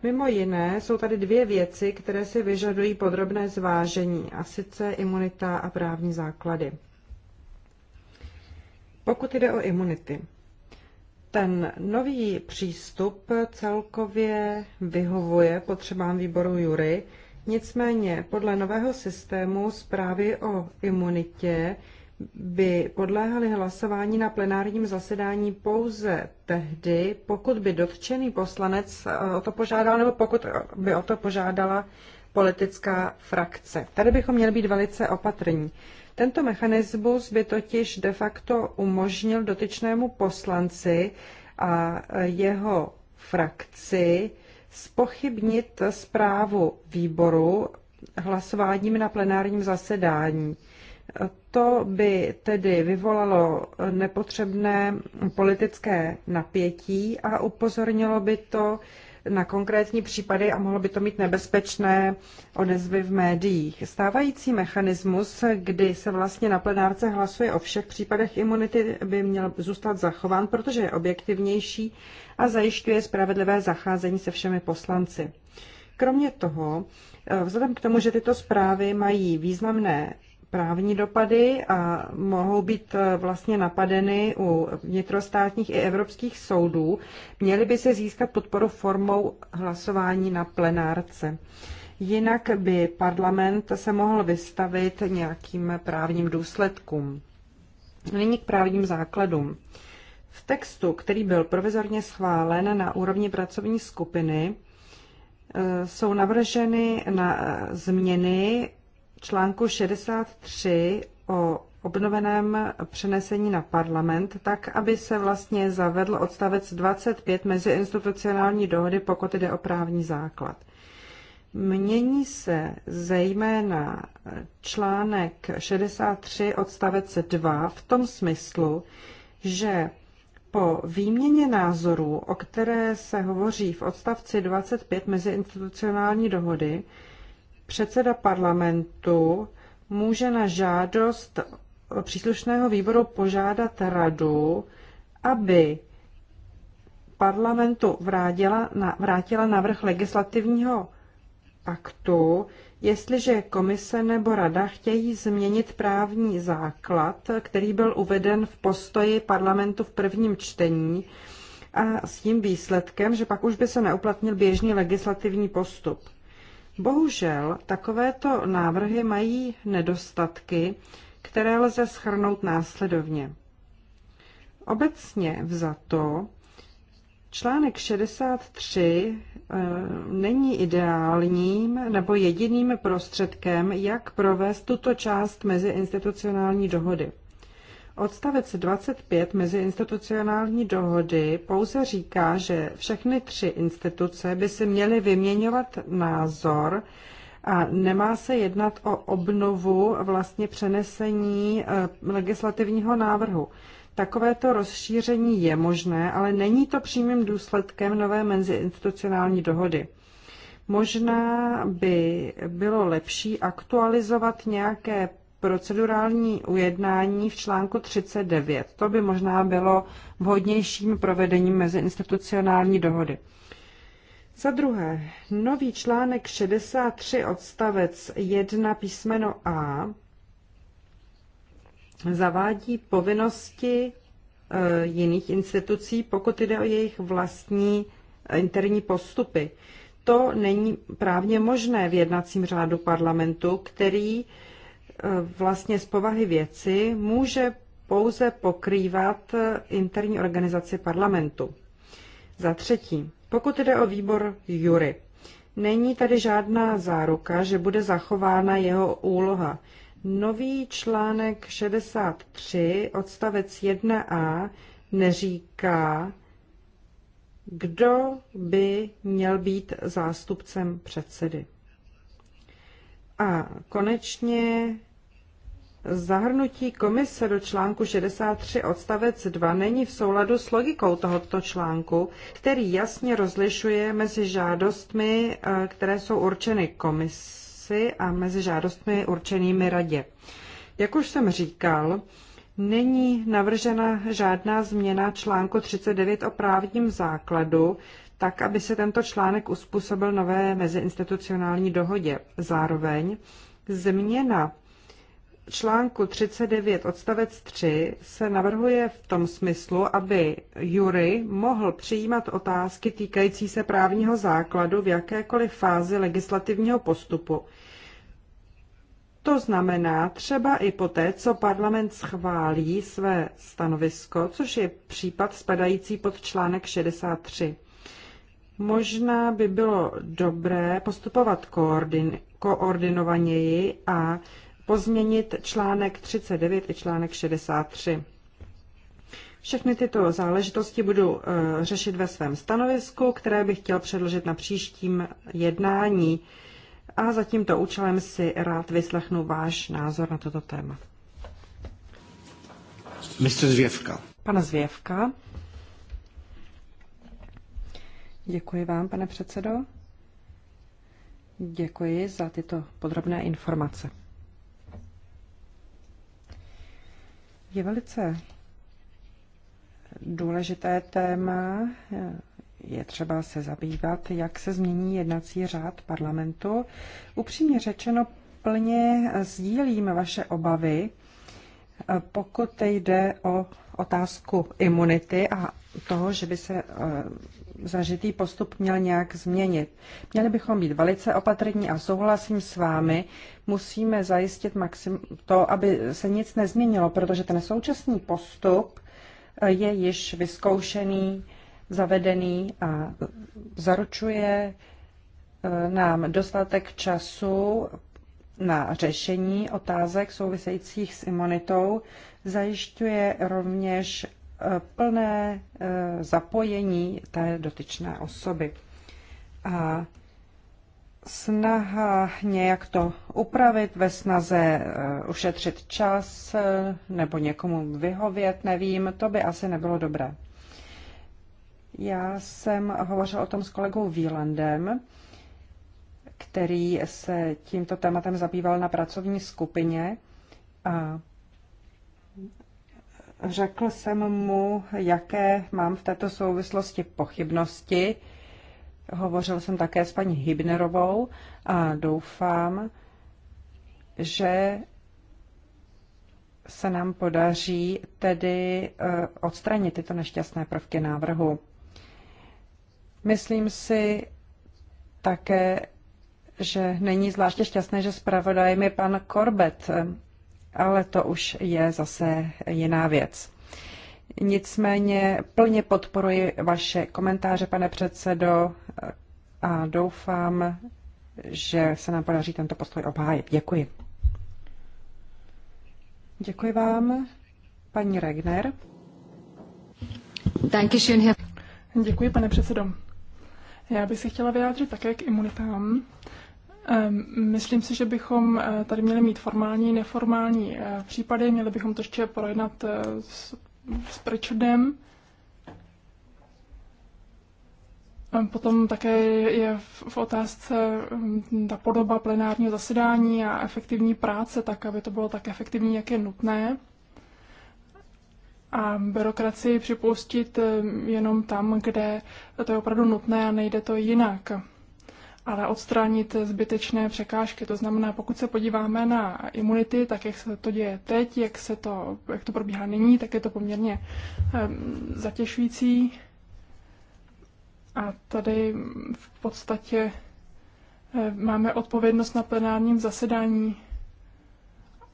Mimo jiné jsou tady dvě věci, které si vyžadují podrobné zvážení, a sice imunita a právní základy. Pokud jde o imunity, ten nový přístup celkově vyhovuje potřebám výboru Jury, nicméně podle nového systému zprávy o imunitě by podléhaly hlasování na plenárním zasedání pouze tehdy, pokud by dotčený poslanec eh, o to požádal nebo pokud by o to požádala politická frakce. Tady bychom měli být velice opatrní. Tento mechanismus by totiž de facto umožnil dotyčnému poslanci a jeho frakci spochybnit zprávu výboru hlasováním na plenárním zasedání. To by tedy vyvolalo nepotřebné politické napětí a upozornilo by to na konkrétní případy a mohlo by to mít nebezpečné odezvy v médiích. Stávající mechanismus, kdy se vlastně na plenárce hlasuje o všech případech imunity, by měl zůstat zachován, protože je objektivnější a zajišťuje spravedlivé zacházení se všemi poslanci. Kromě toho, eh, vzhledem k tomu, že tyto zprávy mají významné právní dopady a mohou být eh, vlastně napadeny u vnitrostátních i evropských soudů, měly by se získat podporu formou hlasování na plenárce. Jinak by parlament se mohl vystavit nějakým právním důsledkům. Nyní k právním základům. V textu, který byl provizorně schválen na úrovni pracovní skupiny, eh, jsou navrženy na eh, změny článku 63 o obnoveném přenesení na parlament, tak aby se vlastně zavedl odstavec 25 mezi institucionální dohody, pokud jde o právní základ. Mění se zejména článek 63 odstavec 2 v tom smyslu, že po výměně názorů, o které se hovoří v odstavci 25 meziinstitucionální dohody, Předseda parlamentu může na žádost příslušného výboru požádat radu, aby parlamentu vrátila, na, vrátila návrh legislativního aktu, jestliže komise nebo rada chtějí změnit právní základ, který byl uveden v postoji parlamentu v prvním čtení, a s tím výsledkem, že pak už by se neuplatnil běžný legislativní postup. Bohužel takovéto návrhy mají nedostatky, které lze schrnout následovně. Obecně vzato článek 63 eh, není ideálním nebo jediným prostředkem, jak provést tuto část meziinstitucionální dohody. Odstavec 25 meziinstitucionální dohody pouze říká, že všechny tři instituce by si měly vyměňovat názor a nemá se jednat o obnovu vlastně přenesení eh, legislativního návrhu. Takovéto rozšíření je možné, ale není to přímým důsledkem nové meziinstitucionální dohody. Možná by bylo lepší aktualizovat nějaké procedurální ujednání v článku 39. To by možná bylo vhodnějším provedením meziinstitucionální dohody. Za druhé, nový článek 63 odstavec 1 písmeno A zavádí povinnosti e, jiných institucí, pokud jde o jejich vlastní e, interní postupy. To není právně možné v jednacím řádu parlamentu, který vlastně z povahy věci může pouze pokrývat interní organizaci parlamentu. Za třetí, pokud jde o výbor jury, není tady žádná záruka, že bude zachována jeho úloha. Nový článek 63 odstavec 1a neříká, kdo by měl být zástupcem předsedy. A konečně Zahrnutí komise do článku 63 odstavec 2 není v souladu s logikou tohoto článku, který jasně rozlišuje mezi žádostmi, eh, které jsou určeny komisi a mezi žádostmi určenými radě. Jak už jsem říkal, není navržena žádná změna článku 39 o právním základu, tak aby se tento článek uspůsobil nové meziinstitucionální dohodě. Zároveň změna článku 39 odstavec 3 se navrhuje v tom smyslu, aby jury mohl přijímat otázky týkající se právního základu v jakékoliv fázi legislativního postupu. To znamená třeba i poté, co parlament schválí své stanovisko, což je případ spadající pod článek 63. Možná by bylo dobré postupovat koordin- koordinovaněji a pozměnit článek 39 i článek 63. Všechny tyto záležitosti budu eh, řešit ve svém stanovisku, které bych chtěl předložit na příštím jednání. A za tímto účelem si rád vyslechnu váš názor na toto téma. Mr. Zvěvka. Pana Zvěvka. Děkuji vám, pane předsedo. Děkuji za tyto podrobné informace. je velice důležité téma. Je třeba se zabývat, jak se změní jednací řád parlamentu. Upřímně řečeno, plně sdílím vaše obavy pokud jde o otázku imunity a toho, že by se eh, zažitý postup měl nějak změnit. Měli bychom být velice opatrní a souhlasím s vámi, musíme zajistit maxim to, aby se nic nezměnilo, protože ten současný postup eh, je již vyzkoušený, zavedený a zaručuje eh, nám dostatek času na řešení otázek souvisejících s imunitou, zajišťuje rovněž e, plné e, zapojení té dotyčné osoby. A snaha nějak to upravit ve snaze e, ušetřit čas nebo někomu vyhovět, nevím, to by asi nebylo dobré. Já jsem hovořila o tom s kolegou Výlandem, který se tímto tématem zabýval na pracovní skupině a řekl jsem mu, jaké mám v této souvislosti pochybnosti. Hovořil jsem také s paní Hybnerovou a doufám, že se nám podaří tedy eh, odstranit tyto nešťastné prvky návrhu. Myslím si také, že není zvláště šťastné, že zpravodajem je pan Korbet, ale to už je zase jiná věc. Nicméně plně podporuji vaše komentáře, pane předsedo, a doufám, že se nám podaří tento postoj obhájit. Děkuji. Děkuji vám, paní Regner. Děkuji, pane předsedo. Já bych se chtěla vyjádřit také k imunitám. Ehm, myslím si, že bychom eh, tady měli mít formální i neformální eh, případy. Měli bychom to ještě projednat eh, s, s Pritchardem. Ehm, potom také je v otázce ehm, ta podoba plenárního zasedání a efektivní práce, tak aby to bylo tak efektivní, jak je nutné. A byrokracii připustit jenom tam, kde to je opravdu nutné a nejde to jinak ale odstranit zbytečné překážky. To znamená, pokud se podíváme na imunity, tak jak se to děje teď, jak, se to, jak to probíhá nyní, tak je to poměrně um, ehm, zatěšující. A tady v podstatě ehm, máme odpovědnost na plenárním zasedání.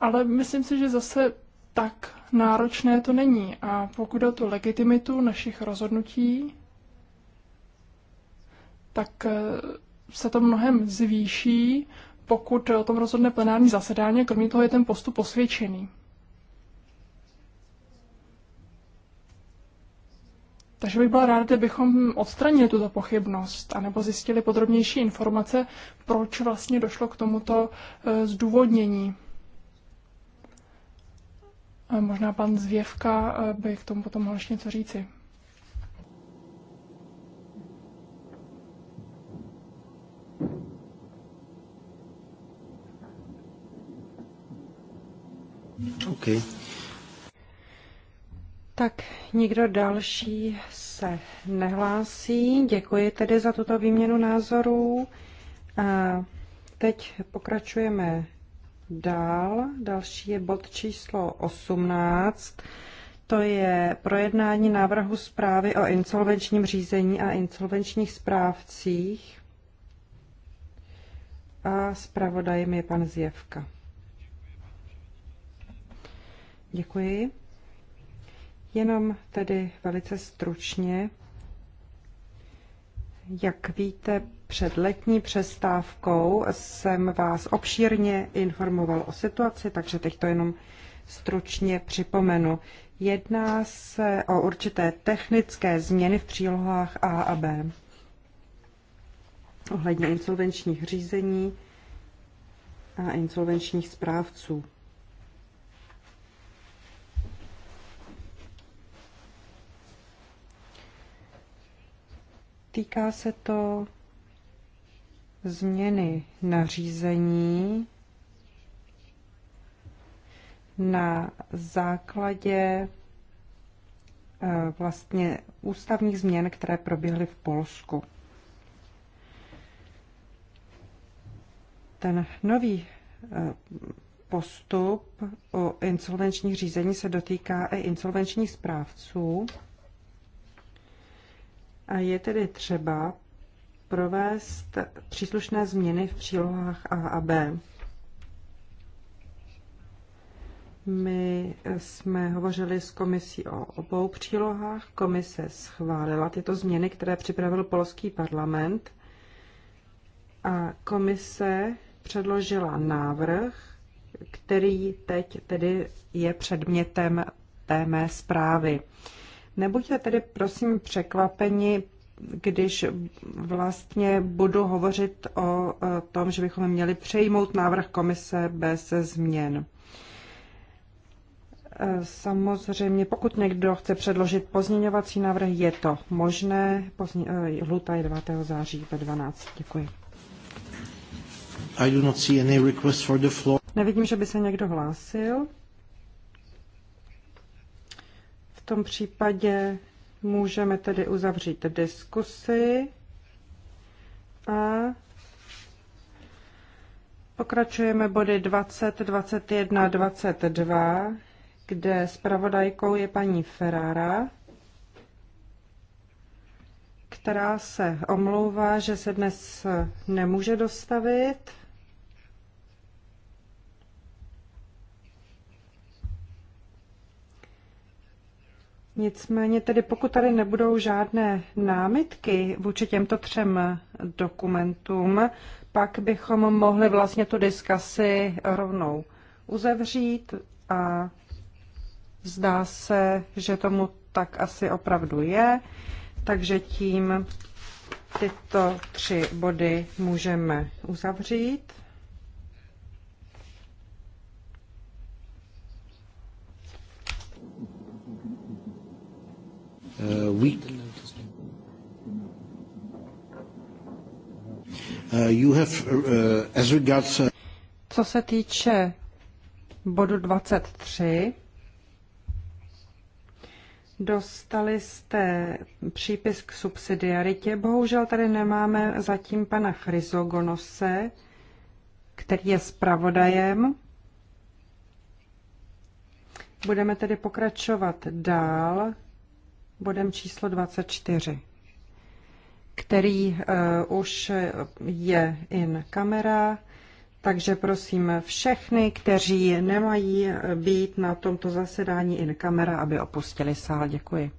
Ale myslím si, že zase tak náročné to není. A pokud o tu legitimitu našich rozhodnutí, tak ehm, se to mnohem zvýší, pokud o tom rozhodne plenární zasedání kromě toho je ten postup osvědčený. Takže bych byla ráda, kdybychom odstranili tuto pochybnost, anebo zjistili podrobnější informace, proč vlastně došlo k tomuto e, zdůvodnění. E, možná pan Zvěvka e, by k tomu potom mohl ještě něco říci. Okay. Tak nikdo další se nehlásí. Děkuji tedy za tuto výměnu názorů. A teď pokračujeme dál. Další je bod číslo 18. To je projednání návrhu zprávy o insolvenčním řízení a insolvenčních správcích. A zpravodajem je pan Zjevka. Děkuji. Jenom tedy velice stručně. Jak víte, před letní přestávkou jsem vás obšírně informoval o situaci, takže teď to jenom stručně připomenu. Jedná se o určité technické změny v přílohách A a B ohledně insolvenčních řízení a insolvenčních správců. Týká se to změny nařízení na základě eh, vlastně ústavních změn, které proběhly v Polsku. Ten nový eh, postup o insolvenčních řízení se dotýká i insolvenčních správců je tedy třeba provést příslušné změny v přílohách A a B. My jsme hovořili s komisí o obou přílohách. Komise schválila tyto změny, které připravil polský parlament. A komise předložila návrh, který teď tedy je předmětem té mé zprávy. Nebuďte tedy prosím překvapeni, když vlastně budu hovořit o tom, že bychom měli přejmout návrh komise bez změn. Samozřejmě, pokud někdo chce předložit pozměňovací návrh, je to možné. Eh, Lhuta je 9. září ve 12. Děkuji. I do not see any request for the floor. Nevidím, že by se někdo hlásil tom případě můžeme tedy uzavřít diskusi a pokračujeme body 20, 21, 22, kde zpravodajkou je paní Ferrara, která se omlouvá, že se dnes nemůže dostavit. Nicméně tedy pokud tady nebudou žádné námitky vůči těmto třem dokumentům, pak bychom mohli vlastně tu diskusi rovnou uzavřít a zdá se, že tomu tak asi opravdu je, takže tím tyto tři body můžeme uzavřít. uh, uh, you have uh, uh, as regards uh... co se týče bodu 23 Dostali jste přípis k subsidiaritě. Bohužel tady nemáme zatím pana Chryzogonose, který je zpravodajem. Budeme tedy pokračovat dál bodem číslo 24, který uh, už je in kamera, takže prosím všechny, kteří nemají eh, být na tomto zasedání in kamera, aby opustili sál. Děkuji.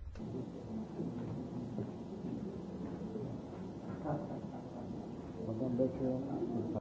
Thank you.